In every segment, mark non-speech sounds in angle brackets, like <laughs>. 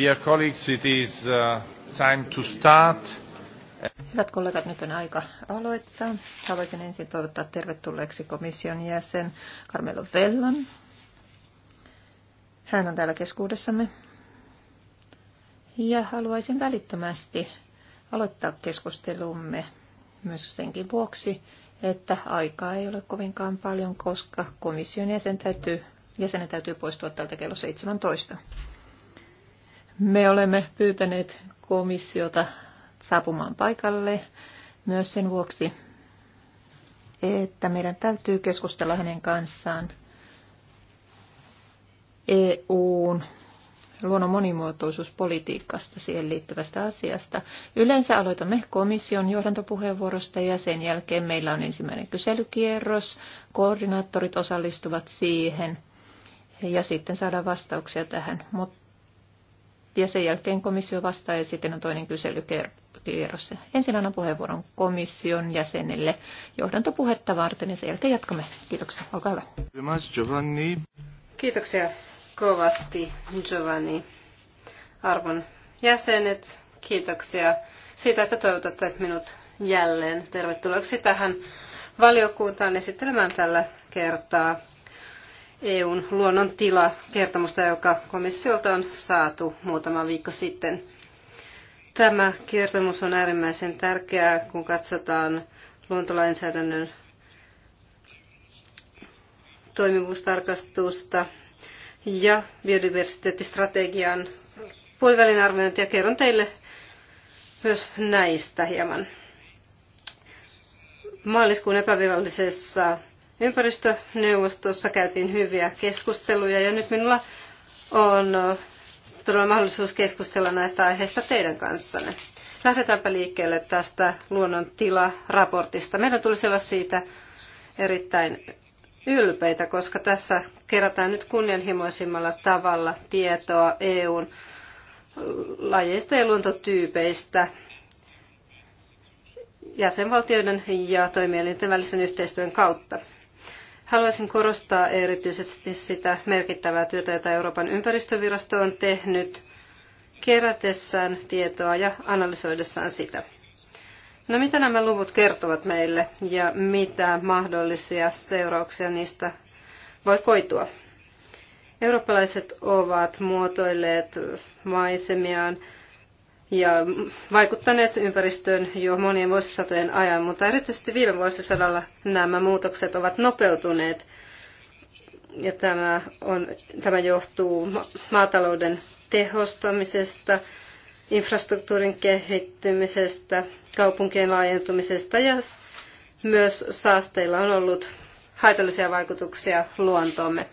Dear colleagues, it is uh, time to start. Hyvät kollegat, nyt on aika aloittaa. Haluaisin ensin toivottaa tervetulleeksi komission jäsen Carmelo Vellan. Hän on täällä keskuudessamme. Ja haluaisin välittömästi aloittaa keskustelumme myös senkin vuoksi, että aikaa ei ole kovinkaan paljon, koska komission jäsen täytyy, jäsenen täytyy poistua tältä kello 17. Me olemme pyytäneet komissiota saapumaan paikalle myös sen vuoksi, että meidän täytyy keskustella hänen kanssaan EUn luonnon monimuotoisuuspolitiikasta, siihen liittyvästä asiasta. Yleensä aloitamme komission johdantopuheenvuorosta ja sen jälkeen meillä on ensimmäinen kyselykierros. Koordinaattorit osallistuvat siihen ja sitten saadaan vastauksia tähän. Mutta ja sen jälkeen komissio vastaa ja sitten on toinen kyselykierros. Ensin annan puheenvuoron komission jäsenille johdantopuhetta varten ja sen jälkeen jatkamme. Kiitoksia, olkaa hyvä. Giovanni. Kiitoksia kovasti Giovanni. Arvon jäsenet, kiitoksia siitä, että toivotatte minut jälleen tervetulleeksi tähän valiokuntaan esittelemään tällä kertaa EUn luonnon tila kertomusta, joka komissiolta on saatu muutama viikko sitten. Tämä kertomus on äärimmäisen tärkeää, kun katsotaan luontolainsäädännön toimivuustarkastusta ja biodiversiteettistrategian puolivälin arviointia. Kerron teille myös näistä hieman. Maaliskuun epävirallisessa Ympäristöneuvostossa käytiin hyviä keskusteluja ja nyt minulla on todella mahdollisuus keskustella näistä aiheista teidän kanssanne. Lähdetäänpä liikkeelle tästä luonnon tila-raportista. Meidän tulisi olla siitä erittäin ylpeitä, koska tässä kerätään nyt kunnianhimoisimmalla tavalla tietoa EUn lajeista ja luontotyypeistä jäsenvaltioiden ja toimielinten välisen yhteistyön kautta. Haluaisin korostaa erityisesti sitä merkittävää työtä, jota Euroopan ympäristövirasto on tehnyt kerätessään tietoa ja analysoidessaan sitä. No mitä nämä luvut kertovat meille ja mitä mahdollisia seurauksia niistä voi koitua? Eurooppalaiset ovat muotoilleet maisemiaan ja vaikuttaneet ympäristöön jo monien vuosisatojen ajan, mutta erityisesti viime vuosisadalla nämä muutokset ovat nopeutuneet. Ja tämä, on, tämä johtuu maatalouden tehostamisesta, infrastruktuurin kehittymisestä, kaupunkien laajentumisesta ja myös saasteilla on ollut haitallisia vaikutuksia luontoomme.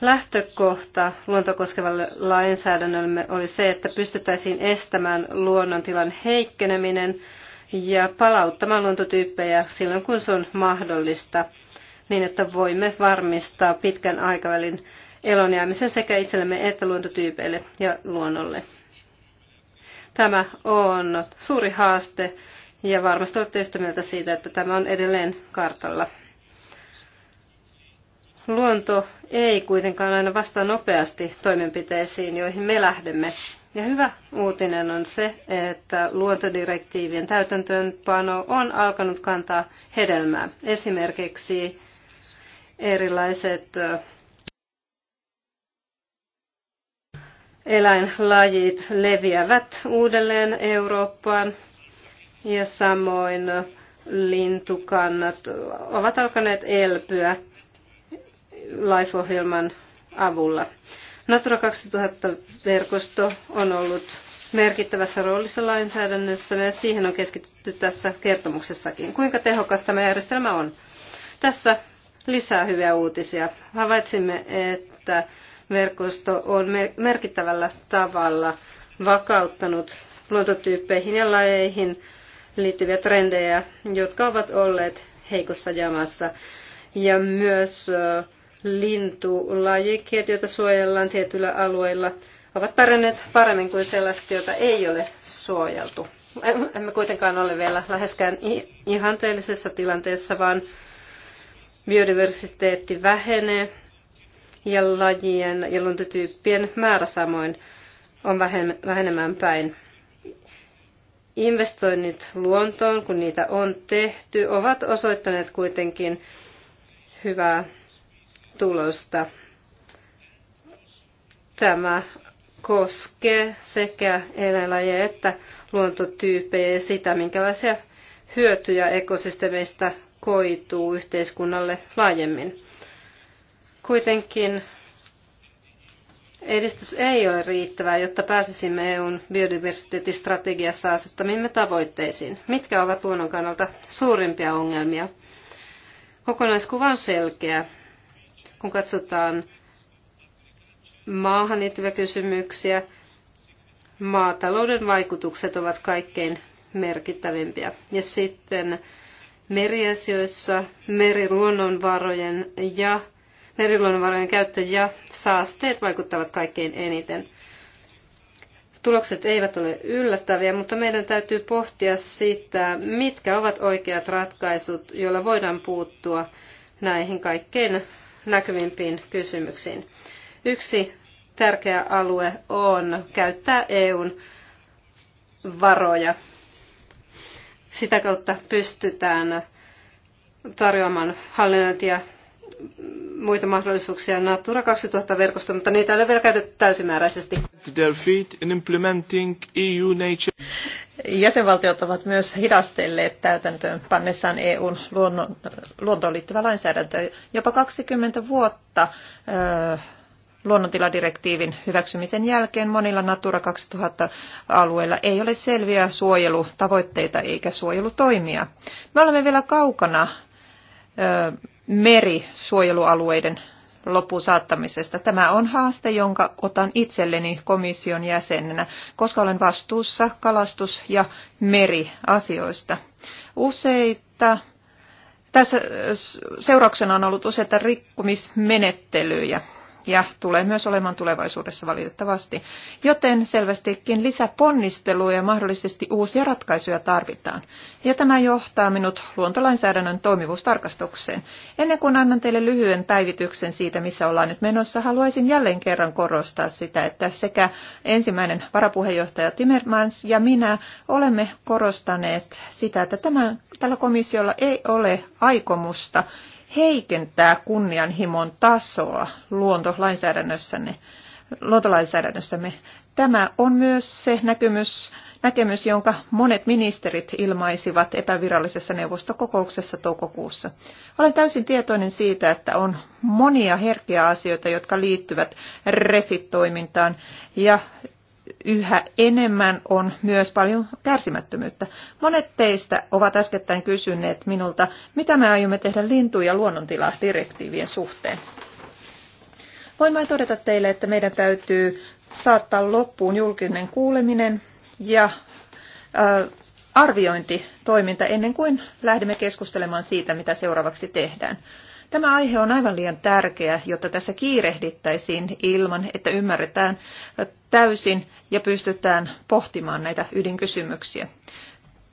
Lähtökohta luontoa koskevalle lainsäädännöllemme oli se, että pystyttäisiin estämään luonnontilan heikkeneminen ja palauttamaan luontotyyppejä silloin, kun se on mahdollista, niin että voimme varmistaa pitkän aikavälin elonjäämisen sekä itsellemme että luontotyypeille ja luonnolle. Tämä on suuri haaste ja varmasti olette yhtä mieltä siitä, että tämä on edelleen kartalla. Luonto ei kuitenkaan aina vastaa nopeasti toimenpiteisiin, joihin me lähdemme. Ja hyvä uutinen on se, että luontodirektiivien täytäntöönpano on alkanut kantaa hedelmää. Esimerkiksi erilaiset eläinlajit leviävät uudelleen Eurooppaan ja samoin lintukannat ovat alkaneet elpyä LIFE-ohjelman avulla. Natura 2000-verkosto on ollut merkittävässä roolissa lainsäädännössä ja siihen on keskitytty tässä kertomuksessakin. Kuinka tehokas tämä järjestelmä on? Tässä lisää hyviä uutisia. Havaitsimme, että verkosto on merkittävällä tavalla vakauttanut luontotyyppeihin ja lajeihin liittyviä trendejä, jotka ovat olleet heikossa jamassa. Ja myös lintulajikkeet, joita suojellaan tietyillä alueilla, ovat pärjänneet paremmin kuin sellaiset, joita ei ole suojeltu. Emme kuitenkaan ole vielä läheskään ihanteellisessa tilanteessa, vaan biodiversiteetti vähenee ja lajien ja luontotyyppien määrä samoin on vähenemään päin. Investoinnit luontoon, kun niitä on tehty, ovat osoittaneet kuitenkin hyvää tulosta. Tämä koskee sekä eläinlajeja että luontotyyppejä ja sitä, minkälaisia hyötyjä ekosysteemeistä koituu yhteiskunnalle laajemmin. Kuitenkin edistys ei ole riittävää, jotta pääsisimme EUn biodiversiteettistrategiassa asettamimme tavoitteisiin. Mitkä ovat luonnon kannalta suurimpia ongelmia? Kokonaiskuva on selkeä kun katsotaan maahan liittyviä kysymyksiä, maatalouden vaikutukset ovat kaikkein merkittävimpiä. Ja sitten meriasioissa meriluonnonvarojen ja meriluonnonvarojen käyttö ja saasteet vaikuttavat kaikkein eniten. Tulokset eivät ole yllättäviä, mutta meidän täytyy pohtia sitä, mitkä ovat oikeat ratkaisut, joilla voidaan puuttua näihin kaikkein näkyvimpiin kysymyksiin. Yksi tärkeä alue on käyttää EUn varoja. Sitä kautta pystytään tarjoamaan hallinnointia muita mahdollisuuksia Natura 2000-verkosta, mutta niitä ei ole vielä käytetty täysimääräisesti. E Jäsenvaltiot ovat myös hidastelleet täytäntöön pannessaan EUn luonnon, luontoon liittyvä lainsäädäntö. Jopa 20 vuotta ö, luonnontiladirektiivin hyväksymisen jälkeen monilla Natura 2000-alueilla ei ole selviä suojelutavoitteita eikä suojelutoimia. Me olemme vielä kaukana ö, merisuojelualueiden loppuun saattamisesta. Tämä on haaste, jonka otan itselleni komission jäsenenä, koska olen vastuussa kalastus- ja meriasioista. Useita tässä seurauksena on ollut useita rikkomismenettelyjä ja tulee myös olemaan tulevaisuudessa valitettavasti. Joten selvästikin lisäponnisteluja ja mahdollisesti uusia ratkaisuja tarvitaan. Ja tämä johtaa minut luontolainsäädännön toimivuustarkastukseen. Ennen kuin annan teille lyhyen päivityksen siitä, missä ollaan nyt menossa, haluaisin jälleen kerran korostaa sitä, että sekä ensimmäinen varapuheenjohtaja Timmermans ja minä olemme korostaneet sitä, että tämä, tällä komissiolla ei ole aikomusta heikentää kunnianhimon tasoa luontolainsäädännössämme. luontolainsäädännössämme. Tämä on myös se näkymys, näkemys, jonka monet ministerit ilmaisivat epävirallisessa neuvostokokouksessa toukokuussa. Olen täysin tietoinen siitä, että on monia herkkiä asioita, jotka liittyvät refittoimintaan ja yhä enemmän on myös paljon kärsimättömyyttä. Monet teistä ovat äskettäin kysyneet minulta, mitä me aiomme tehdä lintu- ja direktiivien suhteen. Voin vain todeta teille, että meidän täytyy saattaa loppuun julkinen kuuleminen ja arviointitoiminta ennen kuin lähdemme keskustelemaan siitä, mitä seuraavaksi tehdään. Tämä aihe on aivan liian tärkeä, jotta tässä kiirehdittäisiin ilman, että ymmärretään täysin ja pystytään pohtimaan näitä ydinkysymyksiä.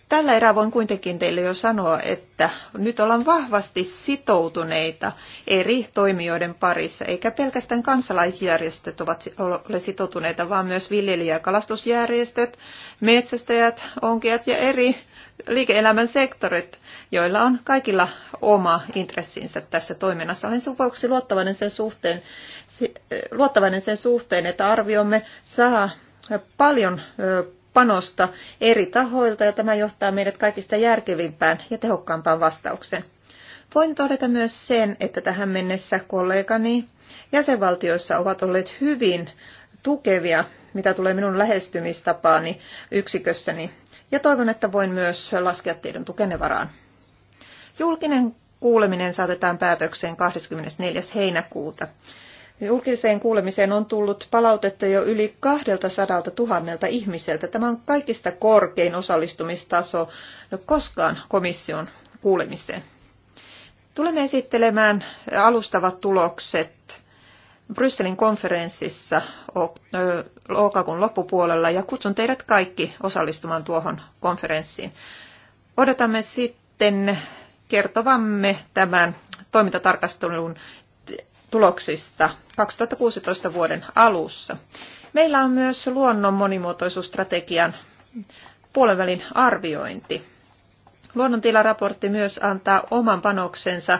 Tällä erää voin kuitenkin teille jo sanoa, että nyt ollaan vahvasti sitoutuneita eri toimijoiden parissa, eikä pelkästään kansalaisjärjestöt ovat ole sitoutuneita, vaan myös viljelijä- ja kalastusjärjestöt, metsästäjät, onkijat ja eri liike-elämän sektorit joilla on kaikilla oma intressinsä tässä toiminnassa. Olen sen vuoksi luottavainen sen suhteen, eh, luottavainen sen suhteen että arviomme saa paljon eh, panosta eri tahoilta ja tämä johtaa meidät kaikista järkevimpään ja tehokkaampaan vastaukseen. Voin todeta myös sen, että tähän mennessä kollegani jäsenvaltioissa ovat olleet hyvin tukevia, mitä tulee minun lähestymistapaani yksikössäni. Ja toivon, että voin myös laskea teidän tukenne varaan. Julkinen kuuleminen saatetaan päätökseen 24. heinäkuuta. Julkiseen kuulemiseen on tullut palautetta jo yli 200 000 ihmiseltä. Tämä on kaikista korkein osallistumistaso koskaan komission kuulemiseen. Tulemme esittelemään alustavat tulokset Brysselin konferenssissa lokakuun loppupuolella ja kutsun teidät kaikki osallistumaan tuohon konferenssiin. Odotamme sitten kertovamme tämän toimintatarkastelun tuloksista 2016 vuoden alussa. Meillä on myös luonnon monimuotoisuusstrategian puolenvälin arviointi. Luonnontilaraportti myös antaa oman panoksensa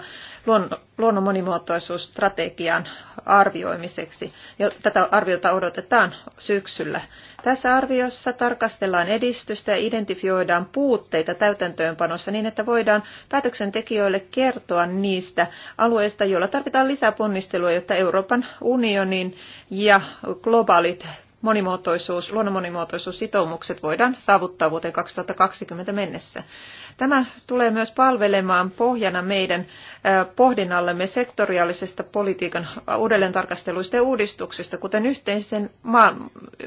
luonnon monimuotoisuusstrategian arvioimiseksi. Ja tätä arviota odotetaan syksyllä. Tässä arviossa tarkastellaan edistystä ja identifioidaan puutteita täytäntöönpanossa niin, että voidaan päätöksentekijöille kertoa niistä alueista, joilla tarvitaan lisää ponnistelua, jotta Euroopan unionin ja globaalit monimuotoisuus, luonnon monimuotoisuussitoumukset voidaan saavuttaa vuoteen 2020 mennessä. Tämä tulee myös palvelemaan pohjana meidän pohdinnallemme sektoriaalisesta politiikan uudelleentarkasteluista ja uudistuksista, kuten yhteisen ma-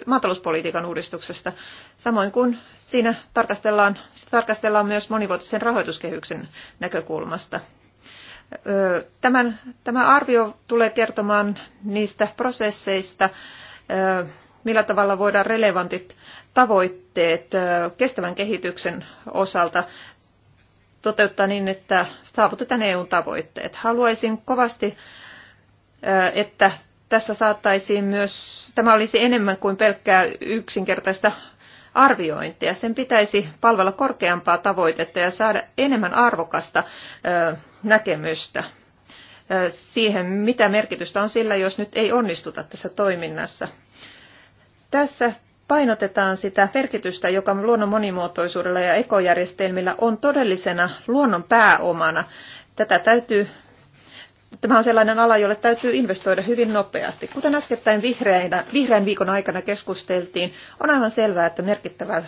maatalouspolitiikan uudistuksesta, samoin kuin siinä tarkastellaan, tarkastellaan myös monivuotisen rahoituskehyksen näkökulmasta. Tämän, tämä arvio tulee kertomaan niistä prosesseista, millä tavalla voidaan relevantit tavoitteet kestävän kehityksen osalta toteuttaa niin, että saavutetaan EUn tavoitteet. Haluaisin kovasti, että tässä saattaisiin myös, tämä olisi enemmän kuin pelkkää yksinkertaista arviointia. Sen pitäisi palvella korkeampaa tavoitetta ja saada enemmän arvokasta näkemystä siihen, mitä merkitystä on sillä, jos nyt ei onnistuta tässä toiminnassa. Tässä painotetaan sitä merkitystä, joka luonnon monimuotoisuudella ja ekojärjestelmillä on todellisena luonnon pääomana. Tätä täytyy Tämä on sellainen ala, jolle täytyy investoida hyvin nopeasti. Kuten äskettäin vihreänä, vihreän viikon aikana keskusteltiin, on aivan selvää, että merkittävä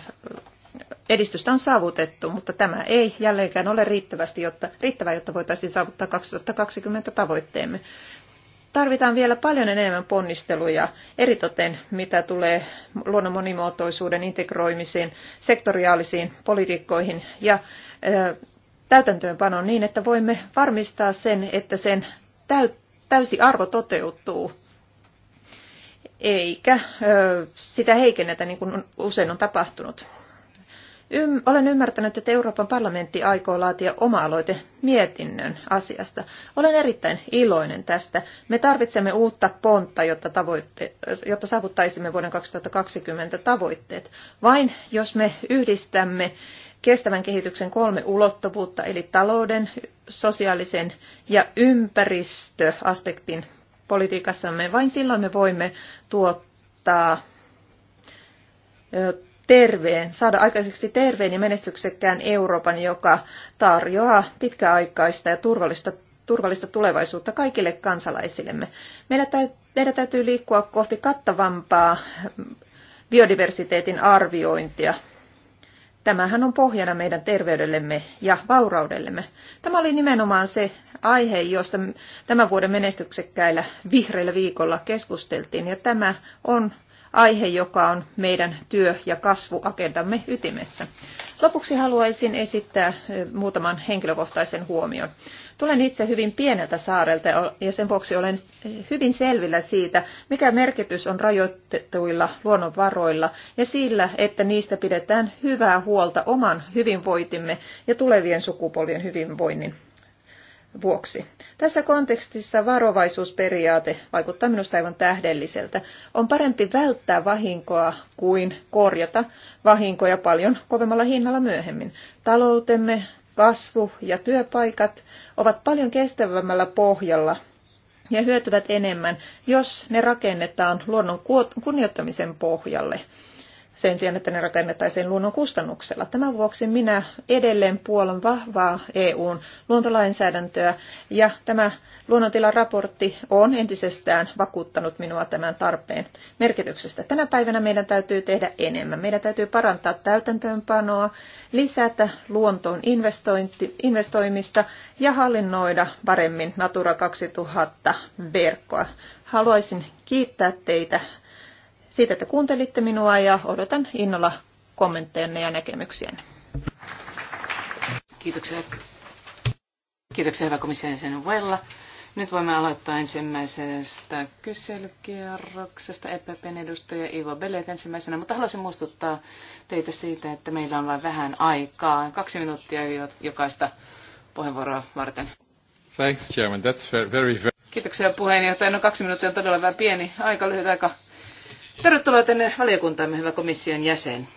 edistystä on saavutettu, mutta tämä ei jälleenkään ole riittävästi, jotta, riittävää, jotta voitaisiin saavuttaa 2020 tavoitteemme tarvitaan vielä paljon enemmän ponnisteluja, eritoten mitä tulee luonnon monimuotoisuuden integroimiseen, sektoriaalisiin politiikkoihin ja täytäntöönpanoon niin, että voimme varmistaa sen, että sen täysi arvo toteutuu eikä sitä heikennetä niin kuin usein on tapahtunut. Ym, olen ymmärtänyt, että Euroopan parlamentti aikoo laatia oma-aloite mietinnön asiasta. Olen erittäin iloinen tästä. Me tarvitsemme uutta pontta, jotta, tavoitte, jotta saavuttaisimme vuoden 2020 tavoitteet. Vain jos me yhdistämme kestävän kehityksen kolme ulottuvuutta, eli talouden, sosiaalisen ja ympäristöaspektin politiikassamme, vain silloin me voimme tuottaa terveen, saada aikaiseksi terveen ja menestyksekkään Euroopan, joka tarjoaa pitkäaikaista ja turvallista, turvallista tulevaisuutta kaikille kansalaisillemme. Meidän, täytyy, meidän täytyy liikkua kohti kattavampaa biodiversiteetin arviointia. Tämähän on pohjana meidän terveydellemme ja vauraudellemme. Tämä oli nimenomaan se aihe, josta tämän vuoden menestyksekkäillä vihreillä viikolla keskusteltiin, ja tämä on aihe, joka on meidän työ- ja kasvuagendamme ytimessä. Lopuksi haluaisin esittää muutaman henkilökohtaisen huomion. Tulen itse hyvin pieneltä saarelta ja sen vuoksi olen hyvin selvillä siitä, mikä merkitys on rajoitetuilla luonnonvaroilla ja sillä, että niistä pidetään hyvää huolta oman hyvinvointimme ja tulevien sukupolvien hyvinvoinnin vuoksi. Tässä kontekstissa varovaisuusperiaate vaikuttaa minusta aivan tähdelliseltä. On parempi välttää vahinkoa kuin korjata vahinkoja paljon kovemmalla hinnalla myöhemmin. Taloutemme, kasvu ja työpaikat ovat paljon kestävämmällä pohjalla ja hyötyvät enemmän, jos ne rakennetaan luonnon kunnioittamisen pohjalle – sen sijaan, että ne rakennettaisiin luonnon kustannuksella. Tämän vuoksi minä edelleen puolon vahvaa EUn luontolainsäädäntöä ja tämä luonnontilaraportti on entisestään vakuuttanut minua tämän tarpeen merkityksestä. Tänä päivänä meidän täytyy tehdä enemmän. Meidän täytyy parantaa täytäntöönpanoa, lisätä luontoon investoimista ja hallinnoida paremmin Natura 2000 verkkoa. Haluaisin kiittää teitä siitä, että kuuntelitte minua ja odotan innolla kommenttejanne ja näkemyksiänne. Kiitoksia. Kiitoksia hyvä komission Vella. Nyt voimme aloittaa ensimmäisestä kyselykierroksesta. EPPn edustaja Ivo Belet ensimmäisenä, mutta haluaisin muistuttaa teitä siitä, että meillä on vain vähän aikaa. Kaksi minuuttia jokaista puheenvuoroa varten. Thanks, Chairman. That's very, very... Kiitoksia puheenjohtaja. No kaksi minuuttia on todella vähän pieni aika, lyhyt aika Tervetuloa tänne valiokuntaamme, hyvä komission jäsen.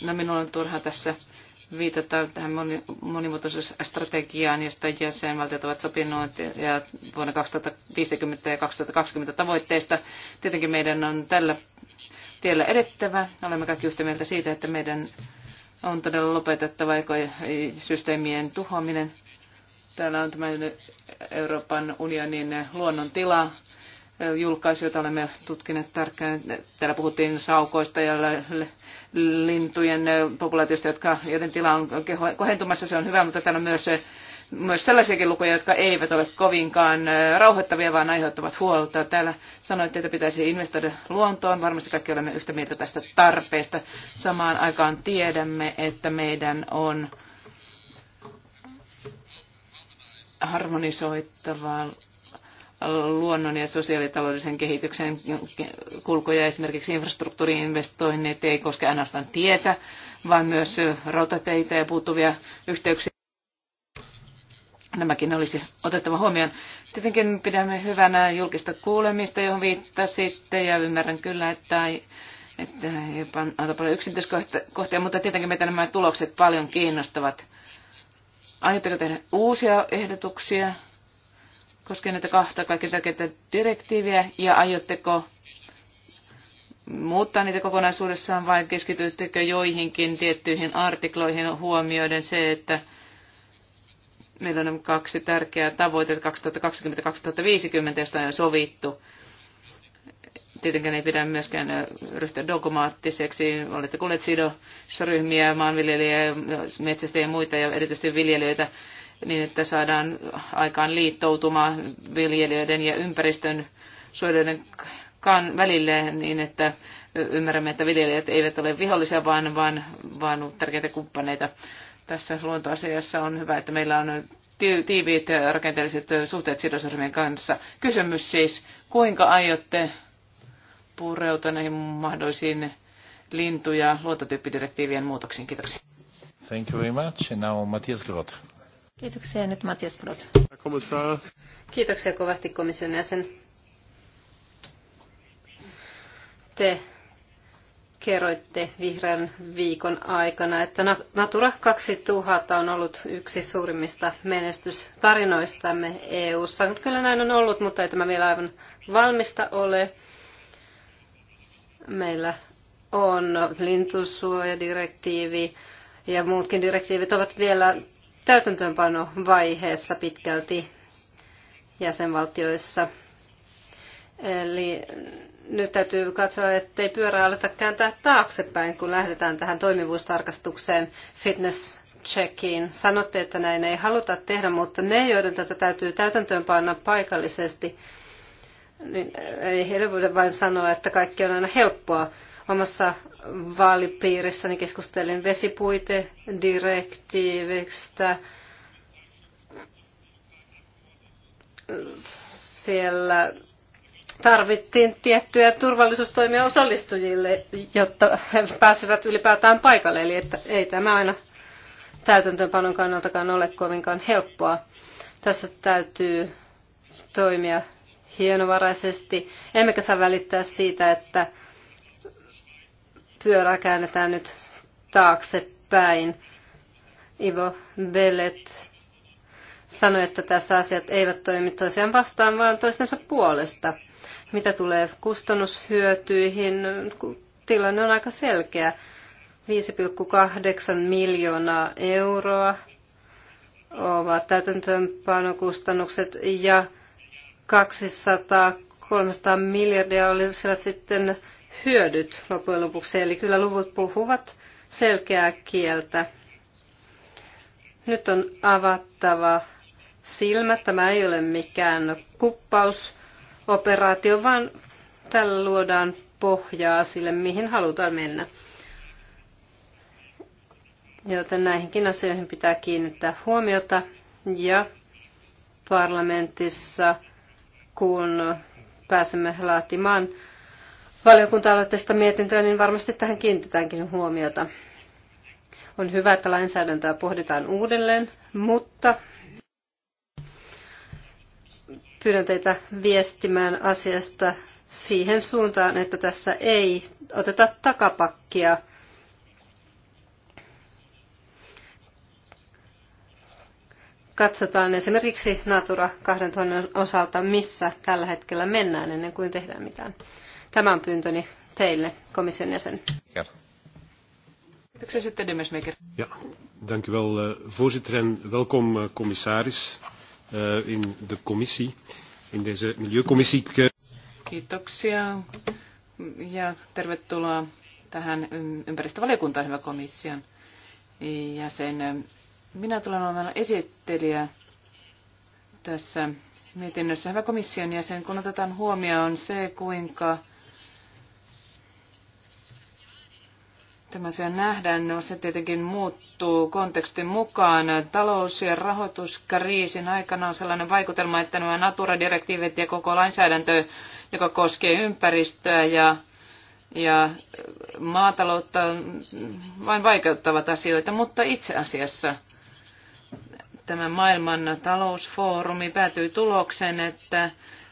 No, minulla on turha tässä viitata tähän monimuotoisuusstrategiaan, josta jäsenvaltiot ovat sopineet ja vuonna 2050 ja 2020 tavoitteista. Tietenkin meidän on tällä tiellä edettävä. Olemme kaikki yhtä mieltä siitä, että meidän on todella lopetettava ekosysteemien tuhoaminen. Täällä on tämä Euroopan unionin luonnon tila, julkaisu, jota olemme tutkineet tarkkaan. Täällä puhuttiin saukoista ja lintujen populaatiosta, jotka, joiden tila on kohentumassa. Se on hyvä, mutta täällä on myös, myös sellaisiakin lukuja, jotka eivät ole kovinkaan rauhoittavia, vaan aiheuttavat huolta. Täällä sanoitte, että pitäisi investoida luontoon. Varmasti kaikki olemme yhtä mieltä tästä tarpeesta. Samaan aikaan tiedämme, että meidän on harmonisoittavaa luonnon ja sosiaalitaloudellisen kehityksen kulkuja, esimerkiksi infrastruktuuriinvestoinnit, ei koske ainoastaan tietä, vaan myös rautateitä ja puuttuvia yhteyksiä. Nämäkin olisi otettava huomioon. Tietenkin pidämme hyvänä julkista kuulemista, johon viittasitte, ja ymmärrän kyllä, että että jopa aika paljon yksityiskohtia, mutta tietenkin meitä nämä tulokset paljon kiinnostavat. Aiotteko tehdä uusia ehdotuksia? koskee näitä kahta kaikkein tärkeintä direktiiviä ja aiotteko muuttaa niitä kokonaisuudessaan vai keskityttekö joihinkin tiettyihin artikloihin huomioiden se, että meillä on kaksi tärkeää tavoitetta 2020-2050, josta on jo sovittu. Tietenkään ei pidä myöskään ryhtyä dogmaattiseksi. Olette kuulleet sidosryhmiä, maanviljelijöitä, metsästäjiä ja muita ja erityisesti viljelijöitä niin, että saadaan aikaan liittoutuma viljelijöiden ja ympäristön suojelijoiden kan välille niin, että ymmärrämme, että viljelijät eivät ole vihollisia, vaan, vaan, vaan tärkeitä kumppaneita. Tässä luontoasiassa on hyvä, että meillä on tiiviit rakenteelliset suhteet sidosryhmien kanssa. Kysymys siis, kuinka aiotte pureutua näihin mahdollisiin lintu- ja luontotyyppidirektiivien muutoksiin? Kiitoksia. Thank you very much. And now Matthias Groth. Kiitoksia. Nyt Matias Brot. Kiitoksia kovasti komission jäsen. Te kerroitte vihreän viikon aikana, että Natura 2000 on ollut yksi suurimmista menestystarinoistamme EU-ssa. Kyllä näin on ollut, mutta ei tämä vielä aivan valmista ole. Meillä on lintusuojadirektiivi ja muutkin direktiivit ovat vielä täytäntöönpanovaiheessa pitkälti jäsenvaltioissa. Eli nyt täytyy katsoa, ettei pyörää aleta kääntää taaksepäin, kun lähdetään tähän toimivuustarkastukseen, fitness checkiin. Sanotte, että näin ei haluta tehdä, mutta ne, joiden tätä täytyy täytäntöönpanna paikallisesti, niin ei heille voida vain sanoa, että kaikki on aina helppoa. Omassa vaalipiirissäni keskustelin vesipuitedirektiivistä. Siellä tarvittiin tiettyjä turvallisuustoimia osallistujille, jotta he pääsivät ylipäätään paikalle. Eli että ei tämä aina täytäntöönpanon kannaltakaan ole kovinkaan helppoa. Tässä täytyy toimia hienovaraisesti, emmekä saa välittää siitä, että pyörää käännetään nyt taaksepäin. Ivo Bellet sanoi, että tässä asiat eivät toimi toisiaan vastaan, vaan toistensa puolesta. Mitä tulee kustannushyötyihin, tilanne on aika selkeä. 5,8 miljoonaa euroa ovat täytäntöönpanokustannukset ja 200-300 miljardia olisivat sitten hyödyt loppujen lopuksi. Eli kyllä luvut puhuvat selkeää kieltä. Nyt on avattava silmät. Tämä ei ole mikään kuppausoperaatio, vaan tällä luodaan pohjaa sille, mihin halutaan mennä. Joten näihinkin asioihin pitää kiinnittää huomiota ja parlamentissa, kun pääsemme laatimaan valiokunta-aloitteesta mietintöä, niin varmasti tähän kiinnitetäänkin huomiota. On hyvä, että lainsäädäntöä pohditaan uudelleen, mutta pyydän teitä viestimään asiasta siihen suuntaan, että tässä ei oteta takapakkia. Katsotaan esimerkiksi Natura 2000 osalta, missä tällä hetkellä mennään ennen kuin tehdään mitään. Tämä on pyyntöni teille, komission jäsen. Kiitoksia sitten Demesmaker. Ja, dank u wel eh, voorzitter en welkom eh, commissaris eh, in de commissie, in deze milieucommissie. Kiitoksia ja tervetuloa tähän ympäristövaliokuntaan, hyvä komission jäsen. Minä tulen olemaan esittelijä tässä mietinnössä. Hyvä komission jäsen, kun otetaan huomioon se, kuinka Tämä se nähdään, no se tietenkin muuttuu kontekstin mukaan. Talous- ja rahoituskriisin aikana on sellainen vaikutelma, että nämä Natura-direktiivit ja koko lainsäädäntö, joka koskee ympäristöä ja, ja maataloutta, vain vaikeuttavat asioita, mutta itse asiassa tämä maailman talousfoorumi päätyi tulokseen, että,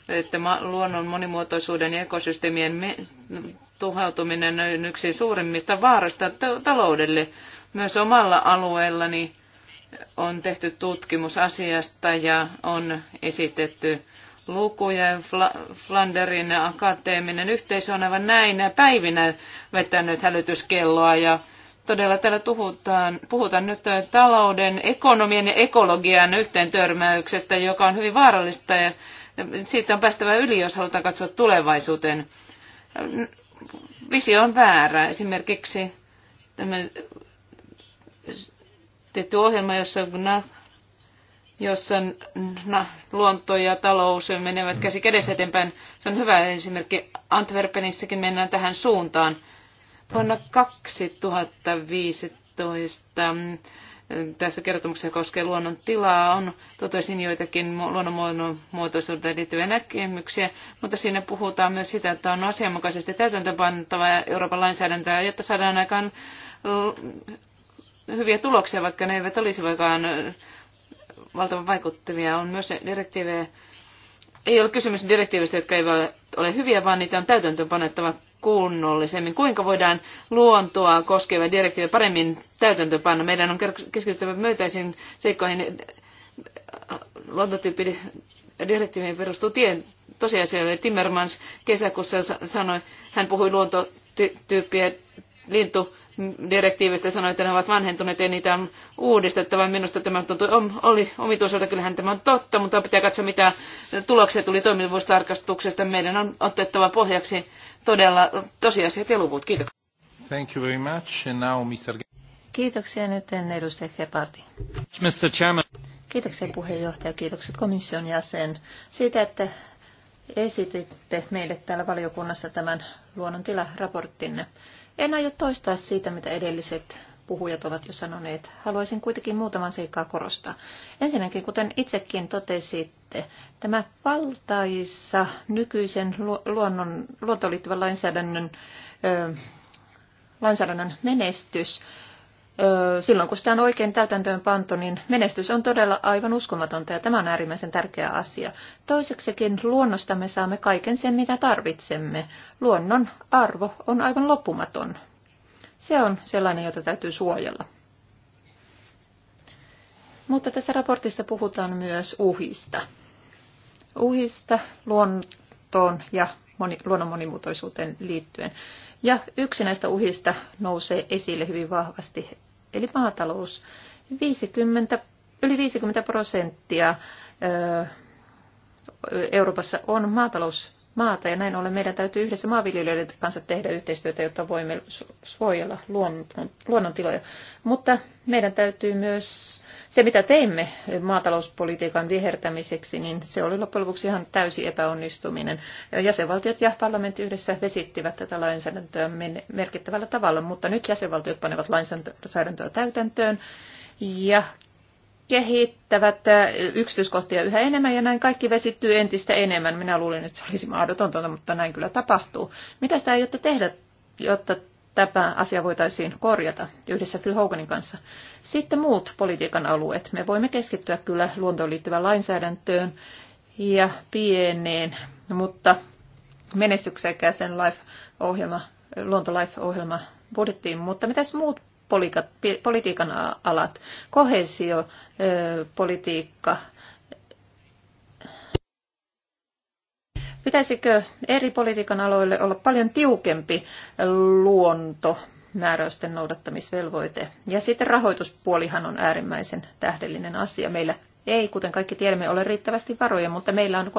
että luonnon monimuotoisuuden ja ekosysteemien me, tuhautuminen on yksi suurimmista vaarasta taloudelle. Myös omalla alueellani on tehty tutkimus asiasta ja on esitetty lukuja. Flanderin akateeminen yhteisö on aivan näinä päivinä vetänyt hälytyskelloa ja todella täällä tuhutaan, puhutaan nyt talouden, ekonomian ja ekologian yhteen törmäyksestä, joka on hyvin vaarallista ja siitä on päästävä yli, jos halutaan katsoa tulevaisuuteen visio on väärä. Esimerkiksi tehty ohjelma, jossa, na, jossa na, luonto ja talous menevät käsi kädessä eteenpäin. Se on hyvä esimerkki. Antwerpenissäkin mennään tähän suuntaan. Vuonna 2015 tässä kertomuksessa koskee luonnon tilaa, on totesin joitakin luonnon muotoisuuteen liittyviä näkemyksiä, mutta siinä puhutaan myös sitä, että on asianmukaisesti täytäntöpantava Euroopan lainsäädäntöä, jotta saadaan aikaan hyviä tuloksia, vaikka ne eivät olisi vaikkaan valtavan vaikuttavia. On myös direktiivejä, ei ole kysymys direktiivistä, jotka eivät ole hyviä, vaan niitä on täytäntöönpanettava kunnollisemmin. Kuinka voidaan luontoa koskeva direktiivi paremmin täytäntöpanna? Meidän on keskityttävä myötäisiin seikkoihin. Luontotyyppi direktiiviin perustuu tien tosiasioille. Timmermans kesäkuussa sanoi, hän puhui luontotyyppiä lintu direktiivistä sanoi, että ne ovat vanhentuneet ja niitä on uudistettava. Minusta tämä tuntui oli omituiselta, kyllähän tämä on totta, mutta pitää katsoa mitä tuloksia tuli toimivuustarkastuksesta. Meidän on otettava pohjaksi todella tosiasiat ja luvut. Kiitos. Thank you very much. And now Mr. Kiitoksia nyt edustaja Hepardi. Mr. Chairman. Kiitoksia puheenjohtaja, kiitokset komission jäsen siitä, että esititte meille täällä valiokunnassa tämän luonnontilaraporttinne. En aio toistaa siitä, mitä edelliset puhujat ovat jo sanoneet. Haluaisin kuitenkin muutaman seikkaa korostaa. Ensinnäkin, kuten itsekin totesitte, tämä valtaisa nykyisen luonnon, luontoon liittyvän lainsäädännön, ö, lainsäädännön menestys, ö, silloin kun sitä on oikein täytäntöön pantu, niin menestys on todella aivan uskomatonta ja tämä on äärimmäisen tärkeä asia. Toiseksikin luonnosta me saamme kaiken sen, mitä tarvitsemme. Luonnon arvo on aivan loppumaton se on sellainen, jota täytyy suojella. Mutta tässä raportissa puhutaan myös uhista. Uhista luontoon ja moni, luonnon monimuotoisuuteen liittyen. Ja yksi näistä uhista nousee esille hyvin vahvasti, eli maatalous. 50, yli 50 prosenttia Euroopassa on maatalous maata ja näin ollen meidän täytyy yhdessä maanviljelijöiden kanssa tehdä yhteistyötä, jotta voimme suojella luonnontiloja. Mutta meidän täytyy myös se, mitä teimme maatalouspolitiikan vihertämiseksi, niin se oli loppujen lopuksi ihan täysi epäonnistuminen. Jäsenvaltiot ja parlamentti yhdessä vesittivät tätä lainsäädäntöä merkittävällä tavalla, mutta nyt jäsenvaltiot panevat lainsäädäntöä täytäntöön ja kehittävät yksityiskohtia yhä enemmän ja näin kaikki vesittyy entistä enemmän. Minä luulin, että se olisi mahdotonta, mutta näin kyllä tapahtuu. Mitä sitä aiotte tehdä, jotta tämä asia voitaisiin korjata yhdessä Phil Hoganin kanssa? Sitten muut politiikan alueet. Me voimme keskittyä kyllä luontoon liittyvään lainsäädäntöön ja pieneen, mutta menestyksekäisen Life-ohjelma, Luonto Life-ohjelma budjettiin, mutta mitäs muut politiikan alat, kohesiopolitiikka. Pitäisikö eri politiikan aloille olla paljon tiukempi luonto määräysten noudattamisvelvoite. Ja sitten rahoituspuolihan on äärimmäisen tähdellinen asia. Meillä ei, kuten kaikki tiedämme, ole riittävästi varoja, mutta meillä on 3,4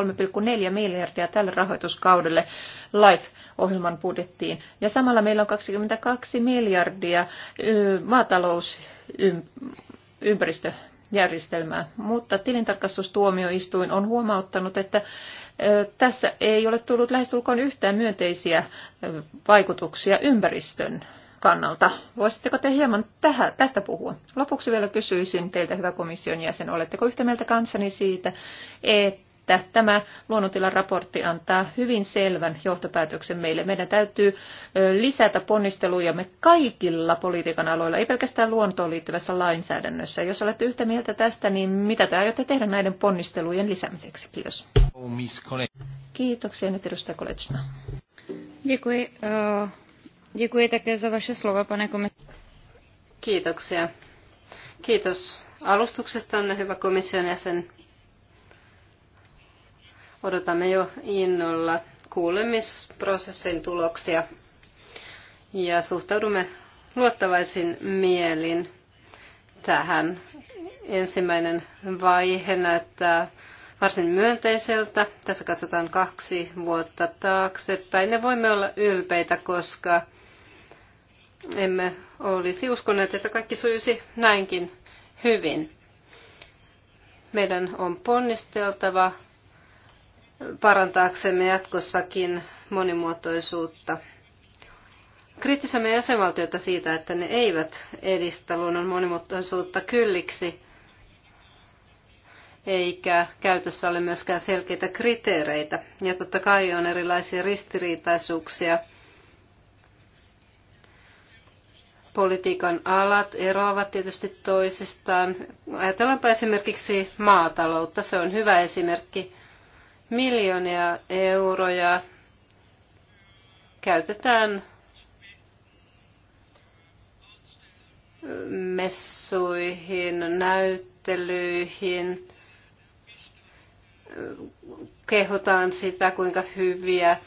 miljardia tälle rahoituskaudelle LIFE-ohjelman budjettiin. Ja samalla meillä on 22 miljardia maatalousympäristöjärjestelmää. Mutta tilintarkastustuomioistuin on huomauttanut, että tässä ei ole tullut lähestulkoon yhtään myönteisiä vaikutuksia ympäristön kannalta. Voisitteko te hieman tästä puhua? Lopuksi vielä kysyisin teiltä, hyvä komission jäsen, oletteko yhtä mieltä kanssani siitä, että tämä luonnontilan raportti antaa hyvin selvän johtopäätöksen meille. Meidän täytyy lisätä ponnisteluja me kaikilla politiikan aloilla, ei pelkästään luontoon liittyvässä lainsäädännössä. Jos olette yhtä mieltä tästä, niin mitä te aiotte tehdä näiden ponnistelujen lisäämiseksi? Kiitos. Kiitoksia nyt edustaja Koletsna. Děkuji. Děkuji také za vaše slova, pane komissaari. Kiitoksia. Kiitos alustuksestanne, hyvä komission jäsen. Odotamme jo innolla kuulemisprosessin tuloksia ja suhtaudumme luottavaisin mielin tähän. Ensimmäinen vaihe näyttää varsin myönteiseltä. Tässä katsotaan kaksi vuotta taaksepäin Ne voimme olla ylpeitä, koska emme olisi uskoneet, että kaikki sujuisi näinkin hyvin. Meidän on ponnisteltava parantaaksemme jatkossakin monimuotoisuutta. Kriittisemme jäsenvaltioita siitä, että ne eivät edistä luonnon monimuotoisuutta kylliksi, eikä käytössä ole myöskään selkeitä kriteereitä. Ja totta kai on erilaisia ristiriitaisuuksia – politiikan alat eroavat tietysti toisistaan. Ajatellaanpa esimerkiksi maataloutta, se on hyvä esimerkki. Miljoonia euroja käytetään messuihin, näyttelyihin, kehutaan sitä, kuinka hyviä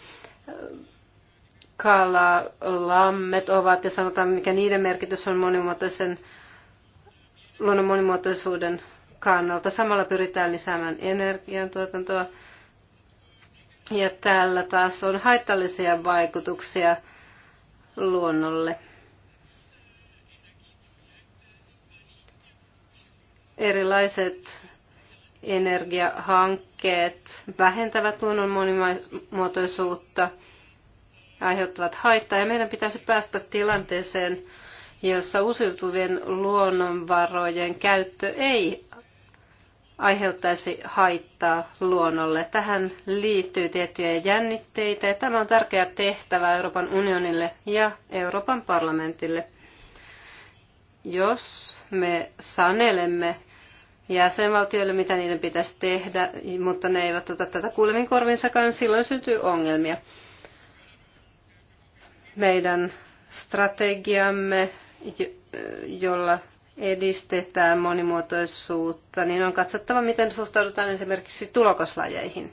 kala, lammet ovat ja sanotaan, mikä niiden merkitys on monimuotoisen luonnon monimuotoisuuden kannalta. Samalla pyritään lisäämään energiantuotantoa ja tällä taas on haitallisia vaikutuksia luonnolle. Erilaiset energiahankkeet vähentävät luonnon monimuotoisuutta – aiheuttavat haittaa ja meidän pitäisi päästä tilanteeseen, jossa uusiutuvien luonnonvarojen käyttö ei aiheuttaisi haittaa luonnolle. Tähän liittyy tiettyjä jännitteitä ja tämä on tärkeä tehtävä Euroopan unionille ja Euroopan parlamentille. Jos me sanelemme jäsenvaltioille, mitä niiden pitäisi tehdä, mutta ne eivät ota tätä kuulemin korvinsakaan, silloin syntyy ongelmia meidän strategiamme, jolla edistetään monimuotoisuutta, niin on katsottava, miten suhtaudutaan esimerkiksi tulokaslajeihin.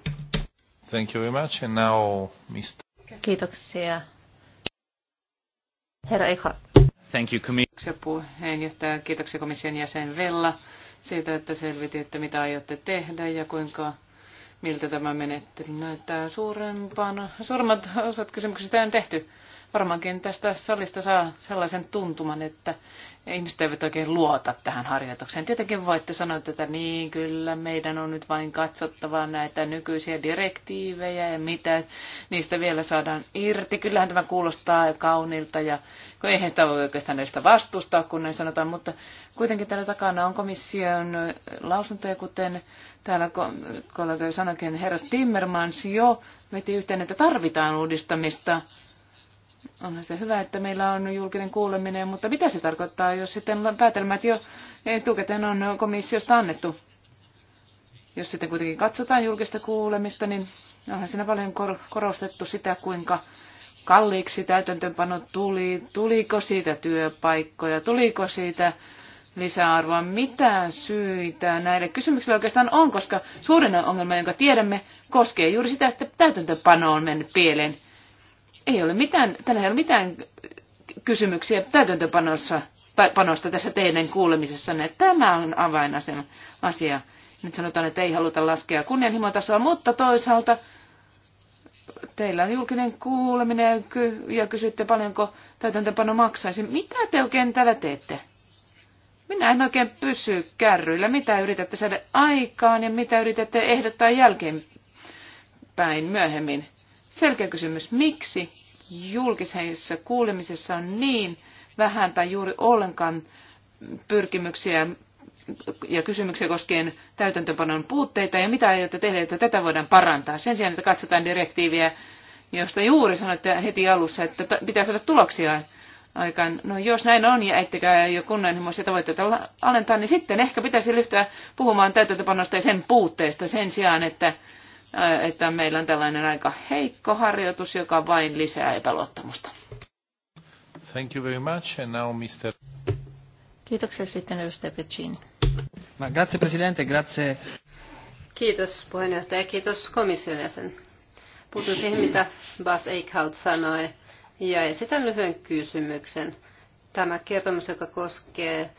Thank you very much. And now, Mr. Kiitoksia. Herra Eichhardt. Thank you, Kiitoksia puheenjohtaja. Kiitoksia komission jäsen Vella siitä, että selvititte, mitä aiotte tehdä ja kuinka miltä tämä menettely näyttää. Suurempaan, Suurimmat osat kysymyksistä on tehty. Varmaankin tästä salista saa sellaisen tuntuman, että ihmiset eivät oikein luota tähän harjoitukseen. Tietenkin voitte sanoa tätä, niin kyllä meidän on nyt vain katsottava näitä nykyisiä direktiivejä ja mitä niistä vielä saadaan irti. Kyllähän tämä kuulostaa kaunilta ja kun eihän sitä voi oikeastaan näistä vastustaa, kun näin sanotaan, mutta kuitenkin täällä takana on komission lausuntoja, kuten täällä kollega sanoikin, herra Timmermans jo veti yhteen, että tarvitaan uudistamista Onhan se hyvä, että meillä on julkinen kuuleminen, mutta mitä se tarkoittaa, jos sitten päätelmät jo etukäteen on komissiosta annettu? Jos sitten kuitenkin katsotaan julkista kuulemista, niin onhan siinä paljon kor- korostettu sitä, kuinka kalliiksi täytäntöönpano tuli, tuliko siitä työpaikkoja, tuliko siitä lisäarvoa, mitä syitä näille kysymyksille oikeastaan on, koska suurin ongelma, jonka tiedämme, koskee juuri sitä, että täytäntöpano on mennyt pieleen. Ei ole mitään, tällä ei ole mitään kysymyksiä täytäntöpanossa panosta tässä teidän kuulemisessa, että Tämä on avainasema asia. Nyt sanotaan, että ei haluta laskea kunnianhimotasoa, mutta toisaalta teillä on julkinen kuuleminen ja kysytte paljonko täytäntöpano maksaisi. Mitä te oikein täällä teette? Minä en oikein pysy kärryillä. Mitä yritätte saada aikaan ja mitä yritätte ehdottaa jälkeenpäin myöhemmin? Selkeä kysymys, miksi julkisessa kuulemisessa on niin vähän tai juuri ollenkaan pyrkimyksiä ja kysymyksiä koskien täytäntöpanon puutteita ja mitä aiotte tehdä, jotta tätä voidaan parantaa. Sen sijaan, että katsotaan direktiiviä, josta juuri sanoitte heti alussa, että pitää saada tuloksia aikaan. No jos näin on ja ettekä jo kunnianhimoisia tavoitteita alentaa, niin sitten ehkä pitäisi ryhtyä puhumaan täytäntöpanosta ja sen puutteista sen sijaan, että että meillä on tällainen aika heikko harjoitus, joka vain lisää epäluottamusta. Thank you very much. And now Mr. Kiitoksia sitten edustaja Pecini. Grazie Presidente, grazie. Kiitos puheenjohtaja, kiitos komission jäsen. Puutun siihen, mitä Bas Eichhout sanoi, ja esitän lyhyen kysymyksen. Tämä kertomus, joka koskee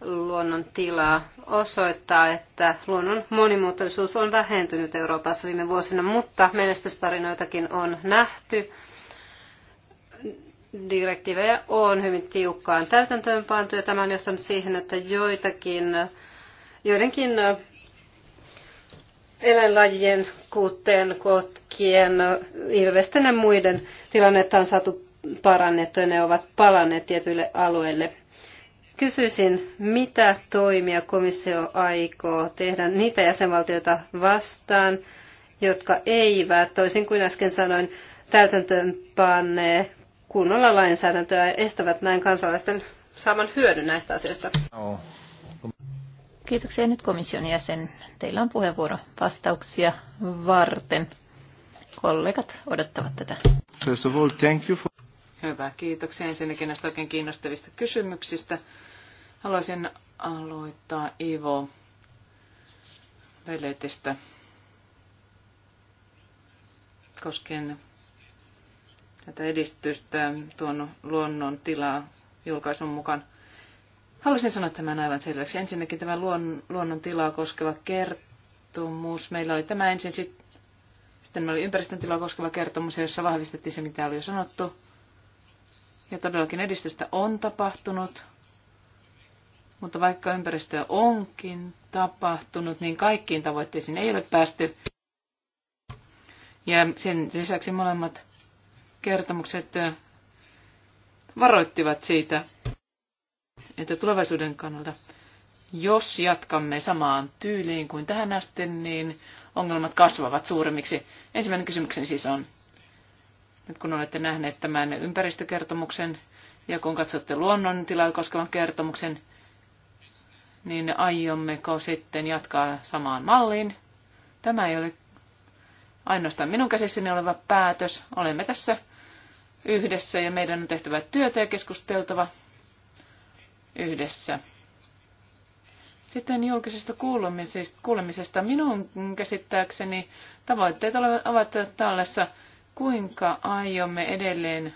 luonnon tilaa osoittaa, että luonnon monimuotoisuus on vähentynyt Euroopassa viime vuosina, mutta menestystarinoitakin on nähty. Direktiivejä on hyvin tiukkaan täytäntöönpantu ja tämä on johtanut siihen, että joitakin, joidenkin eläinlajien, kuten kotkien, ilvesten ja muiden tilannetta on saatu parannettu ja ne ovat palanneet tietyille alueille – Kysyisin, mitä toimia komissio aikoo tehdä niitä jäsenvaltioita vastaan, jotka eivät, toisin kuin äsken sanoin, täytäntöönpanne kunnolla lainsäädäntöä ja estävät näin kansalaisten saaman hyödyn näistä asioista. Kiitoksia nyt komission jäsen. Teillä on puheenvuoro vastauksia varten. Kollegat odottavat tätä. First of all, thank you for... Hyvä, kiitoksia ensinnäkin näistä oikein kiinnostavista kysymyksistä. Haluaisin aloittaa Ivo Veletistä koskien tätä edistystä tuon luonnon tilaa julkaisun mukaan. Haluaisin sanoa tämän aivan selväksi. Ensinnäkin tämä luon, luonnon tilaa koskeva kertomus. Meillä oli tämä ensin, sit, sitten meillä oli ympäristön tilaa koskeva kertomus, jossa vahvistettiin se, mitä oli jo sanottu. Ja todellakin edistystä on tapahtunut. Mutta vaikka ympäristö onkin tapahtunut, niin kaikkiin tavoitteisiin ei ole päästy. Ja sen lisäksi molemmat kertomukset varoittivat siitä, että tulevaisuuden kannalta, jos jatkamme samaan tyyliin kuin tähän asti, niin ongelmat kasvavat suuremmiksi. Ensimmäinen kysymykseni siis on, nyt kun olette nähneet tämän ympäristökertomuksen ja kun katsotte luonnontilaa koskevan kertomuksen, niin aiommeko sitten jatkaa samaan malliin? Tämä ei ole ainoastaan minun käsissäni oleva päätös. Olemme tässä yhdessä ja meidän on tehtävä työtä ja keskusteltava yhdessä. Sitten julkisesta kuulemisesta. Minun käsittääkseni tavoitteet ovat tallessa, kuinka aiomme edelleen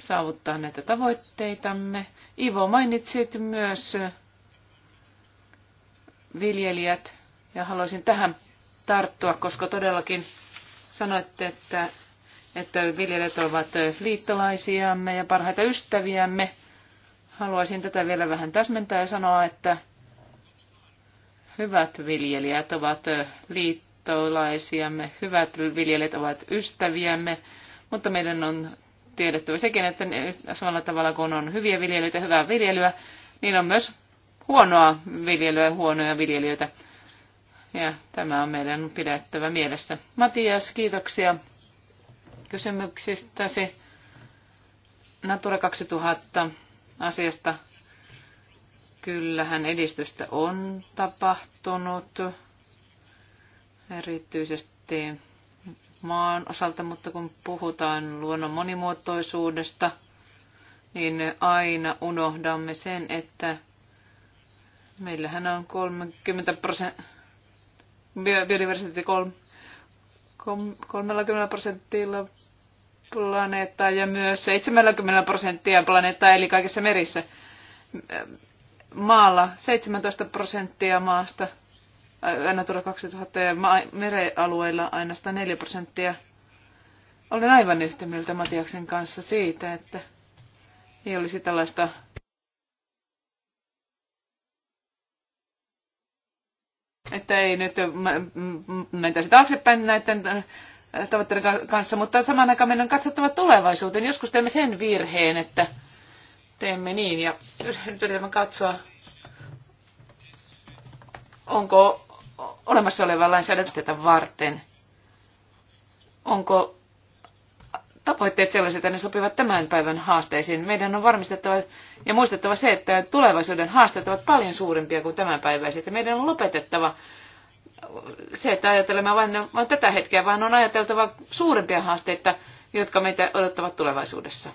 saavuttaa näitä tavoitteitamme. Ivo mainitsit myös viljelijät ja haluaisin tähän tarttua, koska todellakin sanoitte, että, että viljelijät ovat liittolaisiamme ja parhaita ystäviämme. Haluaisin tätä vielä vähän täsmentää ja sanoa, että hyvät viljelijät ovat liittolaisiamme, hyvät viljelijät ovat ystäviämme, mutta meidän on tiedetty sekin, että samalla tavalla kun on hyviä ja hyvää viljelyä, niin on myös huonoa viljelyä ja huonoja viljelyitä. Ja tämä on meidän pidettävä mielessä. Matias, kiitoksia kysymyksistäsi. Natura 2000 asiasta. Kyllähän edistystä on tapahtunut. Erityisesti maan osalta, mutta kun puhutaan luonnon monimuotoisuudesta, niin aina unohdamme sen, että meillähän on 30 prosenttia, biodiversiteetti 30 prosentilla planeettaa ja myös 70 prosenttia planeettaa eli kaikessa merissä. Maalla 17 prosenttia maasta – Natura 2000 ja merealueilla ainoastaan 4 prosenttia. Olen aivan yhtä mieltä Matiaksen kanssa siitä, että ei olisi tällaista että ei nyt mentäisi taaksepäin näiden tavoitteiden kanssa, mutta samaan aikaan meidän on katsottava tulevaisuuteen. Joskus teemme sen virheen, että teemme niin ja nyt yritämme katsoa, onko olemassa olevaa lainsäädäntöä varten? Onko tavoitteet sellaiset, että ne sopivat tämän päivän haasteisiin? Meidän on varmistettava ja muistettava se, että tulevaisuuden haasteet ovat paljon suurempia kuin tämänpäiväiset. Ja meidän on lopetettava se, että ajatellaan vain, vain tätä hetkeä, vaan on ajateltava suurempia haasteita, jotka meitä odottavat tulevaisuudessa.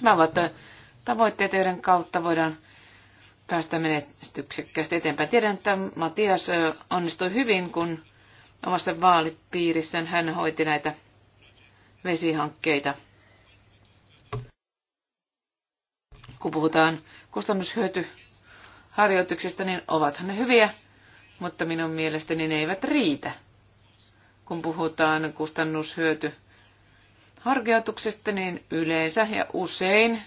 Nämä ovat tavoitteet, joiden kautta voidaan päästä menestyksekkäästi eteenpäin. Tiedän, että Matias onnistui hyvin, kun omassa vaalipiirissään hän hoiti näitä vesihankkeita. Kun puhutaan kustannushyötyharjoituksista, niin ovathan ne hyviä, mutta minun mielestäni ne eivät riitä. Kun puhutaan kustannushyötyharjoituksista, niin yleensä ja usein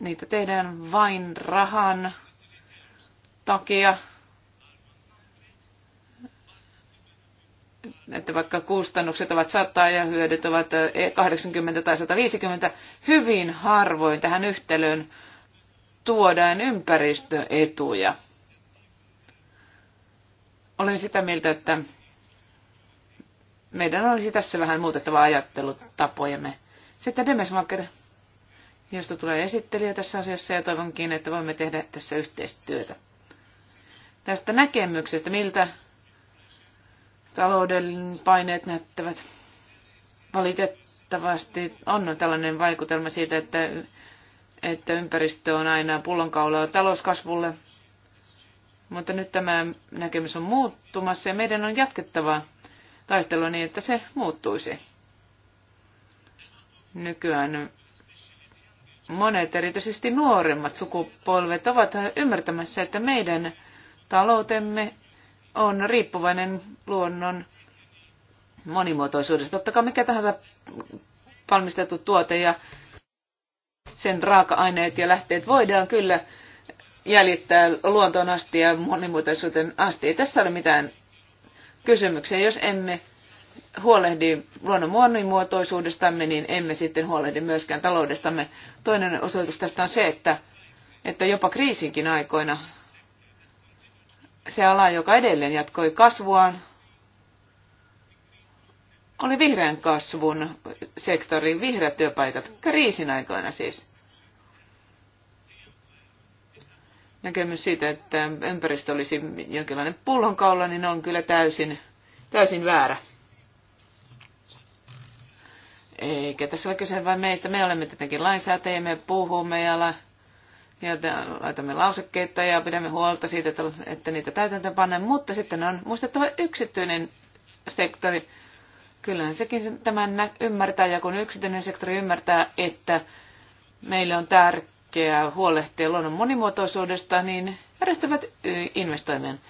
Niitä tehdään vain rahan takia. Että vaikka kustannukset ovat 100 ja hyödyt ovat 80 eh, tai 150, hyvin harvoin tähän yhtälöön tuodaan ympäristöetuja. Olen sitä mieltä, että meidän olisi tässä vähän muutettava ajattelutapojemme. Sitten Demesmaker josta tulee esittelijä tässä asiassa ja toivonkin, että voimme tehdä tässä yhteistyötä. Tästä näkemyksestä, miltä talouden paineet näyttävät. Valitettavasti on tällainen vaikutelma siitä, että, että ympäristö on aina pullonkaulaa talouskasvulle. Mutta nyt tämä näkemys on muuttumassa ja meidän on jatkettava taistelua niin, että se muuttuisi. Nykyään monet, erityisesti nuoremmat sukupolvet, ovat ymmärtämässä, että meidän taloutemme on riippuvainen luonnon monimuotoisuudesta. kai mikä tahansa valmistettu tuote ja sen raaka-aineet ja lähteet voidaan kyllä jäljittää luontoon asti ja monimuotoisuuteen asti. Ei tässä ole mitään kysymyksiä. Jos emme huolehdi luonnon monimuotoisuudestamme, niin emme sitten huolehdi myöskään taloudestamme. Toinen osoitus tästä on se, että, että jopa kriisinkin aikoina se ala, joka edelleen jatkoi kasvuaan, oli vihreän kasvun sektori, vihreät työpaikat, kriisin aikoina siis. Näkemys siitä, että ympäristö olisi jonkinlainen pullonkaula, niin on kyllä täysin, täysin väärä. Eikä tässä ole kyse vain meistä. Me olemme tietenkin lainsäätäjiä, me puhumme ja, la, ja laitamme lausekkeita ja pidämme huolta siitä, että, että niitä täytäntöön Mutta sitten on muistettava yksityinen sektori. Kyllähän sekin tämän ymmärtää ja kun yksityinen sektori ymmärtää, että meille on tärkeää huolehtia luonnon monimuotoisuudesta, niin järjestävät investoimien.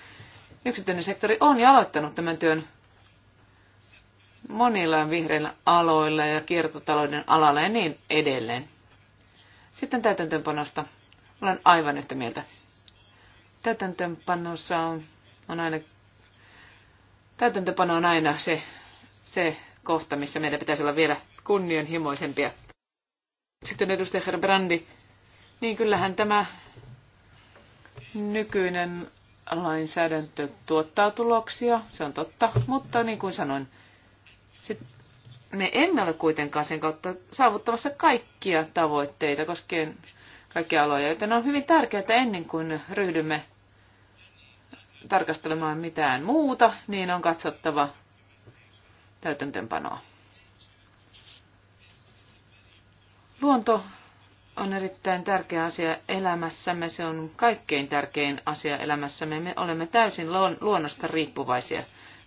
Yksityinen sektori on jo aloittanut tämän työn monilla vihreillä aloilla ja kiertotalouden alalla ja niin edelleen. Sitten täytäntöönpanosta. Olen aivan yhtä mieltä. Täytäntöönpanossa on, on aina, täytäntöönpano on aina se, se kohta, missä meidän pitäisi olla vielä kunnianhimoisempia. Sitten edustaja Herbrandi. Niin kyllähän tämä nykyinen lainsäädäntö tuottaa tuloksia, se on totta, mutta niin kuin sanoin, sitten me emme ole kuitenkaan sen kautta saavuttamassa kaikkia tavoitteita koskien kaikkia aloja, joten on hyvin tärkeää, että ennen kuin ryhdymme tarkastelemaan mitään muuta, niin on katsottava täytäntöönpanoa. Luonto on erittäin tärkeä asia elämässämme. Se on kaikkein tärkein asia elämässämme. Me olemme täysin luonnosta riippuvaisia.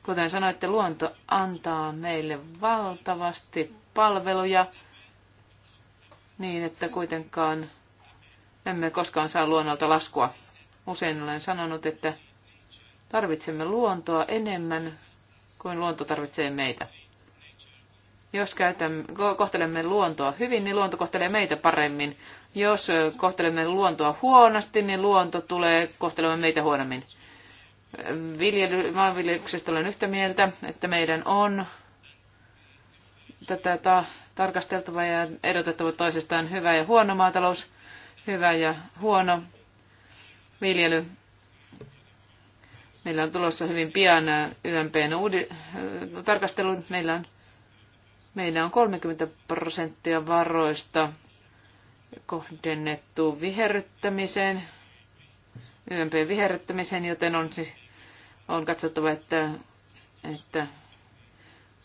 Kuten sanoitte, luonto antaa meille valtavasti palveluja niin, että kuitenkaan emme koskaan saa luonnolta laskua. Usein olen sanonut, että tarvitsemme luontoa enemmän kuin luonto tarvitsee meitä. Jos käytämme, kohtelemme luontoa hyvin, niin luonto kohtelee meitä paremmin. Jos kohtelemme luontoa huonosti, niin luonto tulee kohtelemaan meitä huonommin viljely, maanviljelyksestä olen yhtä mieltä, että meidän on tätä ta- tarkasteltava ja erotettava toisestaan hyvä ja huono maatalous, hyvä ja huono viljely. Meillä on tulossa hyvin pian äh, YMPn uudi- äh, tarkastelun. Meillä on, meillä on 30 prosenttia varoista kohdennettu viherryttämiseen, YMP viherryttämiseen, joten on siis on katsottava, että, että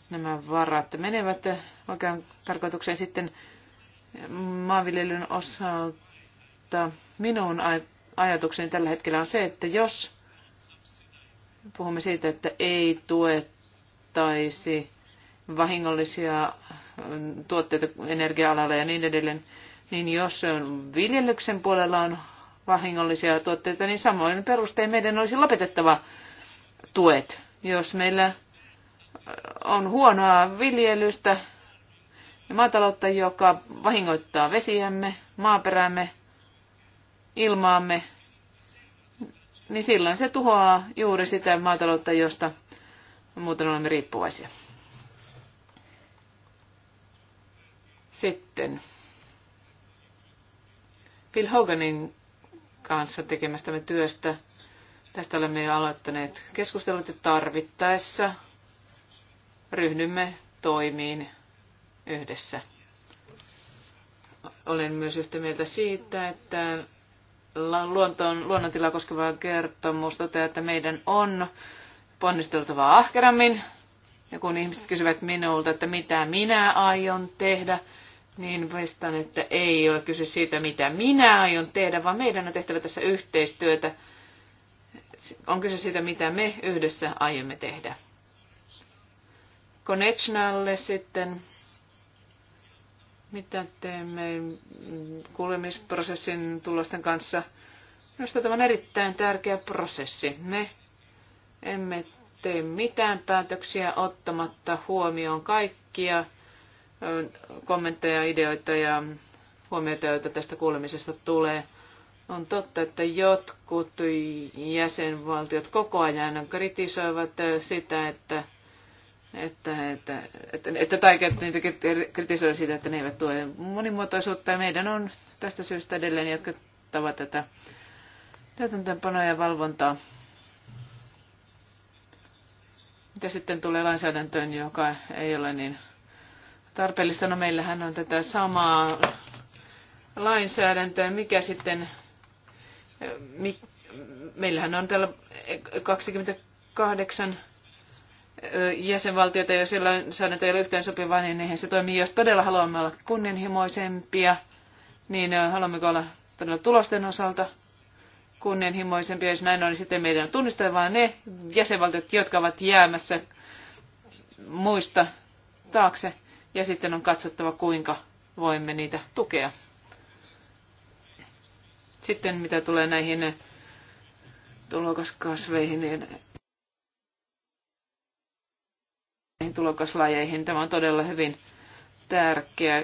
nämä varat menevät oikean tarkoitukseen sitten maanviljelyn osalta. Minun ajatukseni tällä hetkellä on se, että jos puhumme siitä, että ei tuettaisi vahingollisia mm, tuotteita energia-alalla ja niin edelleen, niin jos on viljelyksen puolella on vahingollisia tuotteita, niin samoin perustein meidän olisi lopetettava tuet. Jos meillä äh, on huonoa viljelystä ja maataloutta, joka vahingoittaa vesiämme, maaperämme, ilmaamme, niin silloin se tuhoaa juuri sitä maataloutta, josta muuten olemme riippuvaisia. Sitten Phil Hoganin kanssa tekemästämme työstä – Tästä olemme jo aloittaneet keskustelut ja tarvittaessa ryhdymme toimiin yhdessä. Olen myös yhtä mieltä siitä, että luontoon, luonnontilaa koskeva kertomus toteaa, että meidän on ponnisteltava ahkerammin. Ja kun ihmiset kysyvät minulta, että mitä minä aion tehdä, niin vastaan, että ei ole kyse siitä, mitä minä aion tehdä, vaan meidän on tehtävä tässä yhteistyötä on kyse siitä, mitä me yhdessä aiemme tehdä. Konechnalle sitten, mitä teemme kuulemisprosessin tulosten kanssa. Minusta tämä on erittäin tärkeä prosessi. Me emme tee mitään päätöksiä ottamatta huomioon kaikkia kommentteja, ideoita ja huomioita, joita tästä kuulemisesta tulee – on totta, että jotkut jäsenvaltiot koko ajan kritisoivat sitä, että että, että, että, että, että niitä kritisoida sitä, että ne eivät tue monimuotoisuutta. Ja meidän on tästä syystä edelleen jatkettava tätä täytäntöönpanoa ja valvontaa. Mitä sitten tulee lainsäädäntöön, joka ei ole niin tarpeellista? No meillähän on tätä samaa lainsäädäntöä. Mikä sitten meillähän on täällä 28 jäsenvaltiota, jos säännöt ei ole yhteen sopivaa, niin eihän se toimi. Jos todella haluamme olla kunnianhimoisempia, niin haluammeko olla todella tulosten osalta kunnianhimoisempia, jos näin on, niin sitten meidän on tunnistettava ne jäsenvaltiot, jotka ovat jäämässä muista taakse, ja sitten on katsottava, kuinka voimme niitä tukea. Sitten mitä tulee näihin tulokaskasveihin, niin näihin tulokaslajeihin, tämä on todella hyvin tärkeä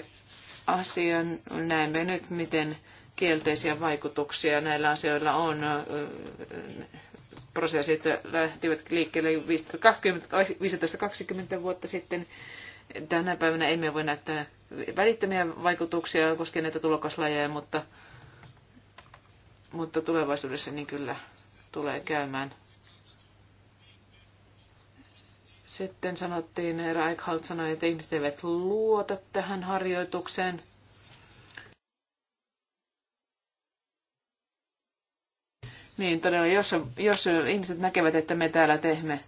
asia. Näemme nyt, miten kielteisiä vaikutuksia näillä asioilla on. Prosessit lähtivät liikkeelle 15-20 vuotta sitten. Tänä päivänä emme voi näyttää välittömiä vaikutuksia koskien näitä tulokaslajeja, mutta mutta tulevaisuudessa niin kyllä tulee käymään. Sitten sanottiin, Reichhalt sanoi, että ihmiset eivät luota tähän harjoitukseen. Niin todella, jos, jos ihmiset näkevät, että me täällä teemme,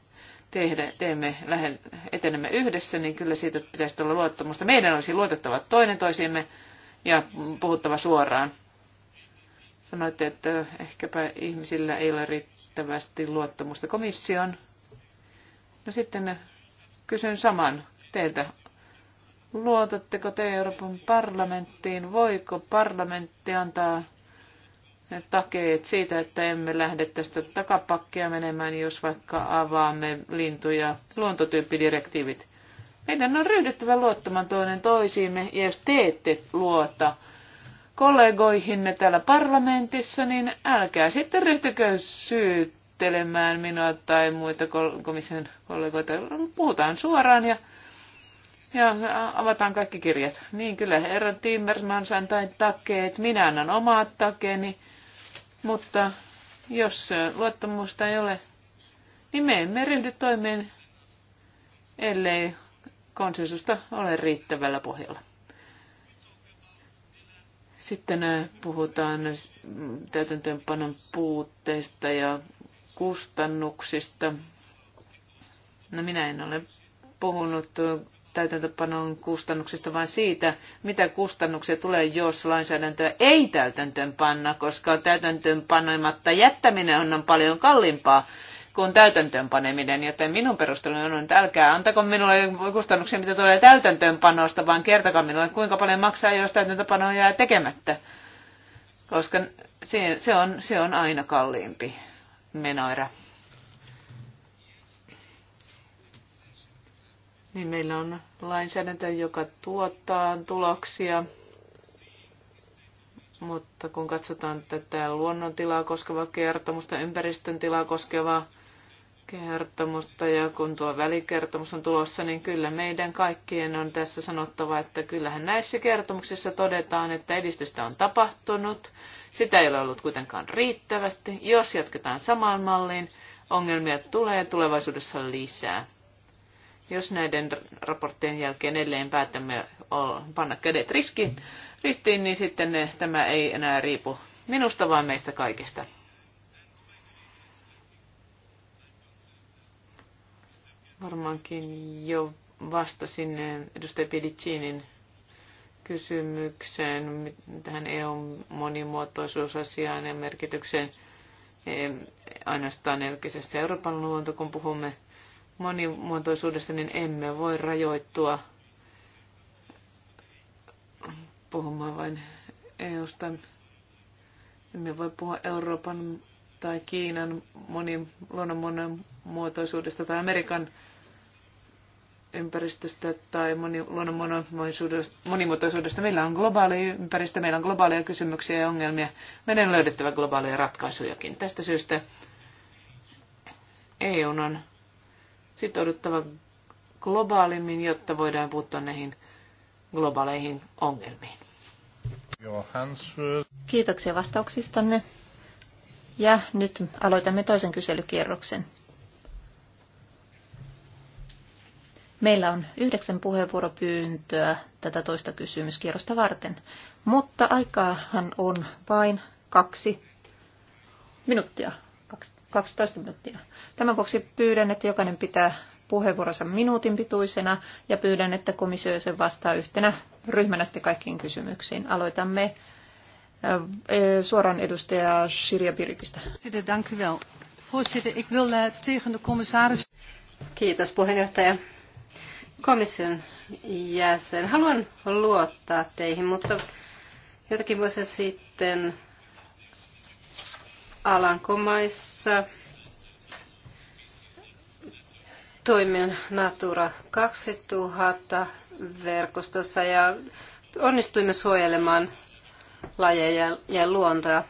tehdä, teemme lähen, etenemme yhdessä, niin kyllä siitä pitäisi olla luottamusta. Meidän olisi luotettava toinen toisiimme ja puhuttava suoraan. Sanoitte, että ehkäpä ihmisillä ei ole riittävästi luottamusta komissioon. No sitten kysyn saman teiltä. Luotatteko te Euroopan parlamenttiin? Voiko parlamentti antaa ne takeet siitä, että emme lähde tästä takapakkia menemään, jos vaikka avaamme lintu- ja luontotyyppidirektiivit? Meidän on ryhdyttävä luottamaan toinen toisiimme, ja jos te ette luota, kollegoihinne täällä parlamentissa, niin älkää sitten ryhtykö syyttelemään minua tai muita komission kollegoita. Puhutaan suoraan ja, ja avataan kaikki kirjat. Niin kyllä, herra Timmermans antaa takeet, minä annan omat takeeni, mutta jos luottamusta ei ole, niin me emme ryhdy toimeen, ellei konsensusta ole riittävällä pohjalla. Sitten äh, puhutaan täytäntöönpanon puutteista ja kustannuksista. No minä en ole puhunut täytäntöönpanon kustannuksista, vaan siitä, mitä kustannuksia tulee, jos lainsäädäntöä ei täytäntöönpanna, koska täytäntöönpanoimatta jättäminen on paljon kalliimpaa kuin täytäntöönpaneminen, joten minun perusteluni on, että älkää antako minulle kustannuksia, mitä tulee täytäntöönpanosta, vaan kertokaa minulle, kuinka paljon maksaa, jos täytäntöönpano jää tekemättä. Koska se, se, on, se on aina kalliimpi menoira. Niin meillä on lainsäädäntö, joka tuottaa tuloksia. Mutta kun katsotaan tätä luonnontilaa koskevaa kertomusta, ympäristön tilaa koskevaa kertomusta ja kun tuo välikertomus on tulossa, niin kyllä meidän kaikkien on tässä sanottava, että kyllähän näissä kertomuksissa todetaan, että edistystä on tapahtunut. Sitä ei ole ollut kuitenkaan riittävästi. Jos jatketaan samaan malliin, ongelmia tulee tulevaisuudessa lisää. Jos näiden raporttien jälkeen edelleen päätämme panna kädet riskiin, ristiin, niin sitten ne, tämä ei enää riipu minusta, vaan meistä kaikista. Varmaankin jo vastasin edustaja Pedicinin kysymykseen, tähän EUn monimuotoisuusasiaan ja merkitykseen e, ainoastaan elkisessä Euroopan luonto, kun puhumme monimuotoisuudesta, niin emme voi rajoittua puhumaan vain EUsta. Emme voi puhua Euroopan tai Kiinan moni, luonnon monimuotoisuudesta tai Amerikan ympäristöstä tai moni, luonnon monimuotoisuudesta. Meillä on globaali ympäristö, meillä on globaaleja kysymyksiä ja ongelmia. Meidän on löydettävä globaaleja ratkaisujakin. Tästä syystä EU on sitouduttava globaalimmin, jotta voidaan puuttua näihin globaaleihin ongelmiin. Kiitoksia vastauksistanne. Ja nyt aloitamme toisen kyselykierroksen. Meillä on yhdeksän puheenvuoropyyntöä tätä toista kysymyskierrosta varten, mutta aikaahan on vain kaksi minuuttia, 12 minuuttia. Tämän vuoksi pyydän, että jokainen pitää puheenvuoronsa minuutin pituisena ja pyydän, että komissio sen vastaa yhtenä ryhmänä sitten kaikkiin kysymyksiin. Aloitamme suoraan edustaja Sirja Pirikistä. Eh, Kiitos puheenjohtaja komission jäsen. Haluan luottaa teihin, mutta jotakin vuosia sitten Alankomaissa toimin Natura 2000 verkostossa ja onnistuimme suojelemaan lajeja ja luontoa.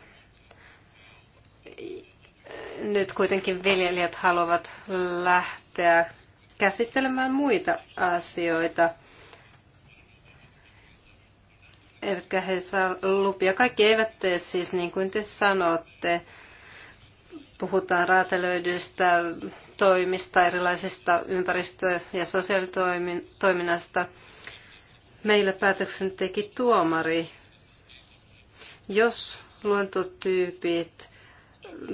Nyt kuitenkin viljelijät haluavat lähteä käsittelemään muita asioita, eivätkä he saa lupia. Kaikki eivät tee siis niin kuin te sanotte. Puhutaan räätälöidyistä toimista, erilaisista ympäristö- ja sosiaalitoiminnasta. Meillä päätöksen teki tuomari. Jos luontotyypit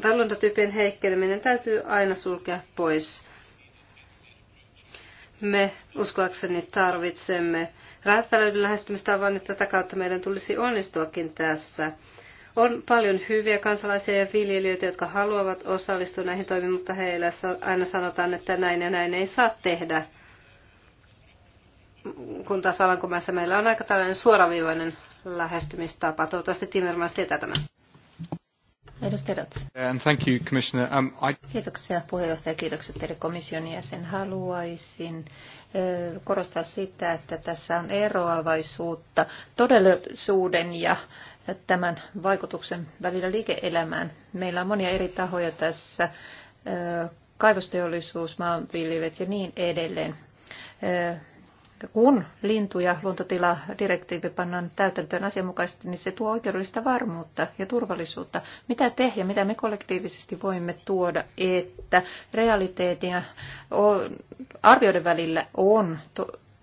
tai luontotyypien heikkeneminen täytyy aina sulkea pois. Me uskoakseni tarvitsemme räätälöidyn lähestymistavan, että tätä kautta meidän tulisi onnistuakin tässä. On paljon hyviä kansalaisia ja viljelijöitä, jotka haluavat osallistua näihin toimiin, mutta heillä aina sanotaan, että näin ja näin ei saa tehdä. Kun taas Alankomaissa meillä on aika tällainen suoraviivainen lähestymistapa. Toivottavasti Timmermans tietää tämän. Edustaja Dots. Thank you, Commissioner. Um, I... Kiitoksia puheenjohtaja, kiitokset teille komission jäsen. Haluaisin korostaa sitä, että tässä on eroavaisuutta todellisuuden ja tämän vaikutuksen välillä liike-elämään. Meillä on monia eri tahoja tässä, kaivosteollisuus, maanviljelijät ja niin edelleen kun lintu- ja luontotiladirektiivi pannaan täytäntöön asianmukaisesti, niin se tuo oikeudellista varmuutta ja turvallisuutta. Mitä te ja mitä me kollektiivisesti voimme tuoda, että realiteetin ja arvioiden välillä on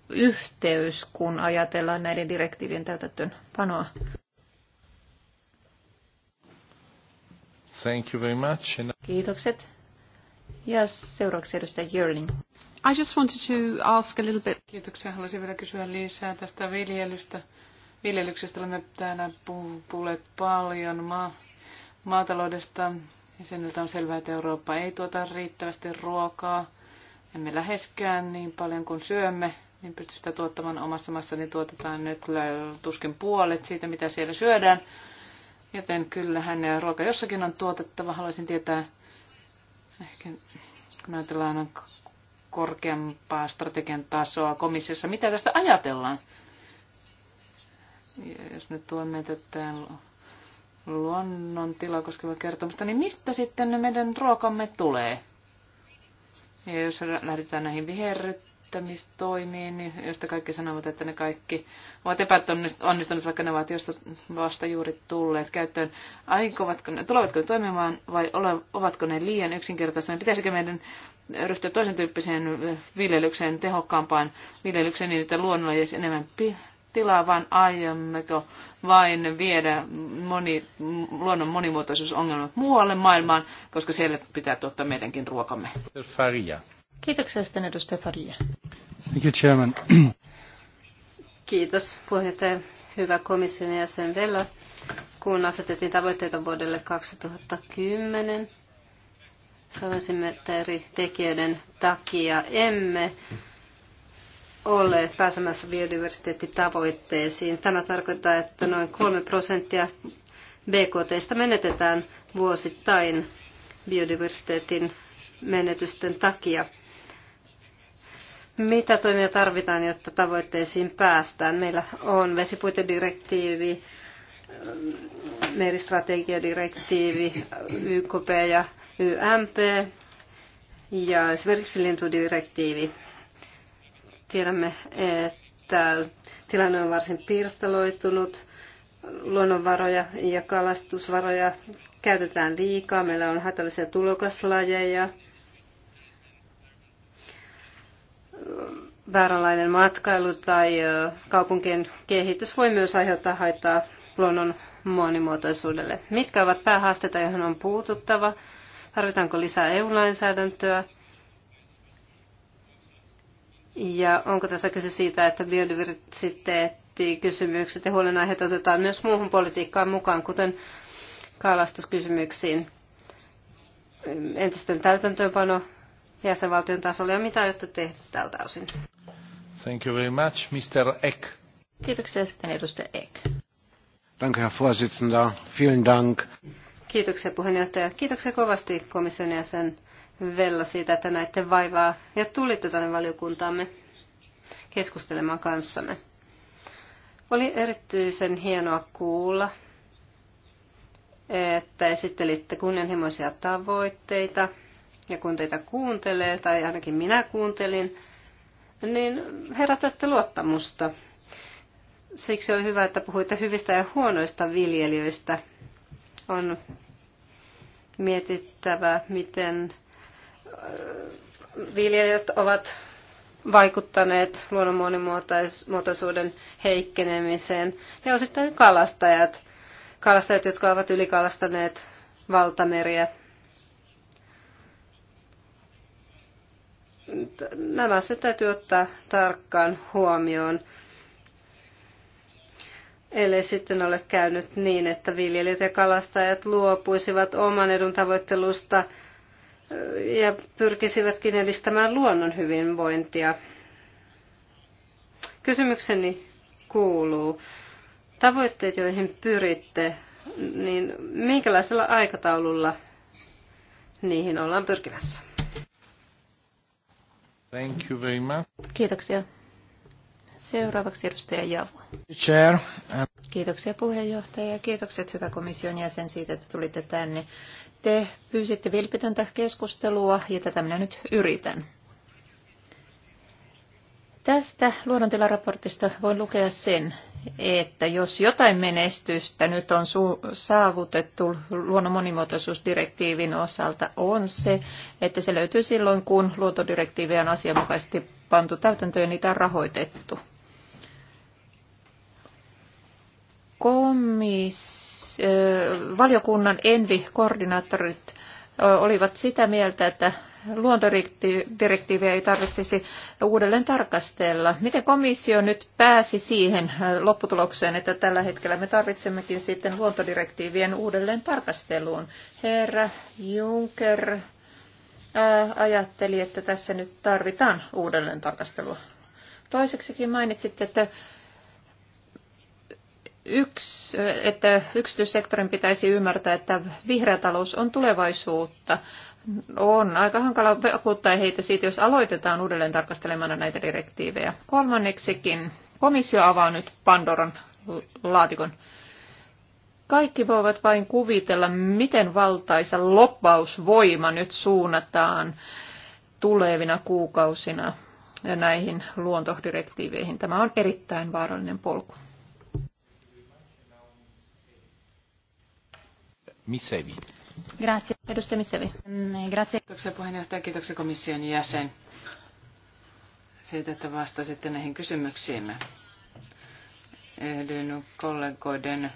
yhteys, kun ajatellaan näiden direktiivien täytäntöön panoa? Thank you very much. Kiitokset. Ja seuraavaksi edustaja Jörling. I just wanted to ask a little bit. Kiitoksia. Haluaisin vielä kysyä lisää tästä viljelystä. Viljelyksestä olemme täällä puhuneet paljon ma- maataloudesta. Ja sen on selvää, että Eurooppa ei tuota riittävästi ruokaa. Emme läheskään niin paljon kuin syömme. Niin pysty sitä tuottamaan omassa maassa Niin tuotetaan nyt kyllä tuskin puolet siitä, mitä siellä syödään. Joten kyllähän ruoka jossakin on tuotettava. Haluaisin tietää, ehkä kun ajatellaan korkeampaa strategian tasoa komissiossa. Mitä tästä ajatellaan? Jos nyt tuemme tätä luonnon tilaa koskevaa kertomusta, niin mistä sitten meidän ruokamme tulee? Ja jos lähdetään näihin viherryt, kehittämistoimiin, josta kaikki sanovat, että ne kaikki ovat epäonnistuneet, vaikka ne ovat josta vasta juuri tulleet käyttöön. Aikovatko ne, tulevatko ne toimimaan vai ole, ovatko ne liian yksinkertaisia? Pitäisikö meidän ryhtyä toisen tyyppiseen viljelykseen, tehokkaampaan viljelykseen niin, että luonnolla jäisi enemmän tilaa, vaan aiommeko vain viedä moni, luonnon monimuotoisuusongelmat muualle maailmaan, koska siellä pitää tuottaa meidänkin ruokamme. Faria. Kiitoksia sitten edustaja Faria. Thank you, Chairman. Kiitos puheenjohtaja. Hyvä komission jäsen Vella. Kun asetettiin tavoitteita vuodelle 2010, sanoisimme, että eri tekijöiden takia emme olleet pääsemässä biodiversiteettitavoitteisiin. Tämä tarkoittaa, että noin 3 prosenttia BKTstä menetetään vuosittain biodiversiteetin menetysten takia. Mitä toimia tarvitaan, jotta tavoitteisiin päästään? Meillä on vesipuitedirektiivi, meristrategiadirektiivi, YKP ja YMP ja esimerkiksi lintudirektiivi. Tiedämme, että tilanne on varsin pirstaloitunut. Luonnonvaroja ja kalastusvaroja käytetään liikaa. Meillä on haitallisia tulokaslajeja vääränlainen matkailu tai kaupunkien kehitys voi myös aiheuttaa haittaa luonnon monimuotoisuudelle. Mitkä ovat päähaasteita, joihin on puututtava? Tarvitaanko lisää EU-lainsäädäntöä? Ja onko tässä kyse siitä, että kysymykset ja huolenaiheet otetaan myös muuhun politiikkaan mukaan, kuten kalastuskysymyksiin, entisten täytäntöönpano jäsenvaltion tasolla ja mitä aiotte tehdä tältä osin? Thank you very much, Mr. Eck. Kiitoksia sitten edustaja Eck. Danke, Herr Vorsitzender. Vielen Dank. Kiitoksia puheenjohtaja. Kiitoksia kovasti komission jäsen Vella siitä, että näitte vaivaa ja tulitte tänne valiokuntaamme keskustelemaan kanssamme. Oli erityisen hienoa kuulla, että esittelitte kunnianhimoisia tavoitteita. Ja kun teitä kuuntelee, tai ainakin minä kuuntelin, niin herätätte luottamusta. Siksi oli hyvä, että puhuitte hyvistä ja huonoista viljelijöistä. On mietittävä, miten viljelijät ovat vaikuttaneet luonnon monimuotoisuuden heikkenemiseen ja osittain kalastajat, kalastajat, jotka ovat ylikalastaneet valtameriä. nämä se täytyy ottaa tarkkaan huomioon. Eli sitten ole käynyt niin, että viljelijät ja kalastajat luopuisivat oman edun tavoittelusta ja pyrkisivätkin edistämään luonnon hyvinvointia. Kysymykseni kuuluu, tavoitteet, joihin pyritte, niin minkälaisella aikataululla niihin ollaan pyrkimässä? Thank you very much. Kiitoksia. Seuraavaksi edustaja Javu. Chair. Uh, Kiitoksia puheenjohtaja ja kiitokset hyvä komission jäsen siitä, että tulitte tänne. Te pyysitte vilpitöntä keskustelua ja tätä minä nyt yritän. Tästä luonnontilaraportista voin lukea sen, että jos jotain menestystä nyt on saavutettu luonnon monimuotoisuusdirektiivin osalta, on se, että se löytyy silloin, kun luontodirektiiviä on asianmukaisesti pantu täytäntöön ja niitä on rahoitettu. Komis, valiokunnan envi-koordinaattorit olivat sitä mieltä, että luontodirektiiviä ei tarvitsisi uudelleen tarkastella. Miten komissio nyt pääsi siihen lopputulokseen, että tällä hetkellä me tarvitsemmekin sitten luontodirektiivien uudelleen tarkasteluun? Herra Juncker äh, ajatteli, että tässä nyt tarvitaan uudelleen tarkastelua. Toiseksikin mainitsitte, että yksi, että yksityissektorin pitäisi ymmärtää, että vihreä talous on tulevaisuutta on aika hankala vakuuttaa heitä siitä, jos aloitetaan uudelleen tarkastelemaan näitä direktiivejä. Kolmanneksikin komissio avaa nyt Pandoran laatikon. Kaikki voivat vain kuvitella, miten valtaisa loppausvoima nyt suunnataan tulevina kuukausina näihin luontodirektiiveihin. Tämä on erittäin vaarallinen polku. Misevi. Grazie. Edustaja mm, Kiitoksia puheenjohtaja, kiitoksia komission jäsen siitä, että vastasitte näihin kysymyksiimme. Yhdyn kollegoiden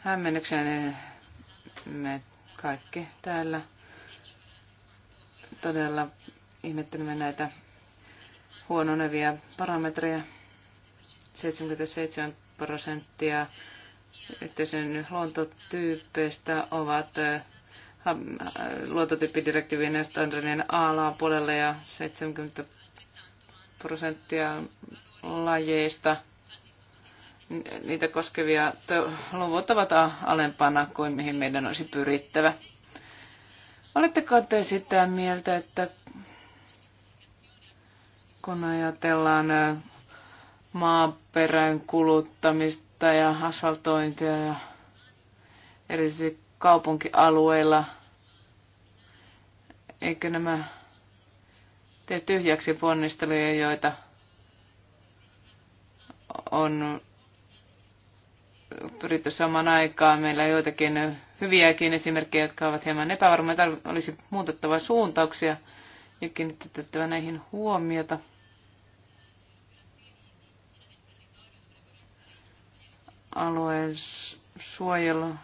hämmennykseen. Me kaikki täällä todella ihmettelemme näitä huononevia parametreja. 77 prosenttia että sen luontotyyppeistä ovat luontotyyppidirektiivien ja standardien alapuolella ja 70 prosenttia lajeista niitä koskevia luvut ovat alempana kuin mihin meidän olisi pyrittävä. Oletteko te sitä mieltä, että kun ajatellaan maaperän kuluttamista, teollisuutta ja asfaltointia ja erityisesti kaupunkialueilla. Eikö nämä tee tyhjäksi ponnisteluja, joita on pyritty samaan aikaan. Meillä on joitakin hyviäkin esimerkkejä, jotka ovat hieman epävarmoja. Olisi muutettava suuntauksia ja kiinnitettävä näihin huomiota. alueen suojelu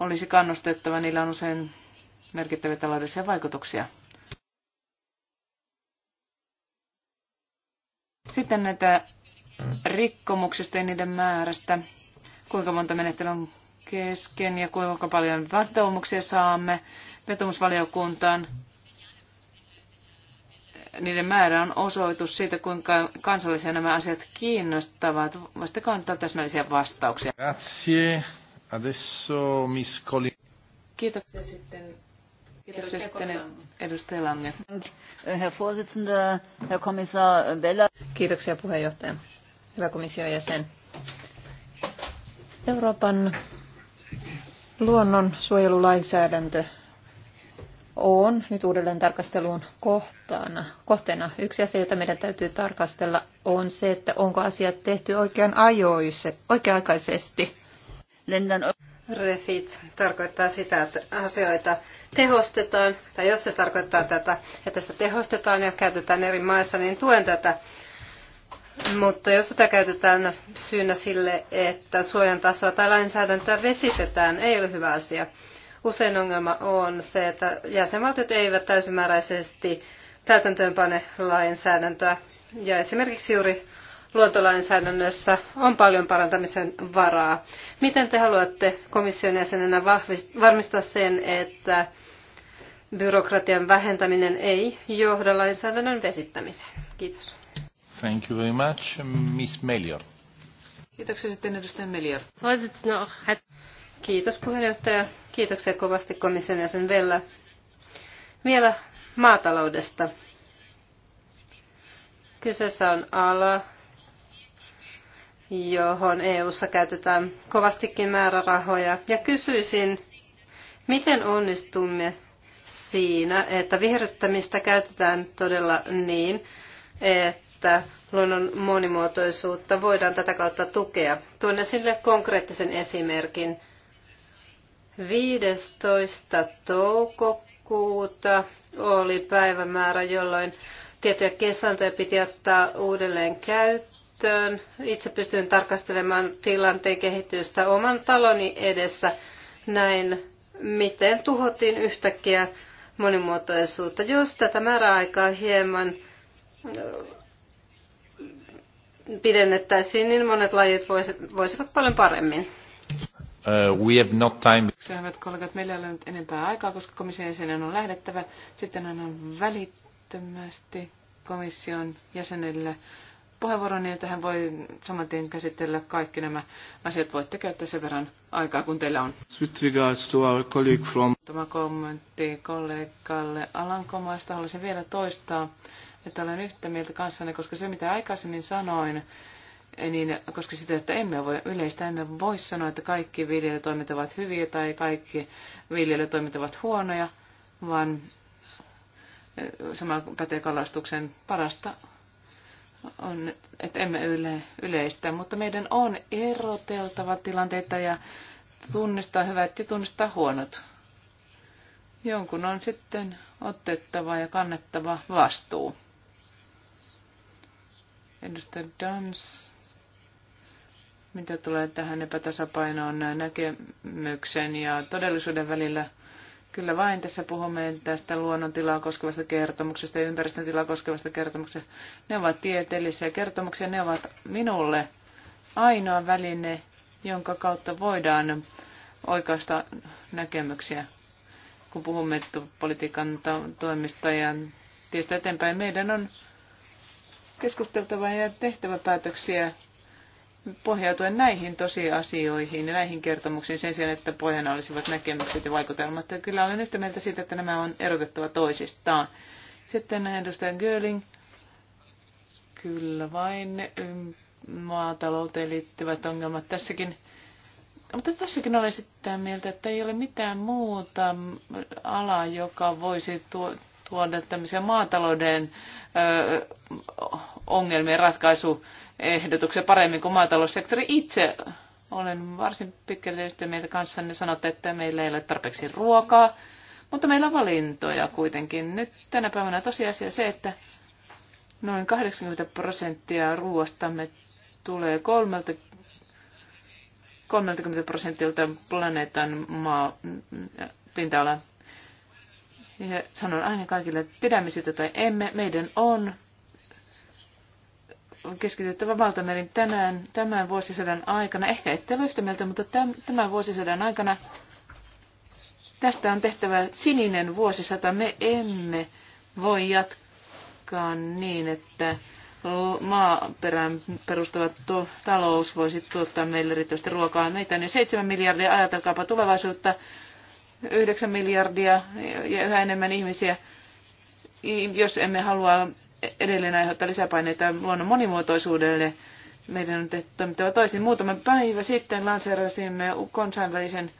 olisi kannustettava, niillä on usein merkittäviä taloudellisia vaikutuksia. Sitten näitä rikkomuksista ja niiden määrästä, kuinka monta menettelyä on kesken ja kuinka paljon vetoomuksia saamme vetomusvaliokuntaan niiden määrä on osoitus siitä, kuinka kansallisia nämä asiat kiinnostavat. Voisitteko antaa täsmällisiä vastauksia? Grazie. Adesso Miss Colin. Kiitoksia sitten. Kiitoksia sitten edustaja Lange. Herr Bella. Kiitoksia puheenjohtaja. Hyvä komission jäsen. Euroopan luonnonsuojelulainsäädäntö on nyt uudelleen tarkastelun kohtana. kohteena. Yksi asia, jota meidän täytyy tarkastella, on se, että onko asiat tehty oikean ajoise, oikea-aikaisesti. Lennän refit tarkoittaa sitä, että asioita tehostetaan, tai jos se tarkoittaa tätä, että sitä tehostetaan ja käytetään eri maissa, niin tuen tätä. Mutta jos tätä käytetään syynä sille, että suojan tasoa tai lainsäädäntöä vesitetään, ei ole hyvä asia. Usein ongelma on se, että jäsenvaltiot eivät täysimääräisesti täytäntöönpane lainsäädäntöä. Ja esimerkiksi juuri luontolainsäädännössä on paljon parantamisen varaa. Miten te haluatte komission jäsenenä varmistaa sen, että byrokratian vähentäminen ei johda lainsäädännön vesittämiseen? Kiitos. Thank you very much. Miss Melior. Kiitoksia sitten edustaja Melior. Kiitos puheenjohtaja. Kiitoksia kovasti komission jäsen Vella. Vielä maataloudesta. Kyseessä on ala, johon EU:ssa käytetään kovastikin määrärahoja. Ja kysyisin, miten onnistumme siinä, että viherryttämistä käytetään todella niin, että luonnon monimuotoisuutta voidaan tätä kautta tukea. Tuon esille konkreettisen esimerkin 15. toukokuuta oli päivämäärä, jolloin tietoja kesäntöjä piti ottaa uudelleen käyttöön. Itse pystyin tarkastelemaan tilanteen kehitystä oman taloni edessä näin, miten tuhottiin yhtäkkiä monimuotoisuutta. Jos tätä määräaikaa hieman äh, pidennettäisiin, niin monet lajit voisivat paljon paremmin. Uh, we have not time. Hyvät kollegat, meillä ei ole nyt enempää aikaa, koska komission jäsenen on lähdettävä. Sitten annan välittömästi komission jäsenelle puheenvuoron, niin että hän voi saman tien käsitellä kaikki nämä asiat. Voitte käyttää sen verran aikaa, kun teillä on. With regards to our colleague from... Tämä kommentti kollegalle Alankomaista haluaisin vielä toistaa, että olen yhtä mieltä kanssanne, koska se mitä aikaisemmin sanoin, niin, koska sitä, että emme voi yleistä, emme voi sanoa, että kaikki viljelytoimet ovat hyviä tai kaikki viljelytoimet ovat huonoja, vaan eh, sama pätee kalastuksen parasta on, että emme yle, yleistä, mutta meidän on eroteltava tilanteita ja tunnistaa hyvät ja tunnistaa huonot. Jonkun on sitten otettava ja kannettava vastuu. Edustaja Dans. Mitä tulee tähän epätasapainoon näkemyksen ja todellisuuden välillä, Kyllä vain. Tässä puhumme tästä luonnontilaa koskevasta kertomuksesta ja ympäristötilaa koskevasta kertomuksesta. Ne ovat tieteellisiä kertomuksia. Ne ovat minulle ainoa väline, jonka kautta voidaan oikaista näkemyksiä. Kun puhumme politiikan toimista ja tiestä eteenpäin, meidän on keskusteltava ja tehtävä päätöksiä pohjautuen näihin tosiasioihin ja näihin kertomuksiin sen sijaan, että pohjana olisivat näkemykset ja vaikutelmat. Ja kyllä olen yhtä mieltä siitä, että nämä on erotettava toisistaan. Sitten edustaja Göling. Kyllä vain mm, maatalouteen liittyvät ongelmat tässäkin. Mutta tässäkin olen sitä mieltä, että ei ole mitään muuta alaa, joka voisi tuoda tämmöisiä maatalouden ö, ongelmien ratkaisu ehdotuksen paremmin kuin maataloussektori itse. Olen varsin pitkälle yhtä mieltä kanssanne. Sanotte, että meillä ei ole tarpeeksi ruokaa, mutta meillä on valintoja kuitenkin. Nyt tänä päivänä tosiasia se, että noin 80 prosenttia ruoastamme tulee 30, prosentilta planeetan maa pinta-alan. Ja sanon aina kaikille, että pidämme sitä tai emme, meidän on on keskityttävä valtameriin tänään, tämän vuosisadan aikana. Ehkä ette ole yhtä mieltä, mutta tämän vuosisadan aikana tästä on tehtävä sininen vuosisata. Me emme voi jatkaa niin, että maaperään perustuva to- talous voisi tuottaa meille riittävästi ruokaa. Meitä on jo 7 miljardia, ajatelkaapa tulevaisuutta, 9 miljardia ja yhä enemmän ihmisiä. Jos emme halua edelleen aiheuttaa lisäpaineita luonnon monimuotoisuudelle. Meidän on toimittava toisin. Muutama päivä sitten lanseerasimme kansainvälisen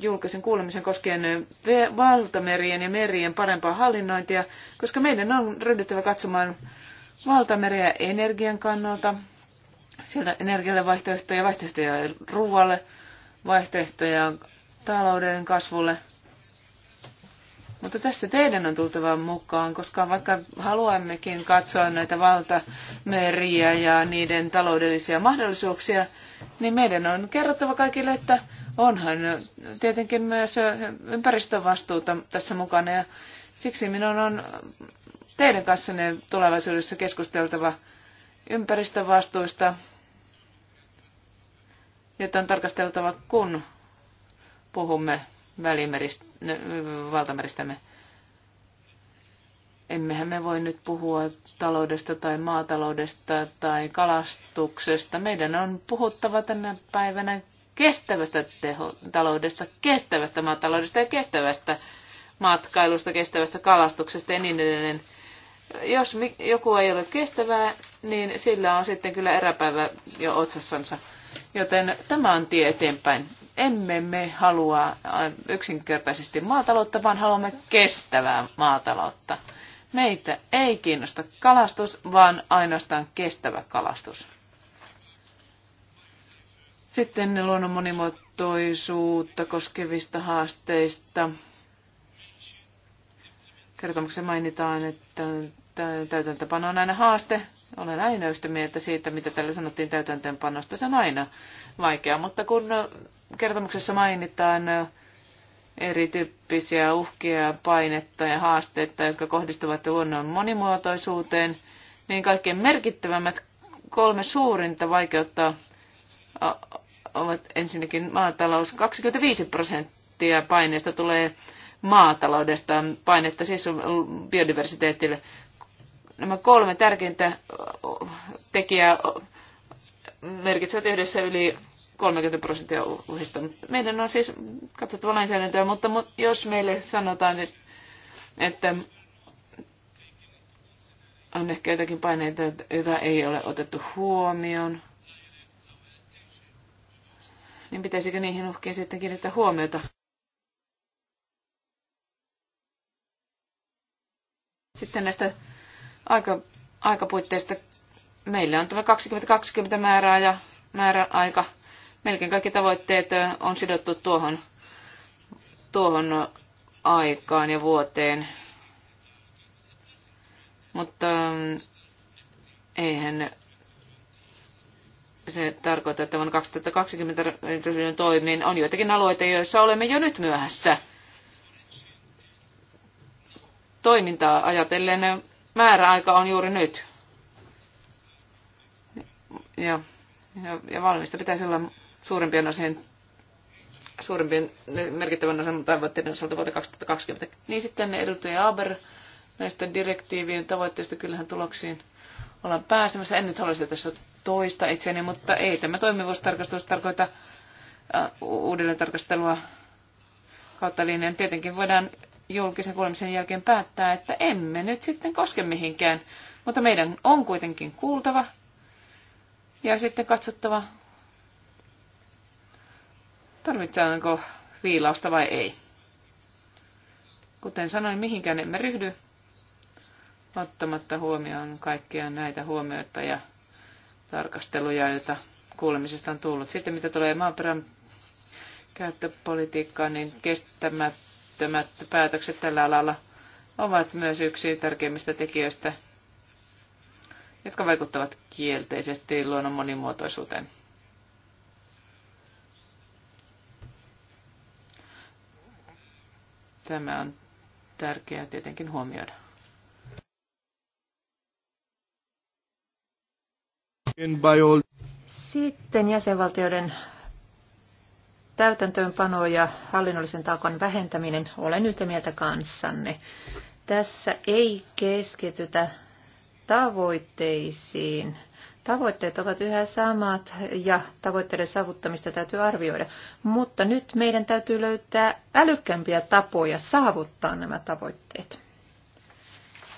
julkisen kuulemisen koskien valtamerien ja merien parempaa hallinnointia, koska meidän on ryhdyttävä katsomaan valtameriä energian kannalta, sieltä energialle vaihtoehtoja, vaihtoehtoja ruoalle, vaihtoehtoja talouden kasvulle – mutta tässä teidän on tultava mukaan, koska vaikka haluammekin katsoa näitä valtameriä ja niiden taloudellisia mahdollisuuksia, niin meidän on kerrottava kaikille, että onhan tietenkin myös ympäristövastuuta tässä mukana. Ja siksi minun on teidän kanssanne tulevaisuudessa keskusteltava ympäristövastuista, jota on tarkasteltava, kun puhumme välimeristä valtameristämme. Emmehän me voi nyt puhua taloudesta tai maataloudesta tai kalastuksesta. Meidän on puhuttava tänä päivänä kestävästä teho, taloudesta, kestävästä maataloudesta ja kestävästä matkailusta, kestävästä kalastuksesta ja niin edelleen. Jos joku ei ole kestävää, niin sillä on sitten kyllä eräpäivä jo otsassansa. Joten tämä on tie eteenpäin. Emme me halua äh, yksinkertaisesti maataloutta, vaan haluamme kestävää maataloutta. Meitä ei kiinnosta kalastus, vaan ainoastaan kestävä kalastus. Sitten luonnon monimuotoisuutta koskevista haasteista. Kertomuksessa mainitaan, että täytäntöpano on aina haaste. Olen aina yhtä mieltä siitä, mitä tällä sanottiin täytäntöönpanosta. Se on aina vaikea, mutta kun kertomuksessa mainitaan erityyppisiä uhkia, painetta ja haasteita, jotka kohdistuvat luonnon monimuotoisuuteen, niin kaikkein merkittävämmät kolme suurinta vaikeutta ovat ensinnäkin maatalous. 25 prosenttia paineista tulee maataloudesta, painetta siis biodiversiteetille. Nämä kolme tärkeintä tekijää merkitsevät yhdessä yli 30 prosenttia uhista. Meidän on siis katsottava lainsäädäntöä, mutta jos meille sanotaan, että on ehkä jotakin paineita, joita ei ole otettu huomioon, niin pitäisikö niihin uhkiin sitten kiinnittää huomiota? Sitten näistä aika, aikapuitteista meillä on tämä 2020 määrää ja määräaika. Melkein kaikki tavoitteet on sidottu tuohon, tuohon aikaan ja vuoteen. Mutta eihän se tarkoita, että vuonna 2020 ryhdyn toimiin on joitakin alueita, joissa olemme jo nyt myöhässä. Toimintaa ajatellen määräaika on juuri nyt. Ja, ja, ja valmista pitäisi olla suurimpien osien suurimpien merkittävän osan tavoitteiden osalta vuoden 2020. Niin sitten edustaja Aber näistä direktiivien tavoitteista kyllähän tuloksiin ollaan pääsemässä. En nyt halua sitä tässä toista itseäni, mutta ei tämä toimivuustarkastus tarkoita äh, uudelleen tarkastelua kautta linjan. Tietenkin voidaan julkisen kuulemisen jälkeen päättää, että emme nyt sitten koske mihinkään, mutta meidän on kuitenkin kuultava ja sitten katsottava, tarvitaanko viilausta vai ei. Kuten sanoin, mihinkään emme ryhdy ottamatta huomioon kaikkia näitä huomioita ja tarkasteluja, joita kuulemisesta on tullut. Sitten mitä tulee maaperän käyttöpolitiikkaan, niin kestämättä välttämättömät päätökset tällä alalla ovat myös yksi tärkeimmistä tekijöistä, jotka vaikuttavat kielteisesti luonnon monimuotoisuuteen. Tämä on tärkeää tietenkin huomioida. Sitten jäsenvaltioiden täytäntöönpano ja hallinnollisen taakan vähentäminen, olen yhtä mieltä kanssanne. Tässä ei keskitytä tavoitteisiin. Tavoitteet ovat yhä samat ja tavoitteiden saavuttamista täytyy arvioida, mutta nyt meidän täytyy löytää älykkämpiä tapoja saavuttaa nämä tavoitteet.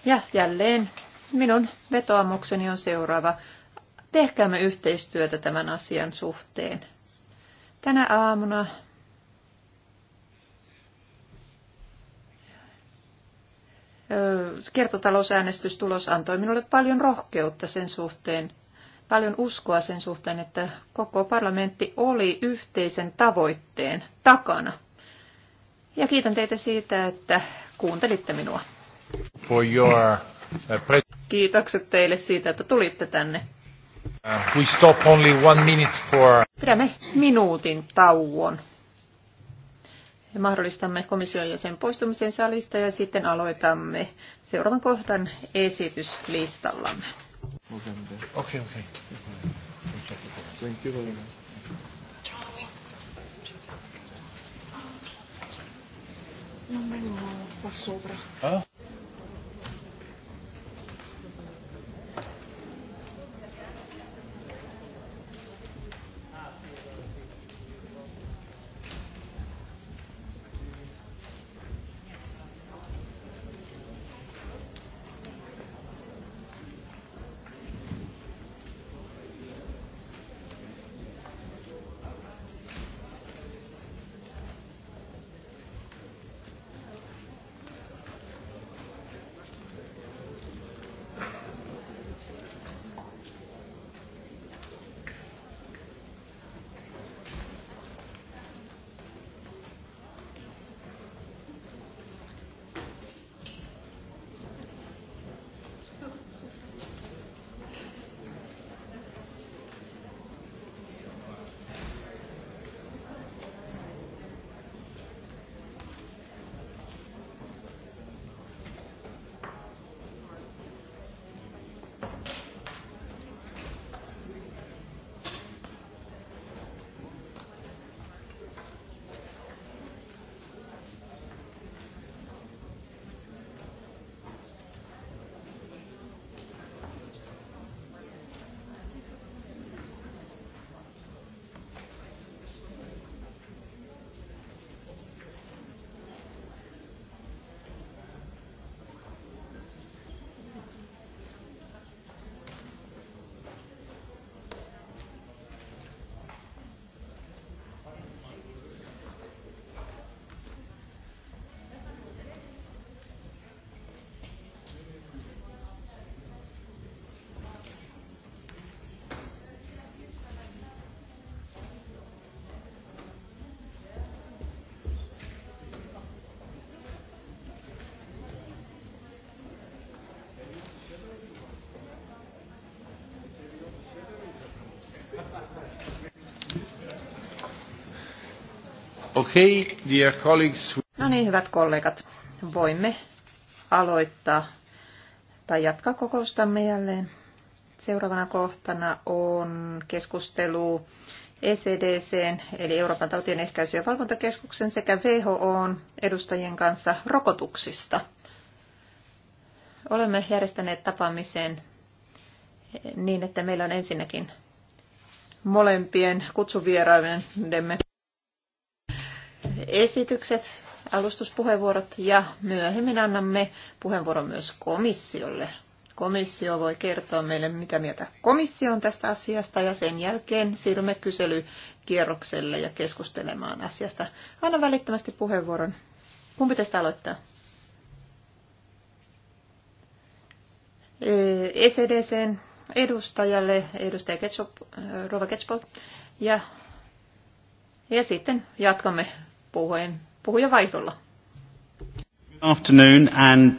Ja jälleen minun vetoamukseni on seuraava. Tehkäämme yhteistyötä tämän asian suhteen. Tänä aamuna kertotalousäänestystulos antoi minulle paljon rohkeutta sen suhteen, paljon uskoa sen suhteen, että koko parlamentti oli yhteisen tavoitteen takana. Ja kiitän teitä siitä, että kuuntelitte minua. For your... Uh, Kiitokset teille siitä, että tulitte tänne. We stop only one minute for... Pidämme minuutin tauon. Ja mahdollistamme komission jäsen poistumisen salista ja sitten aloitamme seuraavan kohdan esityslistallamme. Okay, okay. Thank you very much. Non vengo qua sopra. Ah? Okay, dear colleagues. No niin, hyvät kollegat, voimme aloittaa tai jatkaa kokoustamme jälleen. Seuraavana kohtana on keskustelu ECDC, eli Euroopan tautien ehkäisy- ja valvontakeskuksen sekä WHO edustajien kanssa rokotuksista. Olemme järjestäneet tapaamisen eh, niin, että meillä on ensinnäkin molempien kutsuvieraidemme esitykset, alustuspuheenvuorot ja myöhemmin annamme puheenvuoron myös komissiolle. Komissio voi kertoa meille, mitä mieltä komissio on tästä asiasta ja sen jälkeen siirrymme kyselykierrokselle ja keskustelemaan asiasta. Anna välittömästi puheenvuoron. Kumpi teistä aloittaa? ECDCn edustajalle, edustaja Ketchup, Rova Ketchup, ja, ja sitten jatkamme puhujen, puhujen vaihdolla. afternoon and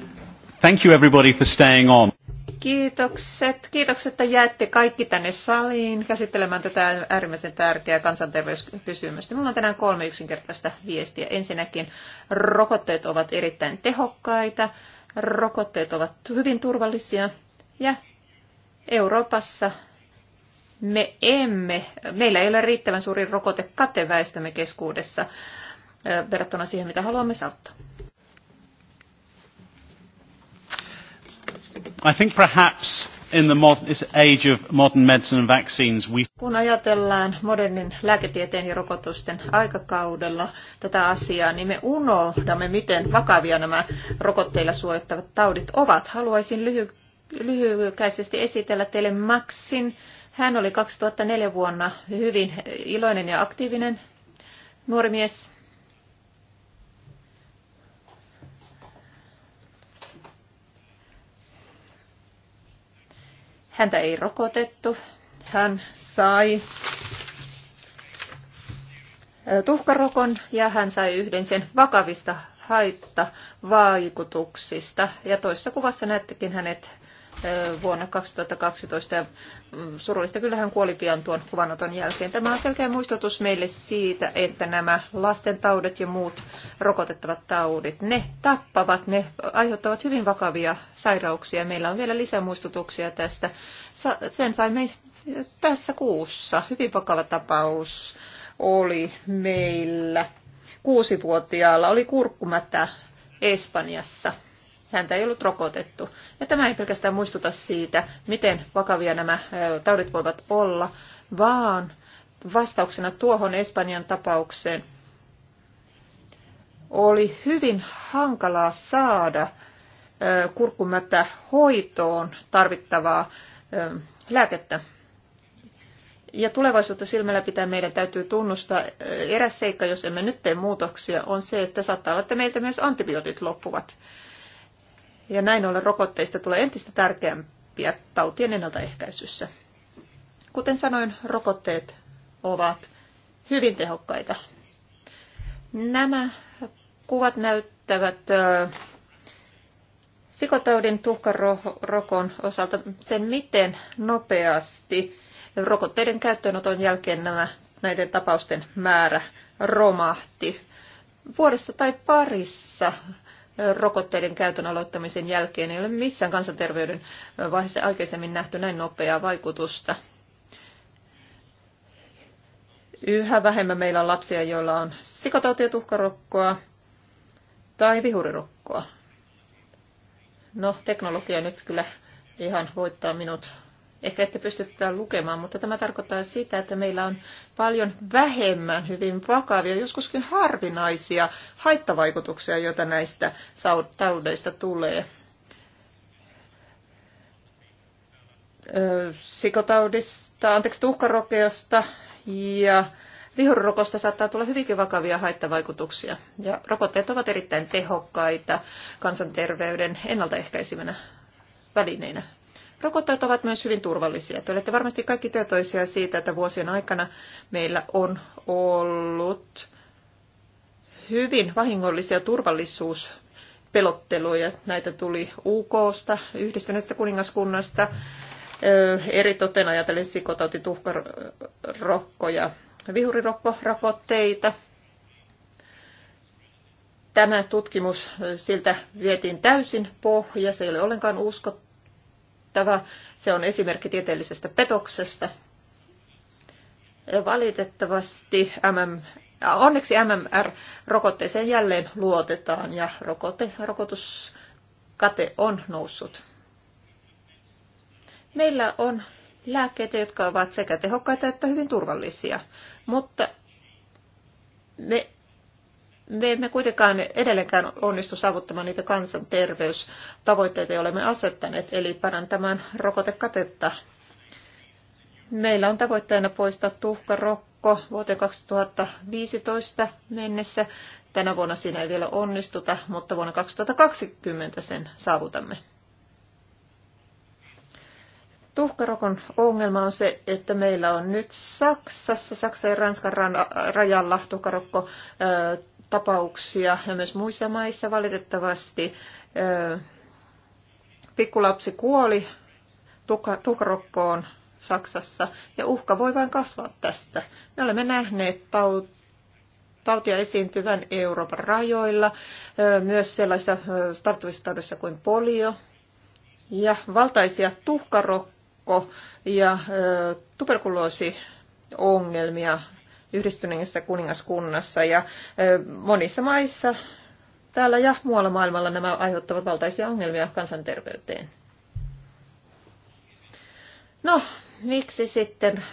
thank you everybody for staying on. Kiitokset. Kiitokset, että jäätte kaikki tänne saliin käsittelemään tätä äärimmäisen tärkeää kansanterveyskysymystä. Minulla on tänään kolme yksinkertaista viestiä. Ensinnäkin rokotteet ovat erittäin tehokkaita, rokotteet ovat hyvin turvallisia ja Euroopassa me emme, meillä ei ole riittävän suuri rokotekateväistämme keskuudessa verrattuna siihen, mitä haluamme saavuttaa. I think perhaps in the modern, this age of modern medicine and vaccines we... Kun ajatellaan modernin lääketieteen ja rokotusten aikakaudella tätä asiaa, niin me unohdamme, miten vakavia nämä rokotteilla suojattavat taudit ovat. Haluaisin lyhy- lyhykäisesti esitellä teille Maxin. Hän oli 2004 vuonna hyvin iloinen ja aktiivinen nuori mies. Häntä ei rokotettu. Hän sai tuhkarokon ja hän sai yhden sen vakavista haittavaikutuksista. Ja toisessa kuvassa näettekin hänet vuonna 2012 ja mm, surullista kyllä hän kuoli pian tuon kuvanoton jälkeen. Tämä on selkeä muistutus meille siitä, että nämä lasten taudet ja muut rokotettavat taudit, ne tappavat, ne aiheuttavat hyvin vakavia sairauksia. Meillä on vielä lisämuistutuksia muistutuksia tästä. Sen saimme tässä kuussa. Hyvin vakava tapaus oli meillä. Kuusivuotiaalla oli kurkkumätä Espanjassa häntä ei ollut rokotettu. Ja tämä ei pelkästään muistuta siitä, miten vakavia nämä taudit voivat olla, vaan vastauksena tuohon Espanjan tapaukseen oli hyvin hankalaa saada kurkkumättä hoitoon tarvittavaa lääkettä. Ja tulevaisuutta silmällä pitää meidän täytyy tunnustaa eräs seikka, jos emme nyt tee muutoksia, on se, että saattaa olla, että meiltä myös antibiootit loppuvat. Ja näin ollen rokotteista tulee entistä tärkeämpiä tautien ennaltaehkäisyssä. Kuten sanoin, rokotteet ovat hyvin tehokkaita. Nämä kuvat näyttävät sikotaudin tuhkarokon osalta sen, miten nopeasti rokotteiden käyttöönoton jälkeen nämä, näiden tapausten määrä romahti. Vuodessa tai parissa rokotteiden käytön aloittamisen jälkeen ei ole missään kansanterveyden vaiheessa aikaisemmin nähty näin nopeaa vaikutusta. Yhä vähemmän meillä on lapsia, joilla on sikatautia, tuhkarokkoa tai vihurirokkoa. No, teknologia nyt kyllä ihan voittaa minut Ehkä ette pysty tätä lukemaan, mutta tämä tarkoittaa sitä, että meillä on paljon vähemmän hyvin vakavia, joskuskin harvinaisia haittavaikutuksia, joita näistä taudeista tulee. Sikotaudista, anteeksi, tuhkarokeosta ja vihurrokosta saattaa tulla hyvinkin vakavia haittavaikutuksia, ja rokotteet ovat erittäin tehokkaita kansanterveyden ennaltaehkäisivänä välineinä. Rokotteet ovat myös hyvin turvallisia. Te olette varmasti kaikki tietoisia siitä, että vuosien aikana meillä on ollut hyvin vahingollisia turvallisuus pelotteluja. Näitä tuli UKsta, yhdistyneestä kuningaskunnasta, eri toten ajatellen sikotauti, ja vihurirokkorokotteita. Tämä tutkimus siltä vietiin täysin pohja, se ei ole ollenkaan uskottu merkittävä. Se on esimerkki tieteellisestä petoksesta. Ja valitettavasti MM, onneksi MMR-rokotteeseen jälleen luotetaan ja rokote, rokotuskate on noussut. Meillä on lääkkeitä, jotka ovat sekä tehokkaita että hyvin turvallisia, mutta me me emme kuitenkaan edelleenkään onnistu saavuttamaan niitä kansanterveystavoitteita, joille me asettaneet, eli parantamaan rokotekatetta. Meillä on tavoitteena poistaa tuhkarokko vuoteen 2015 mennessä. Tänä vuonna siinä ei vielä onnistuta, mutta vuonna 2020 sen saavutamme. Tuhkarokon ongelma on se, että meillä on nyt Saksassa, Saksan ja Ranskan rajalla tuhkarokko tapauksia ja myös muissa maissa valitettavasti. Pikkulapsi kuoli tukarokkoon Saksassa ja uhka voi vain kasvaa tästä. Me olemme nähneet tautia esiintyvän Euroopan rajoilla, myös sellaisissa tarttuvissa taudissa kuin polio ja valtaisia tuhkarokko- ja tuberkuloosiongelmia yhdistyneessä kuningaskunnassa ja monissa maissa täällä ja muualla maailmalla nämä aiheuttavat valtaisia ongelmia kansanterveyteen. No, miksi sitten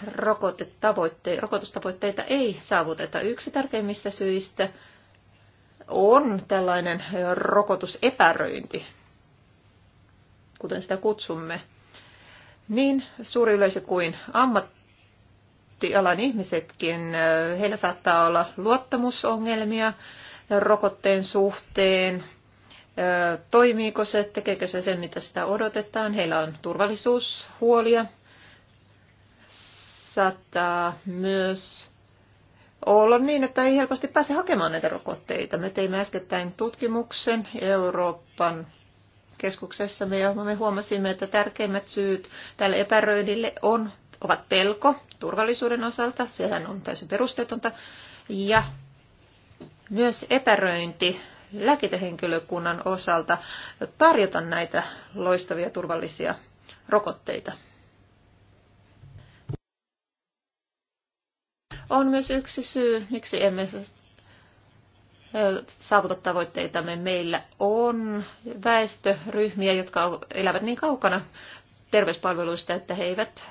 rokotustavoitteita ei saavuteta? Yksi tärkeimmistä syistä on tällainen rokotusepäröinti, kuten sitä kutsumme. Niin suuri yleisö kuin ammattilaiset ammattialan ihmisetkin, äh, heillä saattaa olla luottamusongelmia rokotteen suhteen, äh, toimiiko se, tekeekö se sen, mitä sitä odotetaan. Heillä on turvallisuushuolia. Saattaa myös olla niin, että ei helposti pääse hakemaan näitä rokotteita. Me teimme äskettäin tutkimuksen Euroopan keskuksessa ja me huomasimme, että tärkeimmät syyt tälle epäröidille on ovat pelko turvallisuuden osalta, sehän on täysin perusteetonta, ja myös epäröinti lääkintähenkilökunnan osalta tarjota näitä loistavia turvallisia rokotteita. On myös yksi syy, miksi emme saavuta tavoitteitamme. Meillä on väestöryhmiä, jotka elävät niin kaukana terveyspalveluista, että he eivät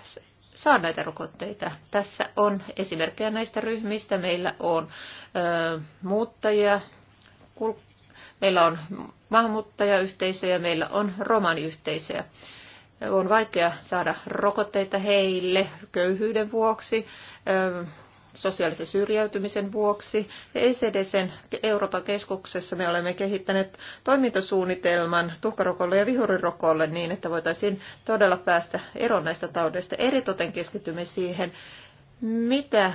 saa näitä rokotteita. Tässä on esimerkkejä näistä ryhmistä. Meillä on ö, muuttajia, kul- meillä on maahanmuuttajayhteisöjä, meillä on romaniyhteisöjä. On vaikea saada rokotteita heille köyhyyden vuoksi, ö, sosiaalisen syrjäytymisen vuoksi. ECDCn Euroopan keskuksessa me olemme kehittäneet toimintasuunnitelman tuhkarokolle ja vihurirokolle niin, että voitaisiin todella päästä eroon näistä taudeista. Eritoten keskitymme siihen, mitä,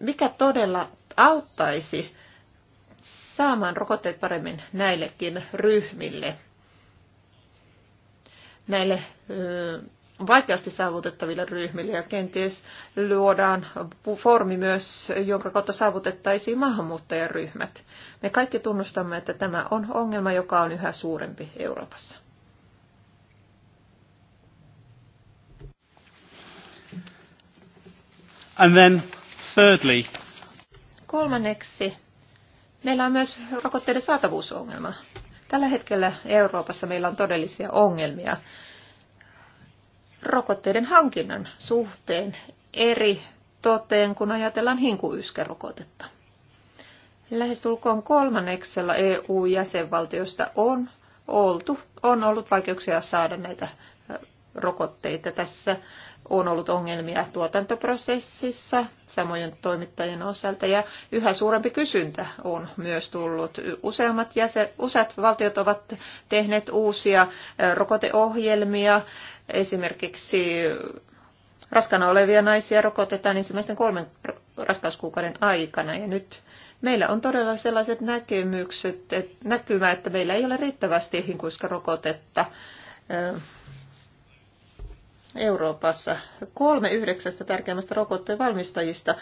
mikä todella auttaisi saamaan rokotteet paremmin näillekin ryhmille, näille vaikeasti saavutettaville ryhmille ja kenties luodaan formi myös, jonka kautta saavutettaisiin maahanmuuttajaryhmät. Me kaikki tunnustamme, että tämä on ongelma, joka on yhä suurempi Euroopassa. And then thirdly. Kolmanneksi, meillä on myös rokotteiden saatavuusongelma. Tällä hetkellä Euroopassa meillä on todellisia ongelmia rokotteiden hankinnan suhteen eri toteen, kun ajatellaan hinkuyskerokotetta. Lähestulkoon kolmanneksella EU-jäsenvaltioista on, oltu, on ollut vaikeuksia saada näitä rokotteita. Tässä on ollut ongelmia tuotantoprosessissa samojen toimittajien osalta ja yhä suurempi kysyntä on myös tullut. Useammat jäsen, useat valtiot ovat tehneet uusia rokoteohjelmia Esimerkiksi raskana olevia naisia rokotetaan ensimmäisten kolmen raskauskuukauden aikana ja nyt meillä on todella sellaiset näkemykset, että näkymä, että meillä ei ole riittävästi hinkuiska rokotetta Euroopassa. Kolme yhdeksästä tärkeimmästä rokotteen valmistajista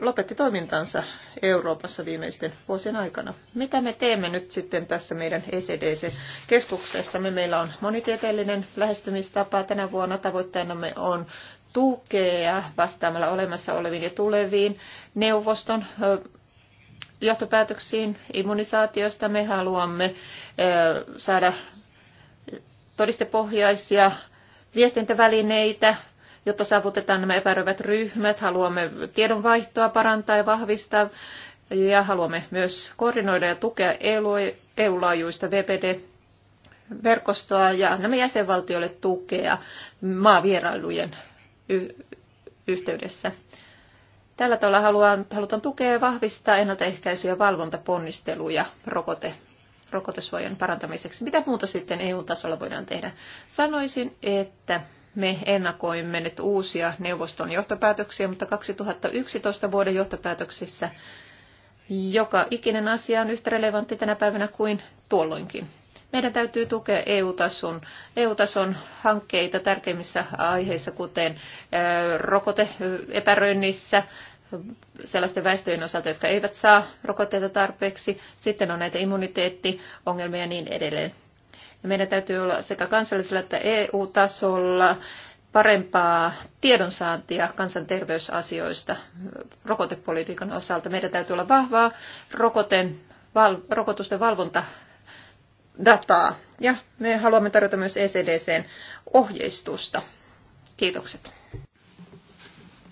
lopetti toimintansa Euroopassa viimeisten vuosien aikana. Mitä me teemme nyt sitten tässä meidän ECDC-keskuksessa? Meillä on monitieteellinen lähestymistapa tänä vuonna. Tavoitteenamme on tukea vastaamalla olemassa oleviin ja tuleviin neuvoston johtopäätöksiin immunisaatiosta. Me haluamme saada todistepohjaisia viestintävälineitä, jotta saavutetaan nämä epäröivät ryhmät. Haluamme tiedonvaihtoa parantaa ja vahvistaa ja haluamme myös koordinoida ja tukea EU-laajuista e VPD verkostoa ja nämä jäsenvaltioille tukea maavierailujen yhteydessä. Tällä tavalla haluan, halutaan tukea ja vahvistaa ennaltaehkäisy- ja valvontaponnisteluja rokote rokotesuojan parantamiseksi. Mitä muuta sitten EU-tasolla voidaan tehdä? Sanoisin, että me ennakoimme nyt uusia neuvoston johtopäätöksiä, mutta 2011 vuoden johtopäätöksissä joka ikinen asia on yhtä relevantti tänä päivänä kuin tuolloinkin. Meidän täytyy tukea EU-tason, EU-tason hankkeita tärkeimmissä aiheissa, kuten rokoteepäröinnissä, sellaisten väestöjen osalta, jotka eivät saa rokotteita tarpeeksi. Sitten on näitä immuniteettiongelmia ja niin edelleen. Ja meidän täytyy olla sekä kansallisella että EU-tasolla parempaa tiedonsaantia kansanterveysasioista rokotepolitiikan osalta. Meidän täytyy olla vahvaa rokoten, val, rokotusten valvonta dataa ja me haluamme tarjota myös ECDCn ohjeistusta. Kiitokset.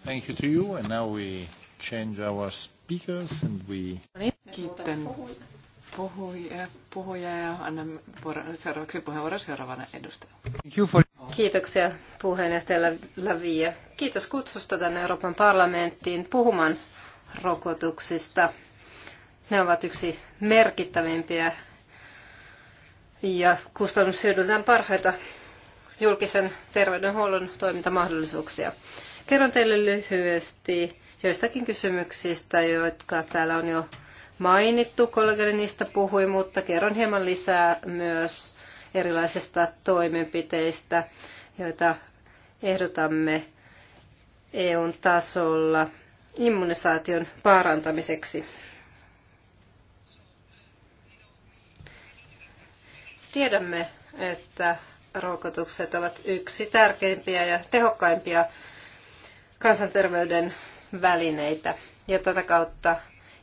Thank you to you. And now we change our speakers and we... No niin, kiitän puhujia, puhujia ja annan seuraavaksi puheenvuoron seuraavana edustajalle. Kiitoksia puheenjohtaja Lavia. Kiitos kutsusta tänne Euroopan parlamenttiin puhumaan rokotuksista. Ne ovat yksi merkittävimpiä ja kustannushyödyltään parhaita julkisen terveydenhuollon toimintamahdollisuuksia. Kerron teille lyhyesti joistakin kysymyksistä, jotka täällä on jo mainittu. Kollegani niistä puhui, mutta kerron hieman lisää myös erilaisista toimenpiteistä, joita ehdotamme EUn tasolla immunisaation parantamiseksi. Tiedämme, että rokotukset ovat yksi tärkeimpiä ja tehokkaimpia kansanterveyden välineitä. Ja tätä kautta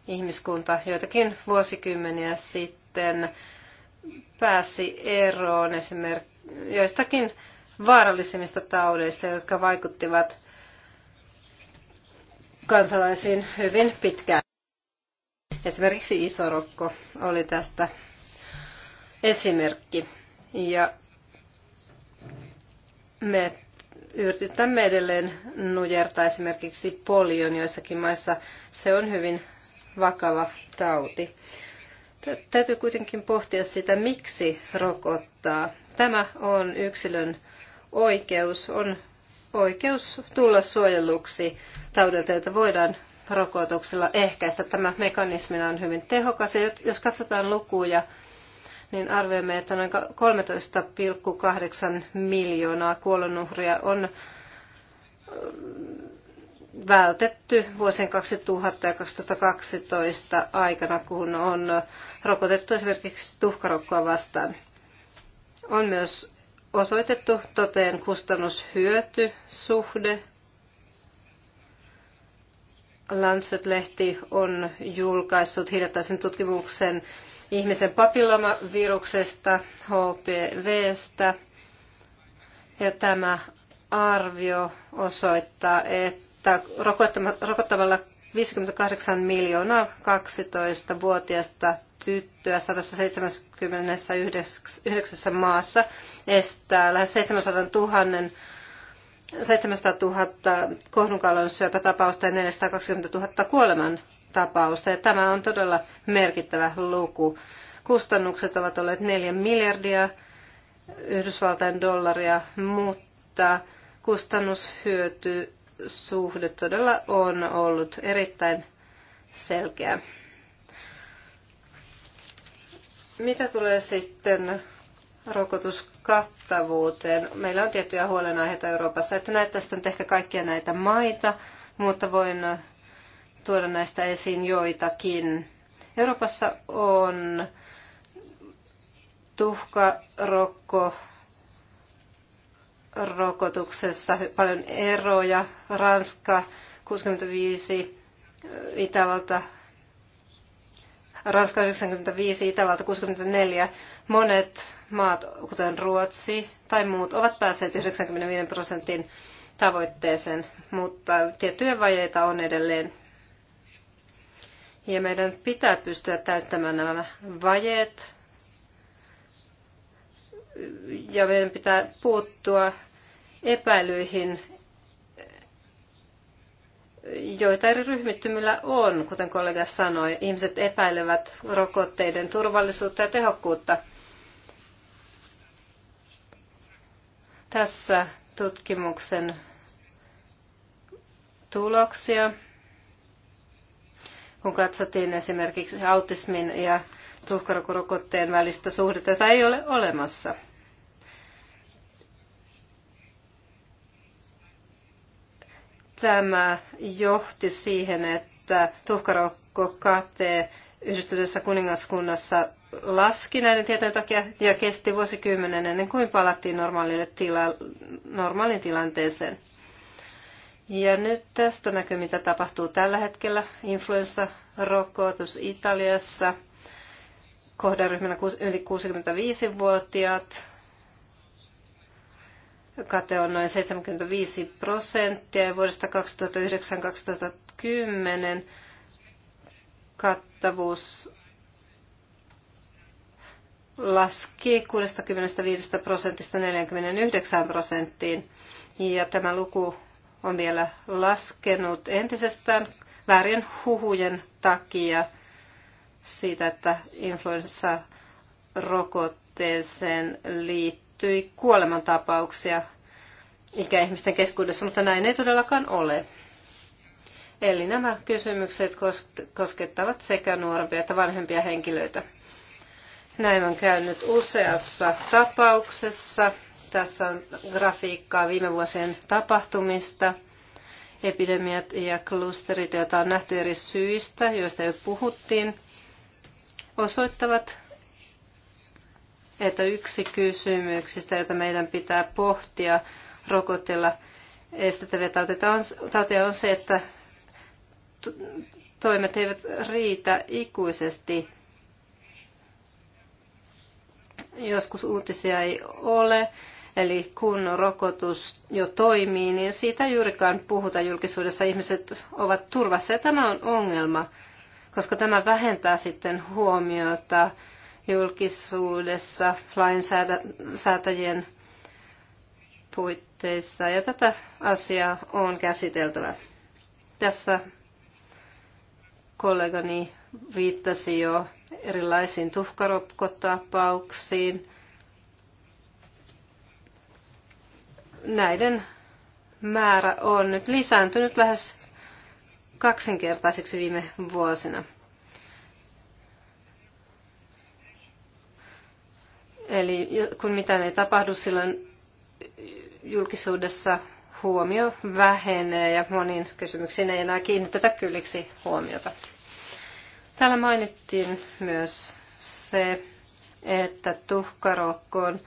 ihmiskunta joitakin vuosikymmeniä sitten pääsi eroon esimerkiksi joistakin vaarallisimmista taudeista, jotka vaikuttivat kansalaisiin hyvin pitkään. Esimerkiksi isorokko oli tästä esimerkki. Ja me yritämme edelleen nujertaa esimerkiksi polion joissakin maissa. Se on hyvin vakava tauti. Täytyy kuitenkin pohtia sitä, miksi rokottaa. Tämä on yksilön oikeus, on oikeus tulla suojelluksi taudilta, jota voidaan rokotuksella ehkäistä. Tämä mekanismina on hyvin tehokas. Ja jos katsotaan lukuja, niin arvioimme, että noin 13,8 miljoonaa kuolonuhria on vältetty vuosien 2000 ja 2012 aikana, kun on rokotettu esimerkiksi tuhkarokkoa vastaan. On myös osoitettu toteen kustannushyötysuhde. Lancet-lehti on julkaissut hiljattaisen tutkimuksen ihmisen papillomaviruksesta, HPVstä. Ja tämä arvio osoittaa, että rokottamalla 58 miljoonaa 12-vuotiaista tyttöä 179 maassa estää lähes 700 000 700 000 kohdunkaulan syöpätapausta ja 420 000 kuoleman tapausta ja tämä on todella merkittävä luku. Kustannukset ovat olleet 4 miljardia Yhdysvaltain dollaria, mutta suhde todella on ollut erittäin selkeä. Mitä tulee sitten rokotuskattavuuteen? Meillä on tiettyjä huolenaiheita Euroopassa, että näyttäisi nyt ehkä kaikkia näitä maita, mutta voin tuoda näistä esiin joitakin. Euroopassa on tuhkarokko rokotuksessa paljon eroja. Ranska 65, Itävalta Ranska 95, Itävalta 64. Monet maat, kuten Ruotsi tai muut, ovat päässeet 95 prosentin tavoitteeseen, mutta tiettyjä vajeita on edelleen. Ja meidän pitää pystyä täyttämään nämä vajeet. Ja meidän pitää puuttua epäilyihin, joita eri ryhmittymillä on, kuten kollega sanoi. Ihmiset epäilevät rokotteiden turvallisuutta ja tehokkuutta. Tässä tutkimuksen tuloksia kun katsottiin esimerkiksi autismin ja tuhkarokorokotteen välistä suhdetta, jota ei ole olemassa. Tämä johti siihen, että tuhkarokko kate yhdistyneessä kuningaskunnassa laski näiden tietojen takia ja kesti vuosikymmenen ennen kuin palattiin tila, normaaliin tilanteeseen. Ja nyt tästä näkyy, mitä tapahtuu tällä hetkellä. Influenssarokotus Italiassa, kohderyhmänä yli 65-vuotiaat, kate on noin 75 prosenttia ja vuodesta 2009-2010 kattavuus laski 65 prosentista 49 prosenttiin ja tämä luku on vielä laskenut entisestään väärien huhujen takia siitä, että influenssarokotteeseen liittyi kuolemantapauksia ikäihmisten keskuudessa, mutta näin ei todellakaan ole. Eli nämä kysymykset koskettavat sekä nuorempia että vanhempia henkilöitä. Näin on käynyt useassa tapauksessa tässä on grafiikkaa viime vuosien tapahtumista, epidemiat ja klusterit, joita on nähty eri syistä, joista jo puhuttiin, osoittavat, että yksi kysymyksistä, jota meidän pitää pohtia rokotella estettäviä tauteja on se, että toimet eivät riitä ikuisesti. Joskus uutisia ei ole, Eli kun rokotus jo toimii, niin siitä juurikaan puhuta julkisuudessa. Ihmiset ovat turvassa ja tämä on ongelma, koska tämä vähentää sitten huomiota julkisuudessa lainsäätäjien puitteissa. Ja tätä asiaa on käsiteltävä. Tässä kollegani viittasi jo erilaisiin tuhkarokkotapauksiin – näiden määrä on nyt lisääntynyt lähes kaksinkertaiseksi viime vuosina. Eli kun mitään ei tapahdu, silloin julkisuudessa huomio vähenee ja moniin kysymyksiin ei enää kiinnitetä kylliksi huomiota. Täällä mainittiin myös se, että tuhkarokkoon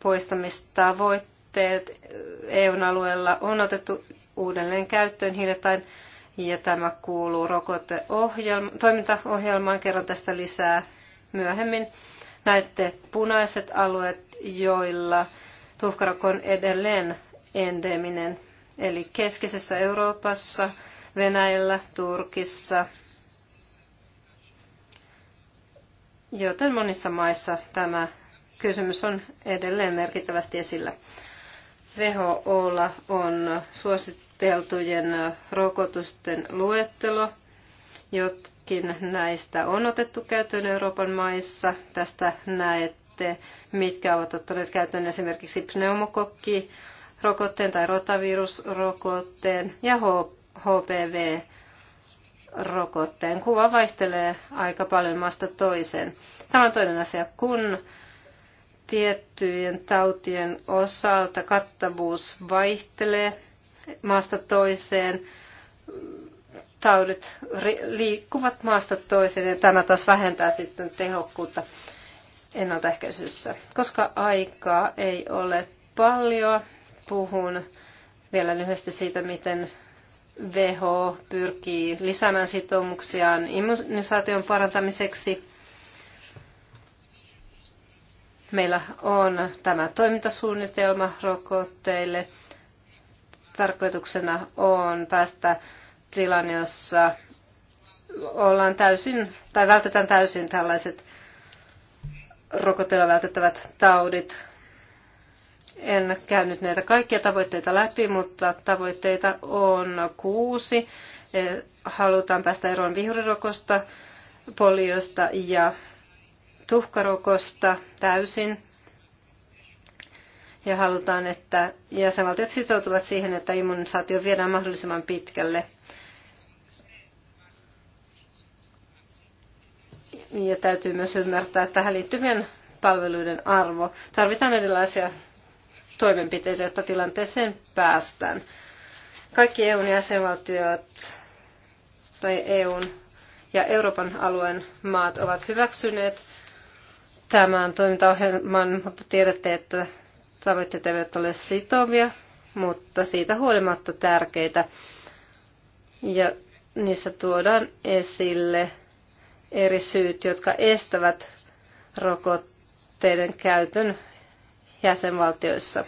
poistamistavoitteet puitteet EUn alueella on otettu uudelleen käyttöön hiljattain ja tämä kuuluu rokoteohjelmaan. Kerron tästä lisää myöhemmin. Näette punaiset alueet, joilla tuhkarokko on edelleen endeminen. Eli keskisessä Euroopassa, Venäjällä, Turkissa, joten monissa maissa tämä kysymys on edelleen merkittävästi esillä. WHOlla on suositeltujen rokotusten luettelo. Jotkin näistä on otettu käyttöön Euroopan maissa. Tästä näette, mitkä ovat ottaneet käyttöön esimerkiksi pneumokokki, rokotteen tai rotavirusrokotteen ja HPV rokotteen. Kuva vaihtelee aika paljon maasta toiseen. Tämä on toinen asia. Kun Tiettyjen tautien osalta kattavuus vaihtelee maasta toiseen. Taudit liikkuvat maasta toiseen ja tämä taas vähentää sitten tehokkuutta ennaltaehkäisyssä. Koska aikaa ei ole paljon, puhun vielä lyhyesti siitä, miten WHO pyrkii lisäämään sitoumuksiaan immunisaation parantamiseksi. Meillä on tämä toimintasuunnitelma rokotteille. Tarkoituksena on päästä tilanne, jossa ollaan täysin, tai vältetään täysin tällaiset rokotteilla vältettävät taudit. En käynyt näitä kaikkia tavoitteita läpi, mutta tavoitteita on kuusi. Eh, halutaan päästä eroon vihurirokosta, poliosta ja tuhkarokosta täysin. Ja halutaan, että jäsenvaltiot sitoutuvat siihen, että immunisaatio viedään mahdollisimman pitkälle. Ja täytyy myös ymmärtää tähän liittyvien palveluiden arvo. Tarvitaan erilaisia toimenpiteitä, jotta tilanteeseen päästään. Kaikki EUn jäsenvaltiot tai EUn ja Euroopan alueen maat ovat hyväksyneet tämän toimintaohjelman, mutta tiedätte, että tavoitteet eivät ole sitovia, mutta siitä huolimatta tärkeitä. Ja niissä tuodaan esille eri syyt, jotka estävät rokotteiden käytön jäsenvaltioissa.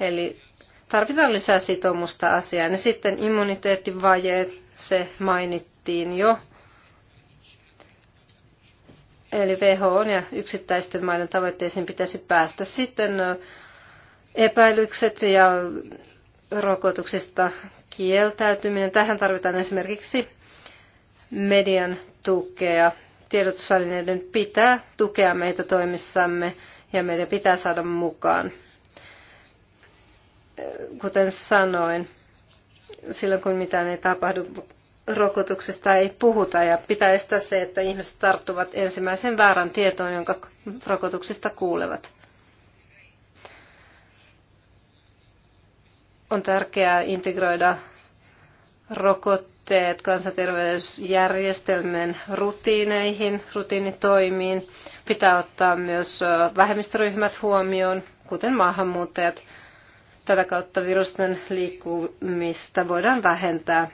Eli tarvitaan lisää sitoumusta asiaan. Ja sitten immuniteettivajeet, se mainittiin jo. Eli WHO ja yksittäisten maiden tavoitteisiin pitäisi päästä. Sitten epäilykset ja rokotuksista kieltäytyminen. Tähän tarvitaan esimerkiksi median tukea. Tiedotusvälineiden pitää tukea meitä toimissamme ja meidän pitää saada mukaan. Kuten sanoin, silloin kun mitään ei tapahdu, rokotuksesta ei puhuta ja pitää estää se, että ihmiset tarttuvat ensimmäisen väärän tietoon, jonka rokotuksesta kuulevat. On tärkeää integroida rokotteet kansanterveysjärjestelmien rutiineihin, rutiinitoimiin. Pitää ottaa myös vähemmistöryhmät huomioon, kuten maahanmuuttajat. Tätä kautta virusten liikkumista voidaan vähentää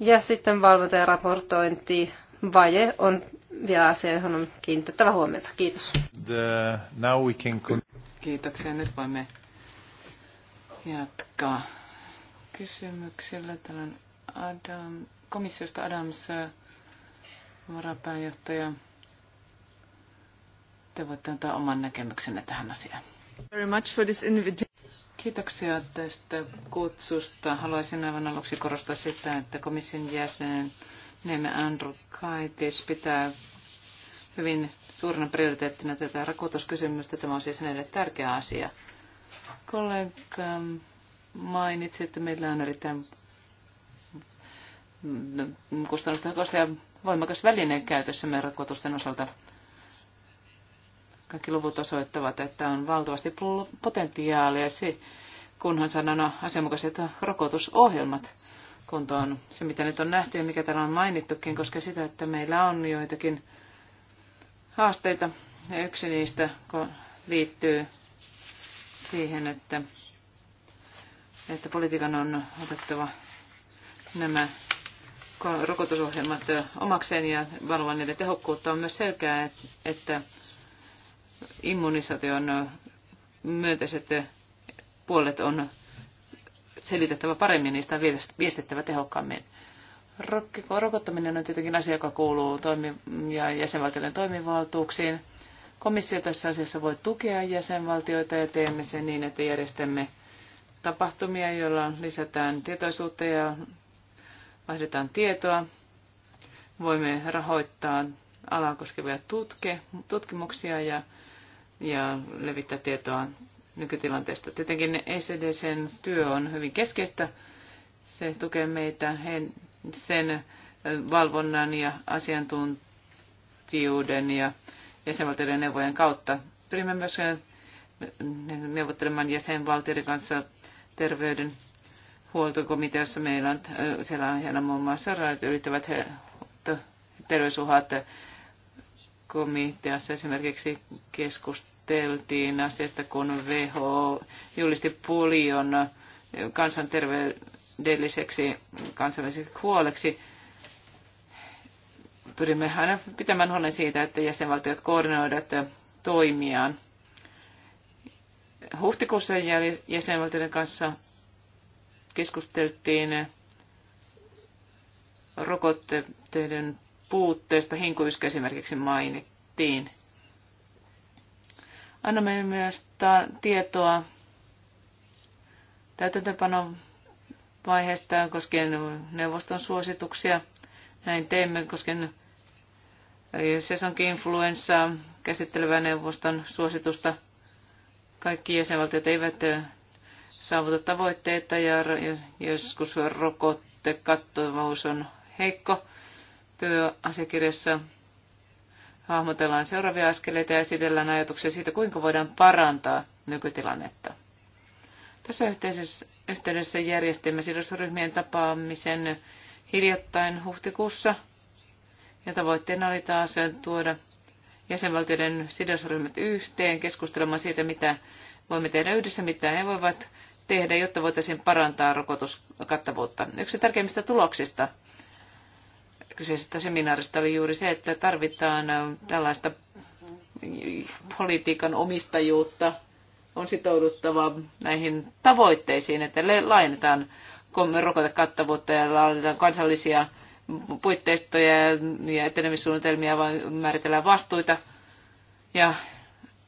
ja sitten valvota ja raportointi vaje on vielä asia, johon on kiinnitettävä huomiota. Kiitos. The, now we can... Kiitoksia. Nyt voimme jatkaa kysymyksillä. Täällä Adam, komissiosta Adams, äh, varapääjohtaja. Te voitte antaa oman näkemyksenne tähän asiaan. Very much for this Kiitoksia tästä kutsusta. Haluaisin aivan aluksi korostaa sitä, että komission jäsen Neme Andrew Kaitis pitää hyvin suurena prioriteettina tätä rakotuskysymystä. Tämä on siis hänelle tärkeä asia. Kollega mainitsi, että meillä on erittäin kustannustehokas ja voimakas käytössä meidän rakotusten osalta. Kaikki luvut osoittavat, että on valtavasti potentiaalia, se, kunhan saadaan asianmukaiset rokotusohjelmat kuntoon. Se, mitä nyt on nähty ja mikä täällä on mainittukin, koska sitä, että meillä on joitakin haasteita. Ja yksi niistä liittyy siihen, että, että politiikan on otettava nämä rokotusohjelmat omakseen ja valvoa niiden tehokkuutta. On myös selkeää, että immunisaation myönteiset puolet on selitettävä paremmin, niistä on viestittävä tehokkaammin. Rokottaminen on tietenkin asia, joka kuuluu toimi- ja jäsenvaltioiden toimivaltuuksiin. Komissio tässä asiassa voi tukea jäsenvaltioita ja teemme sen niin, että järjestämme tapahtumia, joilla lisätään tietoisuutta ja vaihdetaan tietoa. Voimme rahoittaa alaa koskevia tutke, tutkimuksia ja ja levittää tietoa nykytilanteesta. Tietenkin ECDCn työ on hyvin keskeistä. Se tukee meitä sen valvonnan ja asiantuntijuuden ja jäsenvaltioiden neuvojen kautta. Pyrimme myös neuvottelemaan jäsenvaltioiden kanssa terveyden huoltokomiteassa meillä on, siellä on, siellä muun muassa rajat ylittävät terveysuhat komiteassa esimerkiksi keskusteltiin asiasta, kun WHO julisti polion kansanterveydelliseksi kansainväliseksi huoleksi. Pyrimme aina pitämään huolen siitä, että jäsenvaltiot koordinoivat toimiaan. Huhtikuussa jäsenvaltioiden kanssa keskusteltiin rokotteiden puutteesta hinkuyskä esimerkiksi mainittiin. meille myös ta- tietoa täytäntöpanon vaiheesta koskien neuvoston suosituksia. Näin teemme koskien eh, sesonkin influenssaa käsittelevää neuvoston suositusta. Kaikki jäsenvaltiot eivät eh, saavuta tavoitteita ja joskus rokotekattavuus on heikko Työasiakirjassa hahmotellaan seuraavia askeleita ja esitellään ajatuksia siitä, kuinka voidaan parantaa nykytilannetta. Tässä yhteydessä järjestimme sidosryhmien tapaamisen hiljattain huhtikuussa, ja tavoitteena oli taas tuoda jäsenvaltioiden sidosryhmät yhteen keskustelemaan siitä, mitä voimme tehdä yhdessä, mitä he voivat tehdä, jotta voitaisiin parantaa rokotuskattavuutta. Yksi tärkeimmistä tuloksista kyseisestä seminaarista oli juuri se, että tarvitaan tällaista politiikan omistajuutta, on sitouduttava näihin tavoitteisiin, että laajennetaan rokotekattavuutta ja laajennetaan kansallisia puitteistoja ja etenemissuunnitelmia, vaan määritellään vastuita ja,